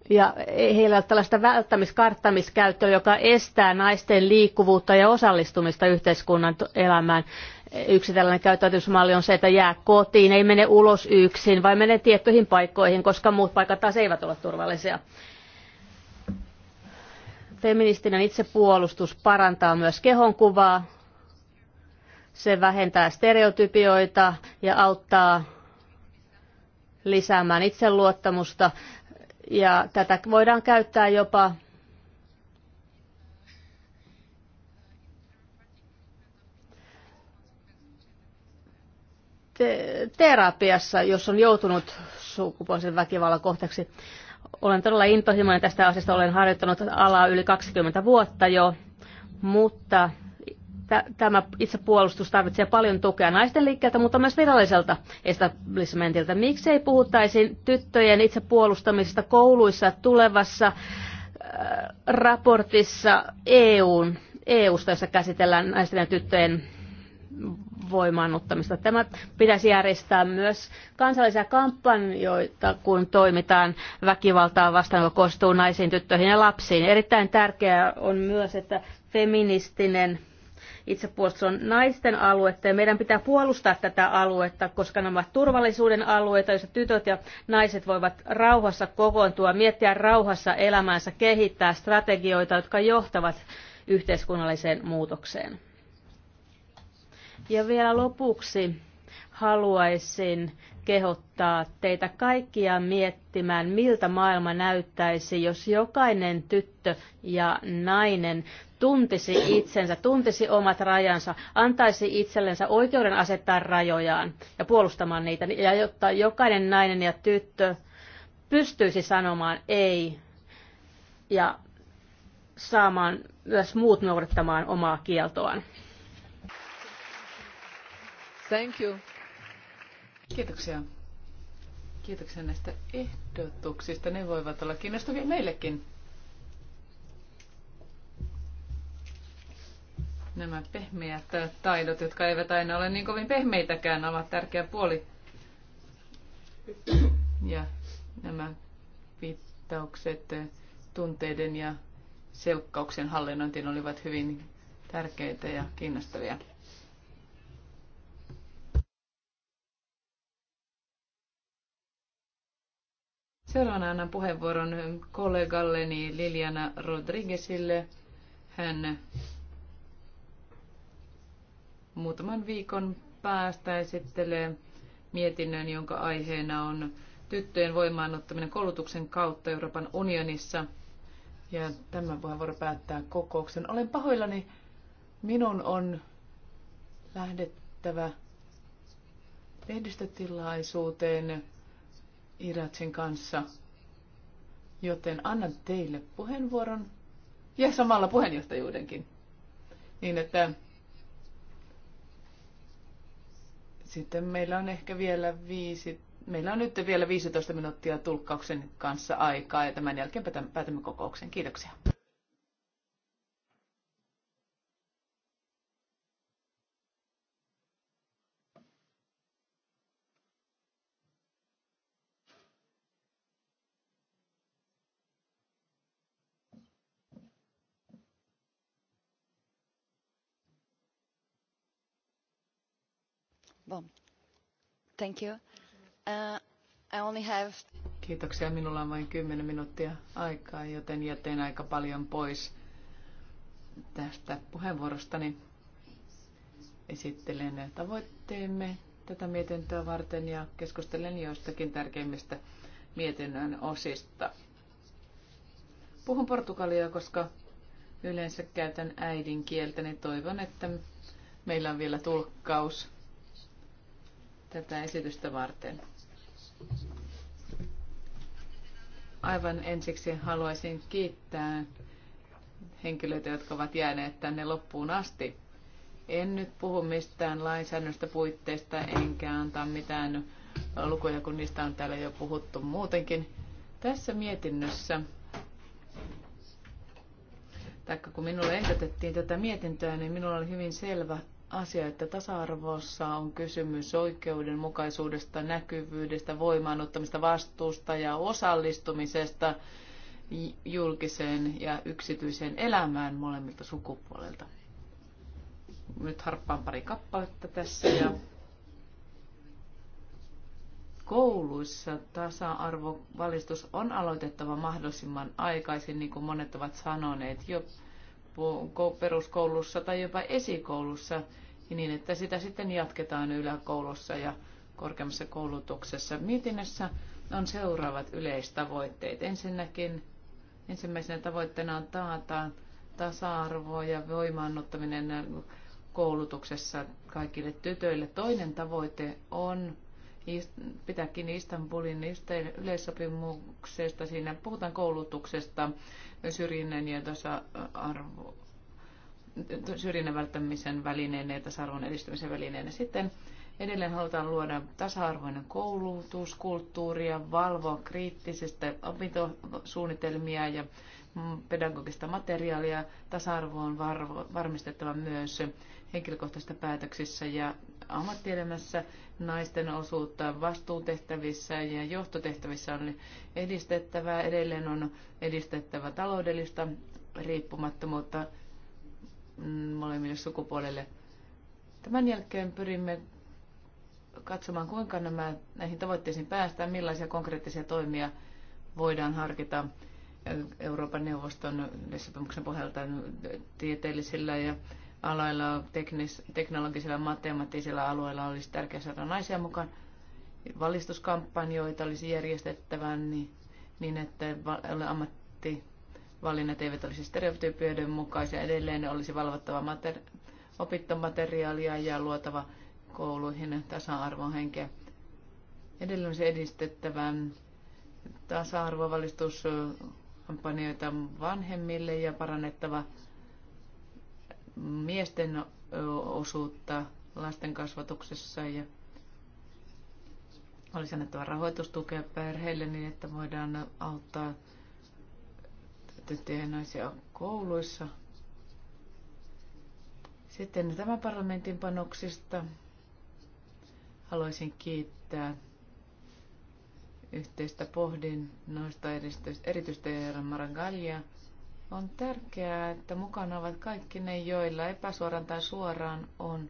ja heillä on tällaista välttämiskarttamiskäyttöä, joka estää naisten liikkuvuutta ja osallistumista yhteiskunnan elämään. Yksi tällainen käyttäytymismalli on se, että jää kotiin, ei mene ulos yksin, vai menee tiettyihin paikkoihin, koska muut paikat taas eivät ole turvallisia. Feministinen itsepuolustus parantaa myös kehonkuvaa, se vähentää stereotypioita ja auttaa lisäämään itseluottamusta ja tätä voidaan käyttää jopa te- terapiassa, jos on joutunut sukupuolisen väkivallan kohteeksi. Olen todella intohimoinen tästä asiasta, olen harjoittanut alaa yli 20 vuotta jo, mutta tämä itse puolustus tarvitsee paljon tukea naisten liikkeeltä, mutta myös viralliselta establishmentiltä. ei puhuttaisi tyttöjen itse puolustamisesta kouluissa tulevassa äh, raportissa EUn, EUsta, jossa käsitellään naisten ja tyttöjen voimaannuttamista. Tämä pitäisi järjestää myös kansallisia kampanjoita, kun toimitaan väkivaltaa vastaan, joka koostuu naisiin, tyttöihin ja lapsiin. Erittäin tärkeää on myös, että feministinen itsepuolustus on naisten aluetta ja meidän pitää puolustaa tätä aluetta, koska nämä ovat turvallisuuden alueita, joissa tytöt ja naiset voivat rauhassa kokoontua, miettiä rauhassa elämäänsä, kehittää strategioita, jotka johtavat yhteiskunnalliseen muutokseen. Ja vielä lopuksi haluaisin kehottaa teitä kaikkia miettimään, miltä maailma näyttäisi, jos jokainen tyttö ja nainen tuntisi itsensä, tuntisi omat rajansa, antaisi itsellensä oikeuden asettaa rajojaan ja puolustamaan niitä, ja jotta jokainen nainen ja tyttö pystyisi sanomaan ei ja saamaan myös muut noudattamaan omaa kieltoaan. Thank you. Kiitoksia. Kiitoksia näistä ehdotuksista. Ne voivat olla kiinnostavia meillekin. Nämä pehmeät taidot, jotka eivät aina ole niin kovin pehmeitäkään, ovat tärkeä puoli. Ja nämä viittaukset tunteiden ja selkkauksen hallinnointiin olivat hyvin tärkeitä ja kiinnostavia. Seuraavana annan puheenvuoron kollegalleni Liliana Rodriguezille. Hän muutaman viikon päästä esittelee mietinnön, jonka aiheena on tyttöjen voimaanottaminen koulutuksen kautta Euroopan unionissa. Ja tämän puheenvuoro päättää kokouksen. Olen pahoillani, minun on lähdettävä lehdistötilaisuuteen Iratsin kanssa, joten annan teille puheenvuoron ja samalla puheenjohtajuudenkin, niin että Sitten meillä on ehkä vielä viisi, meillä on nyt vielä 15 minuuttia tulkkauksen kanssa aikaa ja tämän jälkeen päätämme kokouksen. Kiitoksia. thank you. Uh, I only have... Kiitoksia. Minulla on vain 10 minuuttia aikaa, joten jätin aika paljon pois tästä puheenvuorostani. Esittelen tavoitteemme tätä mietintöä varten ja keskustelen joistakin tärkeimmistä mietinnön osista. Puhun portugalia, koska yleensä käytän äidinkieltä, niin toivon, että meillä on vielä tulkkaus tätä esitystä varten. Aivan ensiksi haluaisin kiittää henkilöitä, jotka ovat jääneet tänne loppuun asti. En nyt puhu mistään lainsäädännöstä puitteista, enkä antaa mitään lukuja, kun niistä on täällä jo puhuttu muutenkin. Tässä mietinnössä, taikka kun minulle ehdotettiin tätä mietintöä, niin minulla oli hyvin selvä asia, että tasa-arvossa on kysymys oikeudenmukaisuudesta, näkyvyydestä, voimaanottamista, vastuusta ja osallistumisesta julkiseen ja yksityiseen elämään molemmilta sukupuolelta. Nyt harppaan pari kappaletta tässä ja kouluissa tasa-arvovalistus on aloitettava mahdollisimman aikaisin, niin kuin monet ovat sanoneet. Jo peruskoulussa tai jopa esikoulussa niin, että sitä sitten jatketaan yläkoulussa ja korkeammassa koulutuksessa. Mietinnössä on seuraavat yleistavoitteet. Ensinnäkin ensimmäisenä tavoitteena on taata tasa-arvo ja voimaannuttaminen koulutuksessa kaikille tytöille. Toinen tavoite on pitää kiinni Istanbulin yleissopimuksesta. Siinä puhutaan koulutuksesta, syrjinnän ja tasa-arvo, syrjinnän välttämisen välineenä ja tasa-arvon edistämisen välineenä. Sitten edelleen halutaan luoda tasa-arvoinen koulutus, kulttuuria, valvoa kriittisistä opintosuunnitelmia ja pedagogista materiaalia. Tasa-arvo on varmistettava myös henkilökohtaisissa päätöksissä ja ammattielämässä naisten osuutta vastuutehtävissä ja johtotehtävissä on edistettävää. Edelleen on edistettävä taloudellista riippumattomuutta mm, molemmille sukupuolille. Tämän jälkeen pyrimme katsomaan, kuinka nämä, näihin tavoitteisiin päästään, millaisia konkreettisia toimia voidaan harkita Euroopan neuvoston yleissopimuksen pohjalta tieteellisillä ja aloilla, teknis, teknologisilla ja matemaattisilla alueilla olisi tärkeää saada naisia mukaan. Valistuskampanjoita olisi järjestettävä niin, niin että ammattivalinnat eivät olisi stereotypioiden mukaisia. Edelleen olisi valvottava mater, opittomateriaalia ja luotava kouluihin tasa-arvon henkeä. Edelleen olisi edistettävä tasa-arvovalistuskampanjoita vanhemmille ja parannettava miesten osuutta lasten kasvatuksessa ja olisi annettava rahoitustukea perheille niin, että voidaan auttaa tyttöjä ja naisia kouluissa. Sitten tämän parlamentin panoksista haluaisin kiittää yhteistä pohdinnoista erityistä Eera Maragallia on tärkeää, että mukana ovat kaikki ne, joilla epäsuoraan tai suoraan on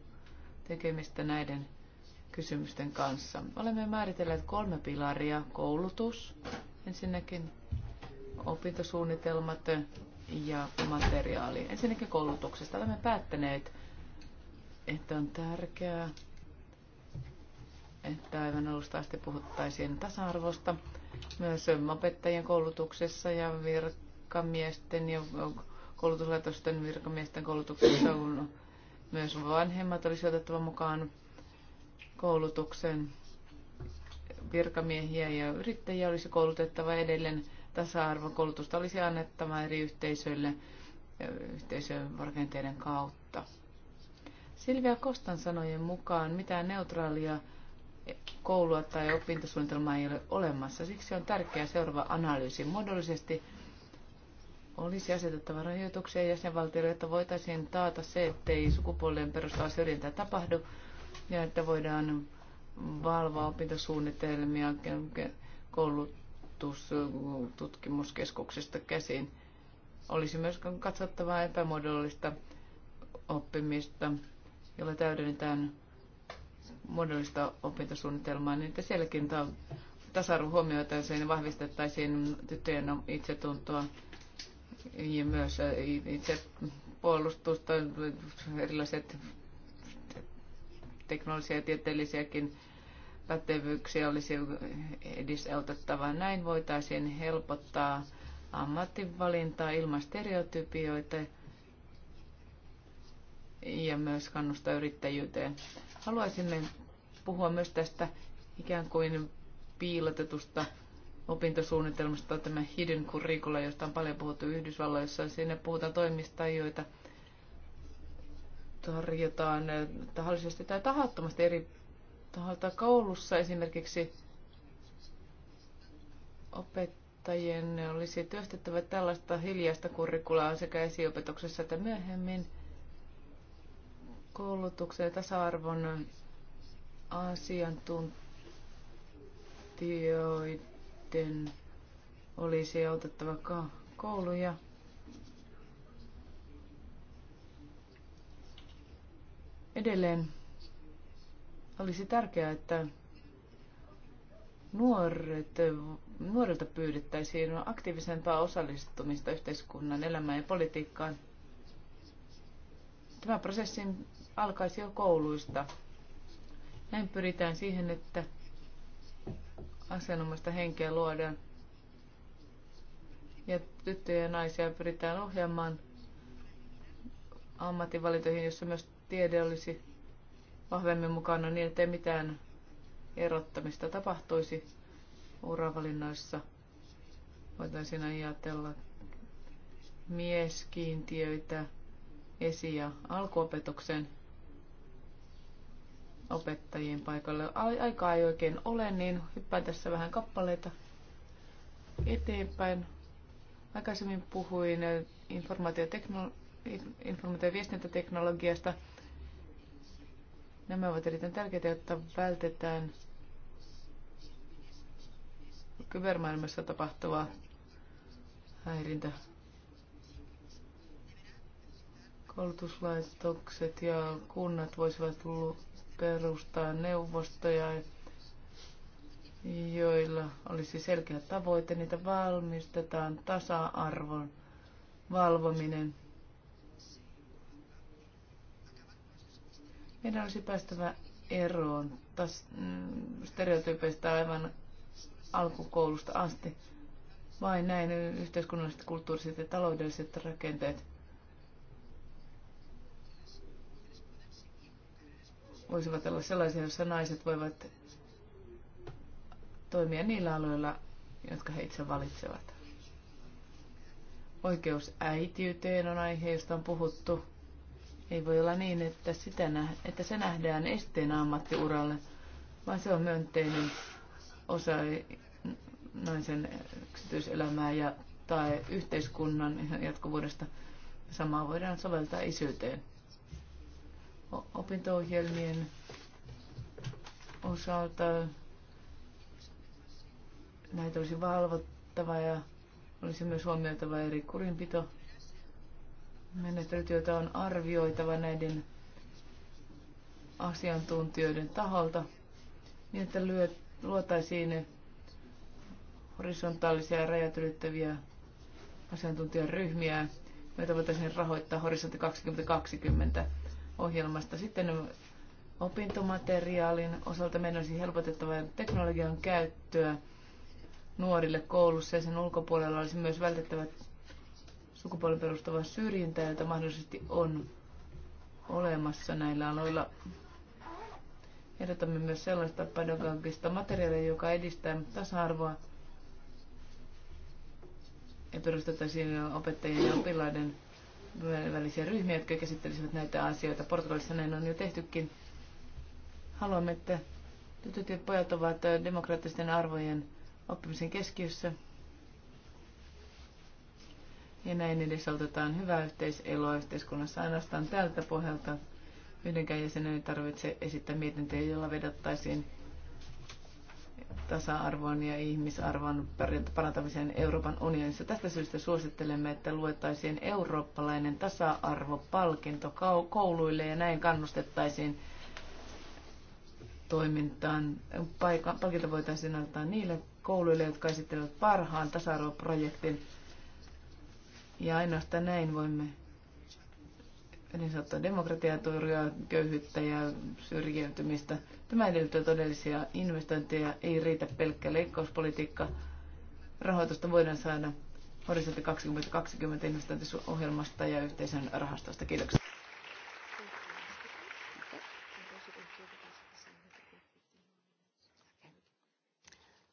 tekemistä näiden kysymysten kanssa. Olemme määritelleet kolme pilaria. Koulutus, ensinnäkin opintosuunnitelmat ja materiaali. Ensinnäkin koulutuksesta olemme päättäneet, että on tärkeää, että aivan alusta asti puhuttaisiin tasa-arvosta myös opettajien koulutuksessa ja vir- virkamiesten ja koulutuslaitosten virkamiesten koulutuksessa on myös vanhemmat olisi otettava mukaan koulutuksen virkamiehiä ja yrittäjiä olisi koulutettava edelleen tasa-arvokoulutusta olisi annettava eri yhteisöille yhteisöjen rakenteiden kautta. Silvia Kostan sanojen mukaan mitään neutraalia koulua tai opintosuunnitelmaa ei ole olemassa. Siksi on tärkeää seuraava analyysi. Muodollisesti olisi asetettava rajoituksia jäsenvaltioille, että voitaisiin taata se, ettei sukupuoleen perustaa syrjintää tapahdu ja että voidaan valvoa opintosuunnitelmia koulutus tutkimuskeskuksesta käsin. Olisi myös katsottavaa epämuodollista oppimista, jolla täydennetään muodollista opintosuunnitelmaa, niin että sielläkin tasa-arvo huomioitaisiin ja vahvistettaisiin tyttöjen itsetuntoa ja myös itse puolustusta, erilaiset teknologisia ja tieteellisiäkin pätevyyksiä olisi edisautettava. Näin voitaisiin helpottaa ammattivalintaa ilman stereotypioita ja myös kannustaa yrittäjyyteen. Haluaisimme puhua myös tästä ikään kuin piilotetusta opintosuunnitelmasta tämä Hidden Curricula, josta on paljon puhuttu Yhdysvalloissa. Siinä puhutaan toimista, joita tarjotaan eh, tahallisesti tai tahattomasti eri taholta koulussa esimerkiksi opettajien olisi työstettävä tällaista hiljaista kurrikulaa sekä esiopetuksessa että myöhemmin koulutuksen ja tasa-arvon asiantuntijoita sitten olisi autettava kouluja. Edelleen olisi tärkeää, että nuoret, nuorilta pyydettäisiin aktiivisempaa osallistumista yhteiskunnan elämään ja politiikkaan. Tämä prosessi alkaisi jo kouluista. Näin pyritään siihen, että asianomaista henkeä luodaan. Ja tyttöjä ja naisia pyritään ohjaamaan ammattivalintoihin, jossa myös tiede olisi vahvemmin mukana niin, ettei mitään erottamista tapahtuisi uravalinnoissa. Voitaisiin ajatella mieskiintiöitä esi- ja alkuopetuksen opettajien paikalle. Aikaa ei oikein ole, niin hyppään tässä vähän kappaleita eteenpäin. Aikaisemmin puhuin eh, informaatio- ja viestintäteknologiasta. Nämä ovat erittäin tärkeitä, jotta vältetään kybermaailmassa tapahtuvaa häirintä. Koulutuslaitokset ja kunnat voisivat tulla perustaa neuvostoja, joilla olisi selkeä tavoite. Niitä valmistetaan tasa-arvon valvominen. Meidän olisi päästävä eroon tas, mm, stereotypeista aivan alkukoulusta asti. Vain näin yhteiskunnalliset, kulttuuriset ja taloudelliset rakenteet voisivat olla sellaisia, joissa naiset voivat toimia niillä aloilla, jotka he itse valitsevat. Oikeus äitiyteen on aihe, josta on puhuttu. Ei voi olla niin, että, sitä nä- että se nähdään esteenä ammattiuralle, vaan se on myönteinen osa naisen yksityiselämää ja, tai yhteiskunnan jatkuvuudesta. Samaa voidaan soveltaa isyyteen opinto-ohjelmien osalta näitä olisi valvottava ja olisi myös huomioitava eri kurinpito menettelyt, joita on arvioitava näiden asiantuntijoiden taholta, niin että luotaisiin horisontaalisia ja rajat ylittäviä asiantuntijaryhmiä, joita voitaisiin rahoittaa horisontti 2020 ohjelmasta. Sitten opintomateriaalin osalta meidän olisi helpotettava teknologian käyttöä nuorille koulussa ja sen ulkopuolella olisi myös vältettävä sukupuolen perustava syrjintä, jota mahdollisesti on olemassa näillä aloilla. Ehdotamme myös sellaista pedagogista materiaalia, joka edistää tasa-arvoa ja perustettaisiin opettajien ja oppilaiden välisiä ryhmiä, jotka käsittelisivät näitä asioita. Portugalissa näin on jo tehtykin. Haluamme, että tytöt ja pojat ovat äh, demokraattisten arvojen oppimisen keskiössä. Ja näin edesautetaan hyvää yhteiseloa yhteiskunnassa ainoastaan tältä pohjalta. Yhdenkään jäsenen ei tarvitse esittää mietintöjä, jolla vedottaisiin tasa-arvon ja ihmisarvon parantamiseen Euroopan unionissa. Tästä syystä suosittelemme, että luettaisiin eurooppalainen tasa-arvopalkinto kouluille ja näin kannustettaisiin toimintaan. Palkinto voitaisiin antaa niille kouluille, jotka esittelevät parhaan tasa-arvoprojektin. Ja ainoastaan näin voimme niin sanottua demokratiaturjaa, köyhyyttä ja syrjäytymistä. Tämä edellyttää todellisia investointeja, ei riitä pelkkä leikkauspolitiikka. Rahoitusta voidaan saada Horisontti 2020 investointiohjelmasta ja yhteisön rahastosta. Kiitoksia.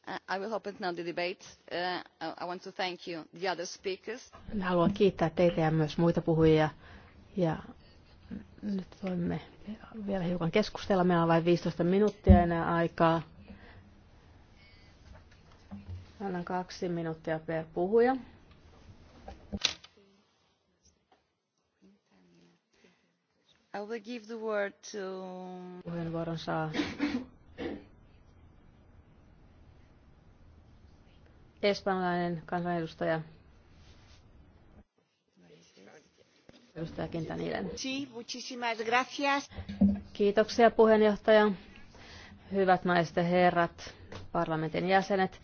Uh, I will open now the debate. Uh, I want to thank you, the other speakers. Haluan kiittää teitä ja myös muita puhujia. Ja nyt voimme vielä hiukan keskustella. Meillä on vain 15 minuuttia enää aikaa. Annan kaksi minuuttia per puhuja. I will give the word to... Puheenvuoron saa espanjalainen kansanedustaja Edustaja Kintanilen. Kiitoksia puheenjohtaja. Hyvät naiset ja herrat, parlamentin jäsenet.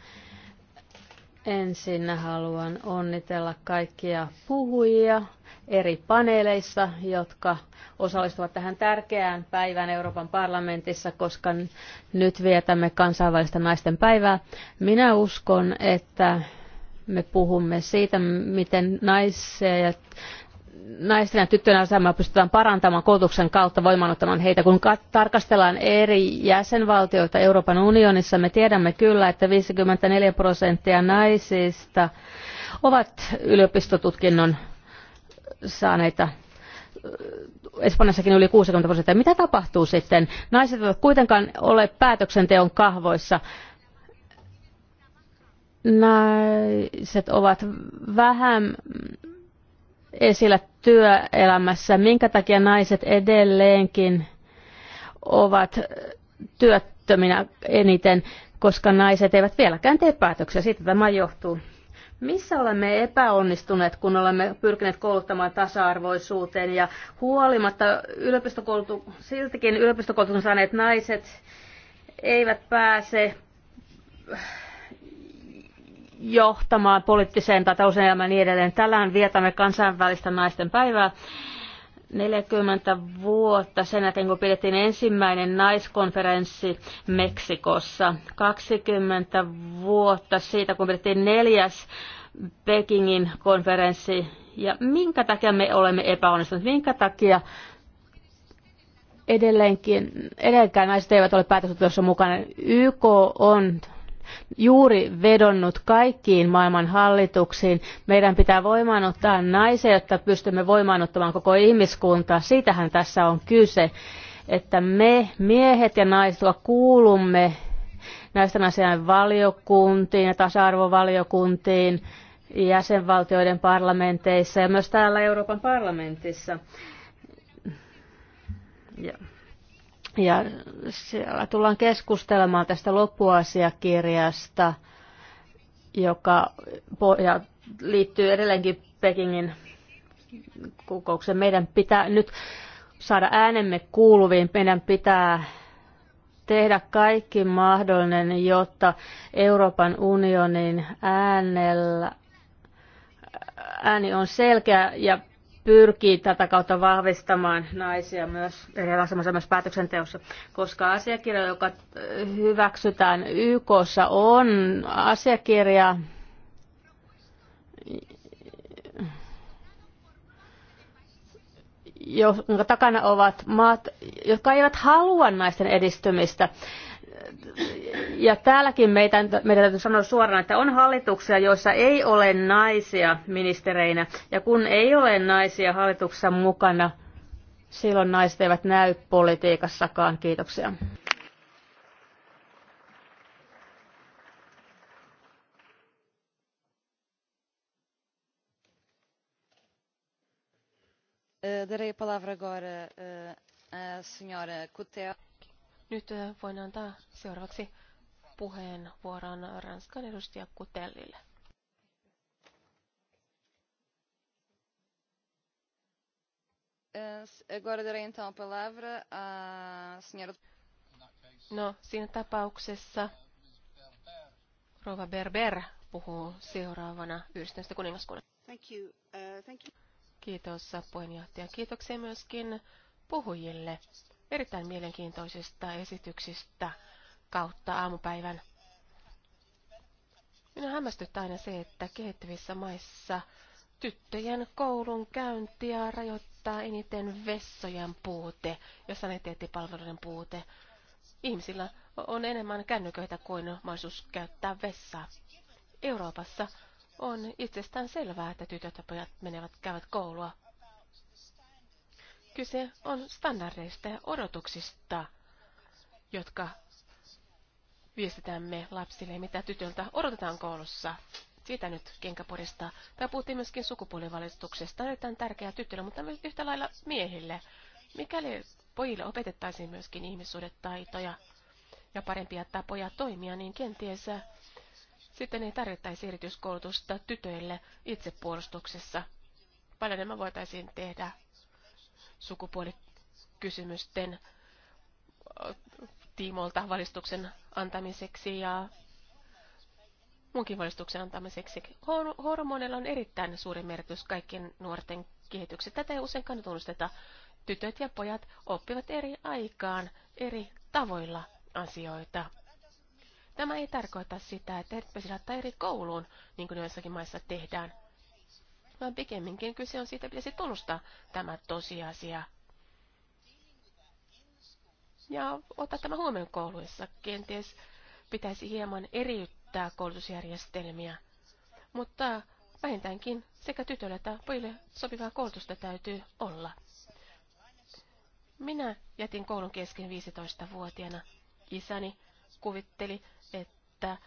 Ensin haluan onnitella kaikkia puhujia eri paneeleissa, jotka osallistuvat tähän tärkeään päivään Euroopan parlamentissa, koska nyt vietämme kansainvälistä naisten päivää. Minä uskon, että me puhumme siitä, miten naisia ja naisten ja tyttöjen asemaa pystytään parantamaan koulutuksen kautta voimaannuttamaan heitä. Kun tarkastellaan eri jäsenvaltioita Euroopan unionissa, me tiedämme kyllä, että 54 prosenttia naisista ovat yliopistotutkinnon saaneita Espanjassakin yli 60 prosenttia. Mitä tapahtuu sitten? Naiset eivät kuitenkaan ole päätöksenteon kahvoissa naiset ovat vähän esillä työelämässä. Minkä takia naiset edelleenkin ovat työttöminä eniten, koska naiset eivät vieläkään tee päätöksiä. Siitä tämä johtuu. Missä olemme epäonnistuneet, kun olemme pyrkineet kouluttamaan tasa-arvoisuuteen ja huolimatta yliopistokoulutu- siltikin yliopistokoulutuksen saaneet naiset eivät pääse johtamaan poliittiseen tai talouselämään ja niin edelleen. Tällään vietämme kansainvälistä naisten päivää. 40 vuotta sen jälkeen, kun pidettiin ensimmäinen naiskonferenssi Meksikossa. 20 vuotta siitä, kun pidettiin neljäs Pekingin konferenssi. Ja minkä takia me olemme epäonnistuneet? Minkä takia edelleenkin, edelleenkään naiset eivät ole päätöksenteossa mukana. YK on juuri vedonnut kaikkiin maailman hallituksiin. Meidän pitää voimaanottaa naisia, jotta pystymme voimaanottamaan koko ihmiskuntaa. Siitähän tässä on kyse, että me miehet ja naiset, jotka kuulumme näistä asian valiokuntiin ja tasa-arvovaliokuntiin, jäsenvaltioiden parlamenteissa ja myös täällä Euroopan parlamentissa. Yeah ja siellä tullaan keskustelemaan tästä loppuasiakirjasta, joka ja liittyy edelleenkin Pekingin kokoukseen. Meidän pitää nyt saada äänemme kuuluviin. Meidän pitää tehdä kaikki mahdollinen, jotta Euroopan unionin äänellä ääni on selkeä ja pyrkii tätä kautta vahvistamaan naisia myös eri asemassa myös päätöksenteossa, koska asiakirja, joka äh, hyväksytään YKssa, on asiakirja, jonka takana ovat maat, jotka eivät halua naisten edistymistä ja täälläkin meitä, meidän täytyy sanoa suoraan, että on hallituksia, joissa ei ole naisia ministereinä. Ja kun ei ole naisia hallituksessa mukana, silloin naiset eivät näy politiikassakaan. Kiitoksia. Eh, darei palavra agora eh, senhora Nyt eh, voin antaa seuraavaksi puheenvuoron Ranskan edustaja Kutellille. No, siinä tapauksessa Rova Berber puhuu seuraavana yhdistyneestä kuningaskunnasta. Thank you. Uh, thank you. Kiitos puheenjohtaja. Kiitoksia myöskin puhujille erittäin mielenkiintoisista esityksistä kautta aamupäivän. Minä hämmästyttää aina se, että kehittyvissä maissa tyttöjen koulun käyntiä rajoittaa eniten vessojen puute ja saniteettipalveluiden puute. Ihmisillä on enemmän kännyköitä kuin mahdollisuus käyttää vessaa. Euroopassa on itsestään selvää, että tytöt ja pojat menevät käyvät koulua. Kyse on standardeista ja odotuksista, jotka viestitämme lapsille, mitä tytöltä odotetaan koulussa. Siitä nyt kenkäporista. Tämä puhuttiin myöskin sukupuolivalistuksesta. Tämä on tärkeää tytölle, mutta myös yhtä lailla miehille. Mikäli pojille opetettaisiin myöskin ihmissuhdetaitoja ja parempia tapoja toimia, niin kenties sitten ei tarvittaisi erityiskoulutusta tytöille itsepuolustuksessa. Paljon enemmän voitaisiin tehdä sukupuolikysymysten tiimolta valistuksen antamiseksi ja munkin valistuksen antamiseksi. Hormoneilla on erittäin suuri merkitys kaikkien nuorten kehityksessä. Tätä ei useinkaan tunnusteta. Tytöt ja pojat oppivat eri aikaan, eri tavoilla asioita. Tämä ei tarkoita sitä, että heidät pitäisi laittaa eri kouluun, niin kuin joissakin maissa tehdään, vaan pikemminkin kyse on siitä, pitäisi tunnustaa tämä tosiasia ja ottaa tämä huomioon kouluissa. Kenties pitäisi hieman eriyttää koulutusjärjestelmiä, mutta vähintäänkin sekä tytölle että pojille sopivaa koulutusta täytyy olla. Minä jätin koulun kesken 15-vuotiaana. Isäni kuvitteli, että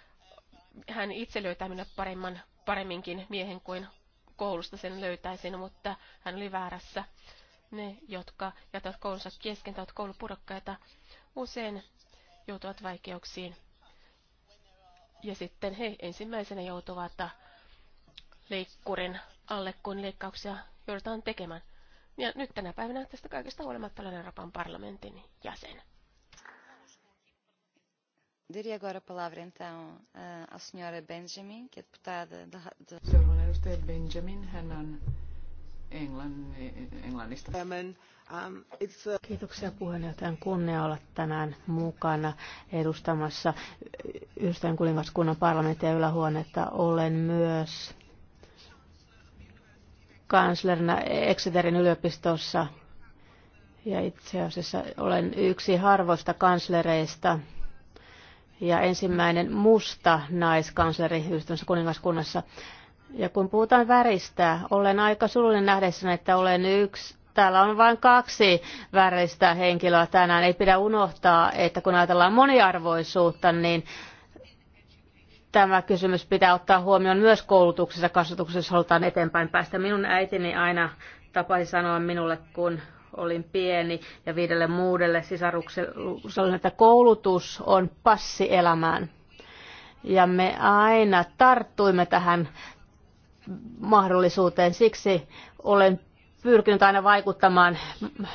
hän itse löytää minulle paremman, paremminkin miehen kuin koulusta sen löytäisin, mutta hän oli väärässä. Ne, jotka jättävät koulunsa kesken tai koulupudokkaita, usein joutuvat vaikeuksiin. Ja sitten he ensimmäisenä joutuvat leikkurin alle, kun leikkauksia joudutaan tekemään. Ja nyt tänä päivänä tästä kaikesta huolimatta olen Euroopan parlamentin jäsen. Diria agora palavra então eh, à senhora Benjamin, que é deputada da... Seuraavana edustaja Benjamin, hän on Englannista. Um, uh, Kiitoksia puheenjohtajan kunnia olla tänään mukana edustamassa Yhdistyneen kuningaskunnan parlamenttia ylähuonetta. Olen myös kanslerina Exeterin yliopistossa ja itse asiassa olen yksi harvoista kanslereista ja ensimmäinen musta naiskansleri yhdistyneessä kuningaskunnassa. Ja kun puhutaan väristä, olen aika surullinen nähdessäni, että olen yksi täällä on vain kaksi väristä henkilöä tänään. Ei pidä unohtaa, että kun ajatellaan moniarvoisuutta, niin tämä kysymys pitää ottaa huomioon myös koulutuksessa ja kasvatuksessa, jos halutaan eteenpäin päästä. Minun äitini aina tapasi sanoa minulle, kun olin pieni ja viidelle muudelle sisarukselle, että koulutus on passi elämään. Ja me aina tarttuimme tähän mahdollisuuteen. Siksi olen pyrkinyt aina vaikuttamaan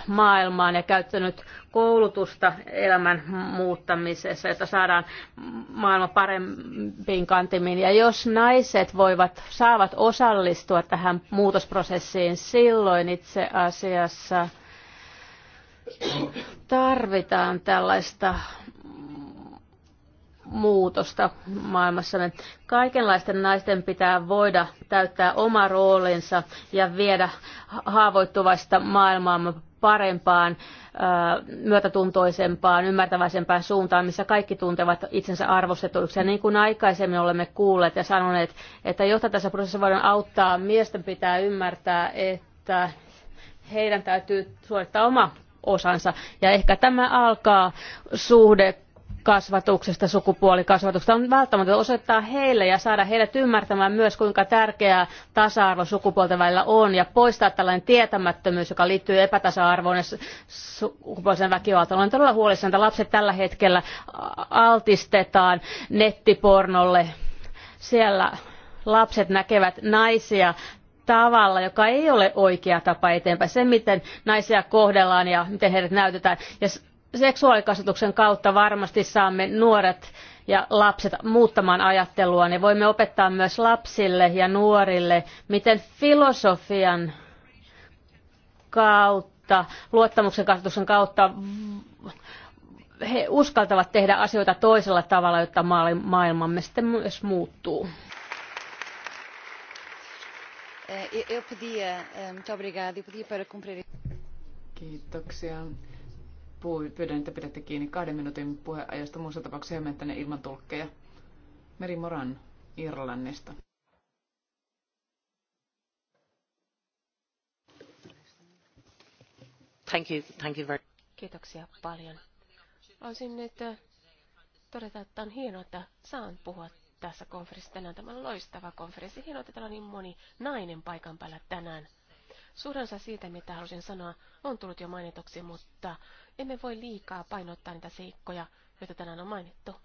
maailmaan ja käyttänyt koulutusta elämän muuttamisessa, että saadaan maailma parempiin kantimiin. Ja jos naiset voivat, saavat osallistua tähän muutosprosessiin, silloin itse asiassa tarvitaan tällaista muutosta maailmassa. Kaikenlaisten naisten pitää voida täyttää oma roolinsa ja viedä haavoittuvaista maailmaamme parempaan, myötätuntoisempaan, ymmärtäväisempään suuntaan, missä kaikki tuntevat itsensä arvostetuiksi. Ja niin kuin aikaisemmin olemme kuulleet ja sanoneet, että jotta tässä prosessissa voidaan auttaa, miesten pitää ymmärtää, että heidän täytyy suorittaa oma osansa. Ja ehkä tämä alkaa suhde kasvatuksesta, sukupuolikasvatuksesta. On välttämätöntä osoittaa heille ja saada heidät ymmärtämään myös, kuinka tärkeää tasa-arvo sukupuolten välillä on ja poistaa tällainen tietämättömyys, joka liittyy epätasa-arvoon ja sukupuolisen väkivaltaan. Olen todella huolissani, että lapset tällä hetkellä altistetaan nettipornolle. Siellä lapset näkevät naisia tavalla, joka ei ole oikea tapa eteenpäin. Se, miten naisia kohdellaan ja miten heidät näytetään. Ja seksuaalikasvatuksen kautta varmasti saamme nuoret ja lapset muuttamaan ajattelua, niin voimme opettaa myös lapsille ja nuorille, miten filosofian kautta, luottamuksen kasvatuksen kautta he uskaltavat tehdä asioita toisella tavalla, jotta maailmamme sitten myös muuttuu. Eh, e- eh, Kiitoksia pyydän, että pidätte kiinni kahden minuutin puheajasta. Muussa tapauksessa jäämme tänne ilman tulkkeja. Meri Moran Irlannista. Thank you, thank you very... Kiitoksia paljon. Olisin nyt äh, todeta, että on hienoa, että saan puhua tässä konferenssissa tänään. Tämä on loistava konferenssi. Hienoa, että täällä on niin moni nainen paikan päällä tänään. Suuransa siitä, mitä halusin sanoa, on tullut jo mainituksi, mutta emme voi liikaa painottaa niitä seikkoja, joita tänään on mainittu.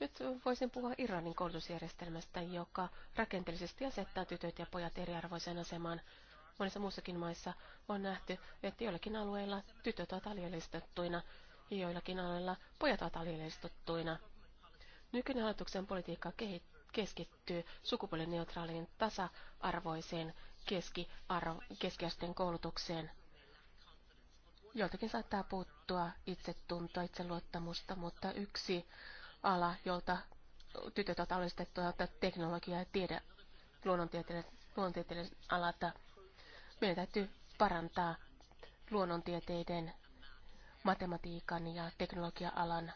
Nyt voisin puhua Iranin koulutusjärjestelmästä, joka rakenteellisesti asettaa tytöt ja pojat eriarvoiseen asemaan. Monissa muissakin maissa on nähty, että joillakin alueilla tytöt ovat aliedustettuina ja joillakin alueilla pojat ovat aliedustettuina. Nykyinen hallituksen politiikka kehittää keskittyy sukupuolineutraaliin tasa-arvoiseen keskiarvo, keskiasteen koulutukseen. Joltakin saattaa puuttua itsetuntoa, itseluottamusta, mutta yksi ala, jolta tytöt ovat alistettu, on teknologia ja tiede, luonnontieteelliset, luonnontieteelliset alata. Meidän täytyy parantaa luonnontieteiden, matematiikan ja teknologia-alan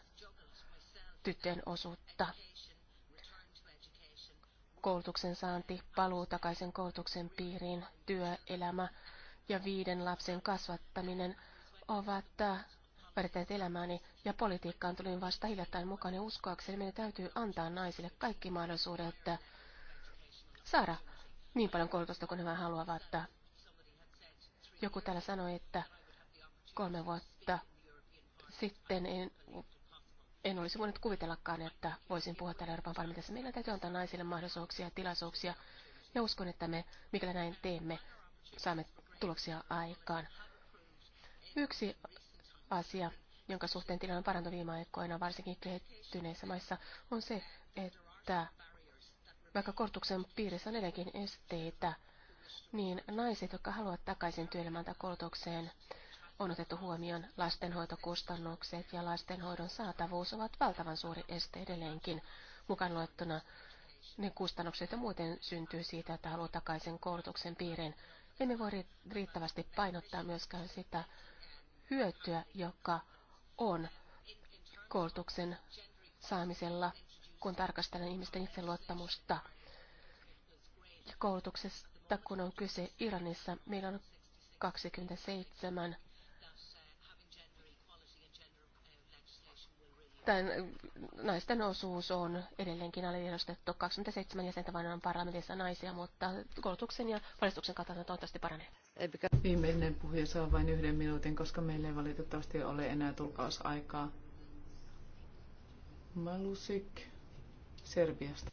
tyttöjen osuutta koulutuksen saanti, paluu takaisin koulutuksen piiriin, työelämä ja viiden lapsen kasvattaminen ovat värittäneet äh, elämääni ja politiikkaan tulin vasta hiljattain mukaan ja uskoakseni meidän täytyy antaa naisille kaikki mahdollisuudet äh, saada niin paljon koulutusta kuin he haluavat. Joku täällä sanoi, että kolme vuotta sitten en en olisi voinut kuvitellakaan, että voisin puhua täällä Euroopan parlamentissa. Meillä täytyy antaa naisille mahdollisuuksia, tilaisuuksia. Ja uskon, että me, mikäli näin teemme, saamme tuloksia aikaan. Yksi asia, jonka suhteen tilanne on parantunut viime aikoina, varsinkin kehittyneissä maissa, on se, että vaikka kortuksen piirissä on edelleenkin esteitä, niin naiset, jotka haluavat takaisin työelämään tai koulutukseen, on otettu huomioon lastenhoitokustannukset ja lastenhoidon saatavuus ovat valtavan suuri este edelleenkin mukaan luettuna ne kustannukset ja muuten syntyy siitä, että haluaa takaisin koulutuksen piiriin. Emme voi riittävästi painottaa myöskään sitä hyötyä, joka on koulutuksen saamisella, kun tarkastellaan ihmisten itseluottamusta. koulutuksesta, kun on kyse Iranissa, meillä on 27 tämän äh, naisten osuus on edelleenkin aliedustettu. 27 jäsentä vain on parlamentissa naisia, mutta koulutuksen ja valistuksen kautta toivottavasti paranee. Viimeinen puhuja saa vain yhden minuutin, koska meillä ei valitettavasti ole enää tulkausaikaa. Malusik Serbiasta.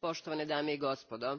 Poštovane dame i gospodo,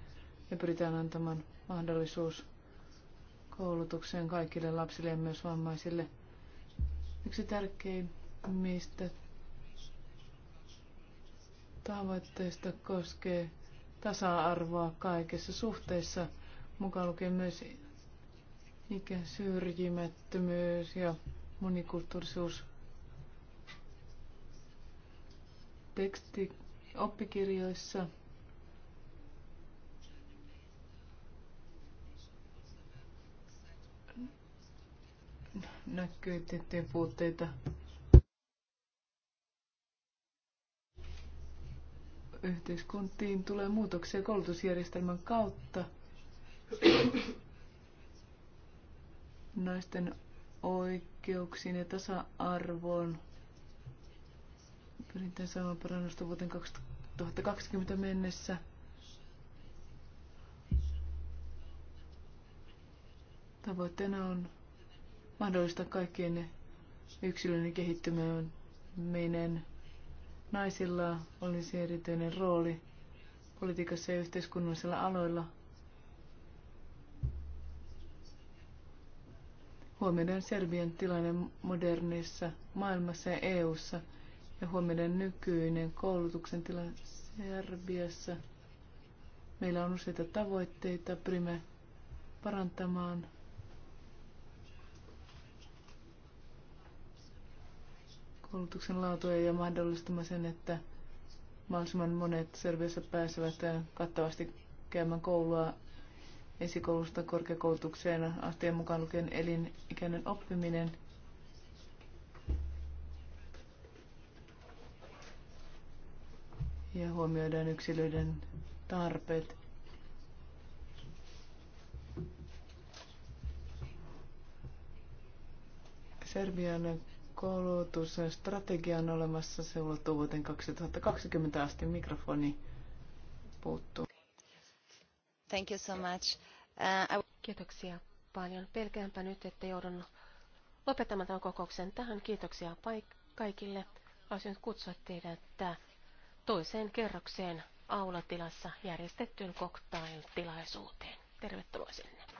Me pyritään antamaan mahdollisuus koulutukseen kaikille lapsille ja myös vammaisille. Yksi tärkeimmistä tavoitteista koskee tasa-arvoa kaikessa suhteessa, mukaan lukien myös ikäsyrjimättömyys ja monikulttuurisuus. Teksti oppikirjoissa – näkyy tiettyjä puutteita. Yhteiskuntiin tulee muutoksia koulutusjärjestelmän kautta. Naisten oikeuksiin ja tasa-arvoon pyritään saamaan parannusta vuoteen 2020 mennessä. Tavoitteena on mahdollistaa kaikkien yksilön kehittyminen. Naisilla olisi erityinen rooli politiikassa ja yhteiskunnallisilla aloilla. Huomioidaan Serbian tilanne modernissa maailmassa ja EU:ssa ja huomioidaan nykyinen koulutuksen tila Serbiassa. Meillä on useita tavoitteita pyrimme parantamaan koulutuksen laatua ja mahdollistamaan sen, että mahdollisimman monet Serbiassa pääsevät kattavasti käymään koulua esikoulusta korkeakoulutukseen asteen mukaan lukien elinikäinen oppiminen. Ja huomioidaan yksilöiden tarpeet. Serbian koulutusstrategia on olemassa. Se ulottuu vuoteen 2020 asti. Mikrofoni puuttuu. Thank you so much. Uh, I... Kiitoksia paljon. Pelkäänpä nyt, että joudun lopettamaan tämän kokouksen tähän. Kiitoksia kaikille. Haluaisin kutsua teidät toiseen kerrokseen aulatilassa järjestettyyn cocktail-tilaisuuteen. Tervetuloa sinne.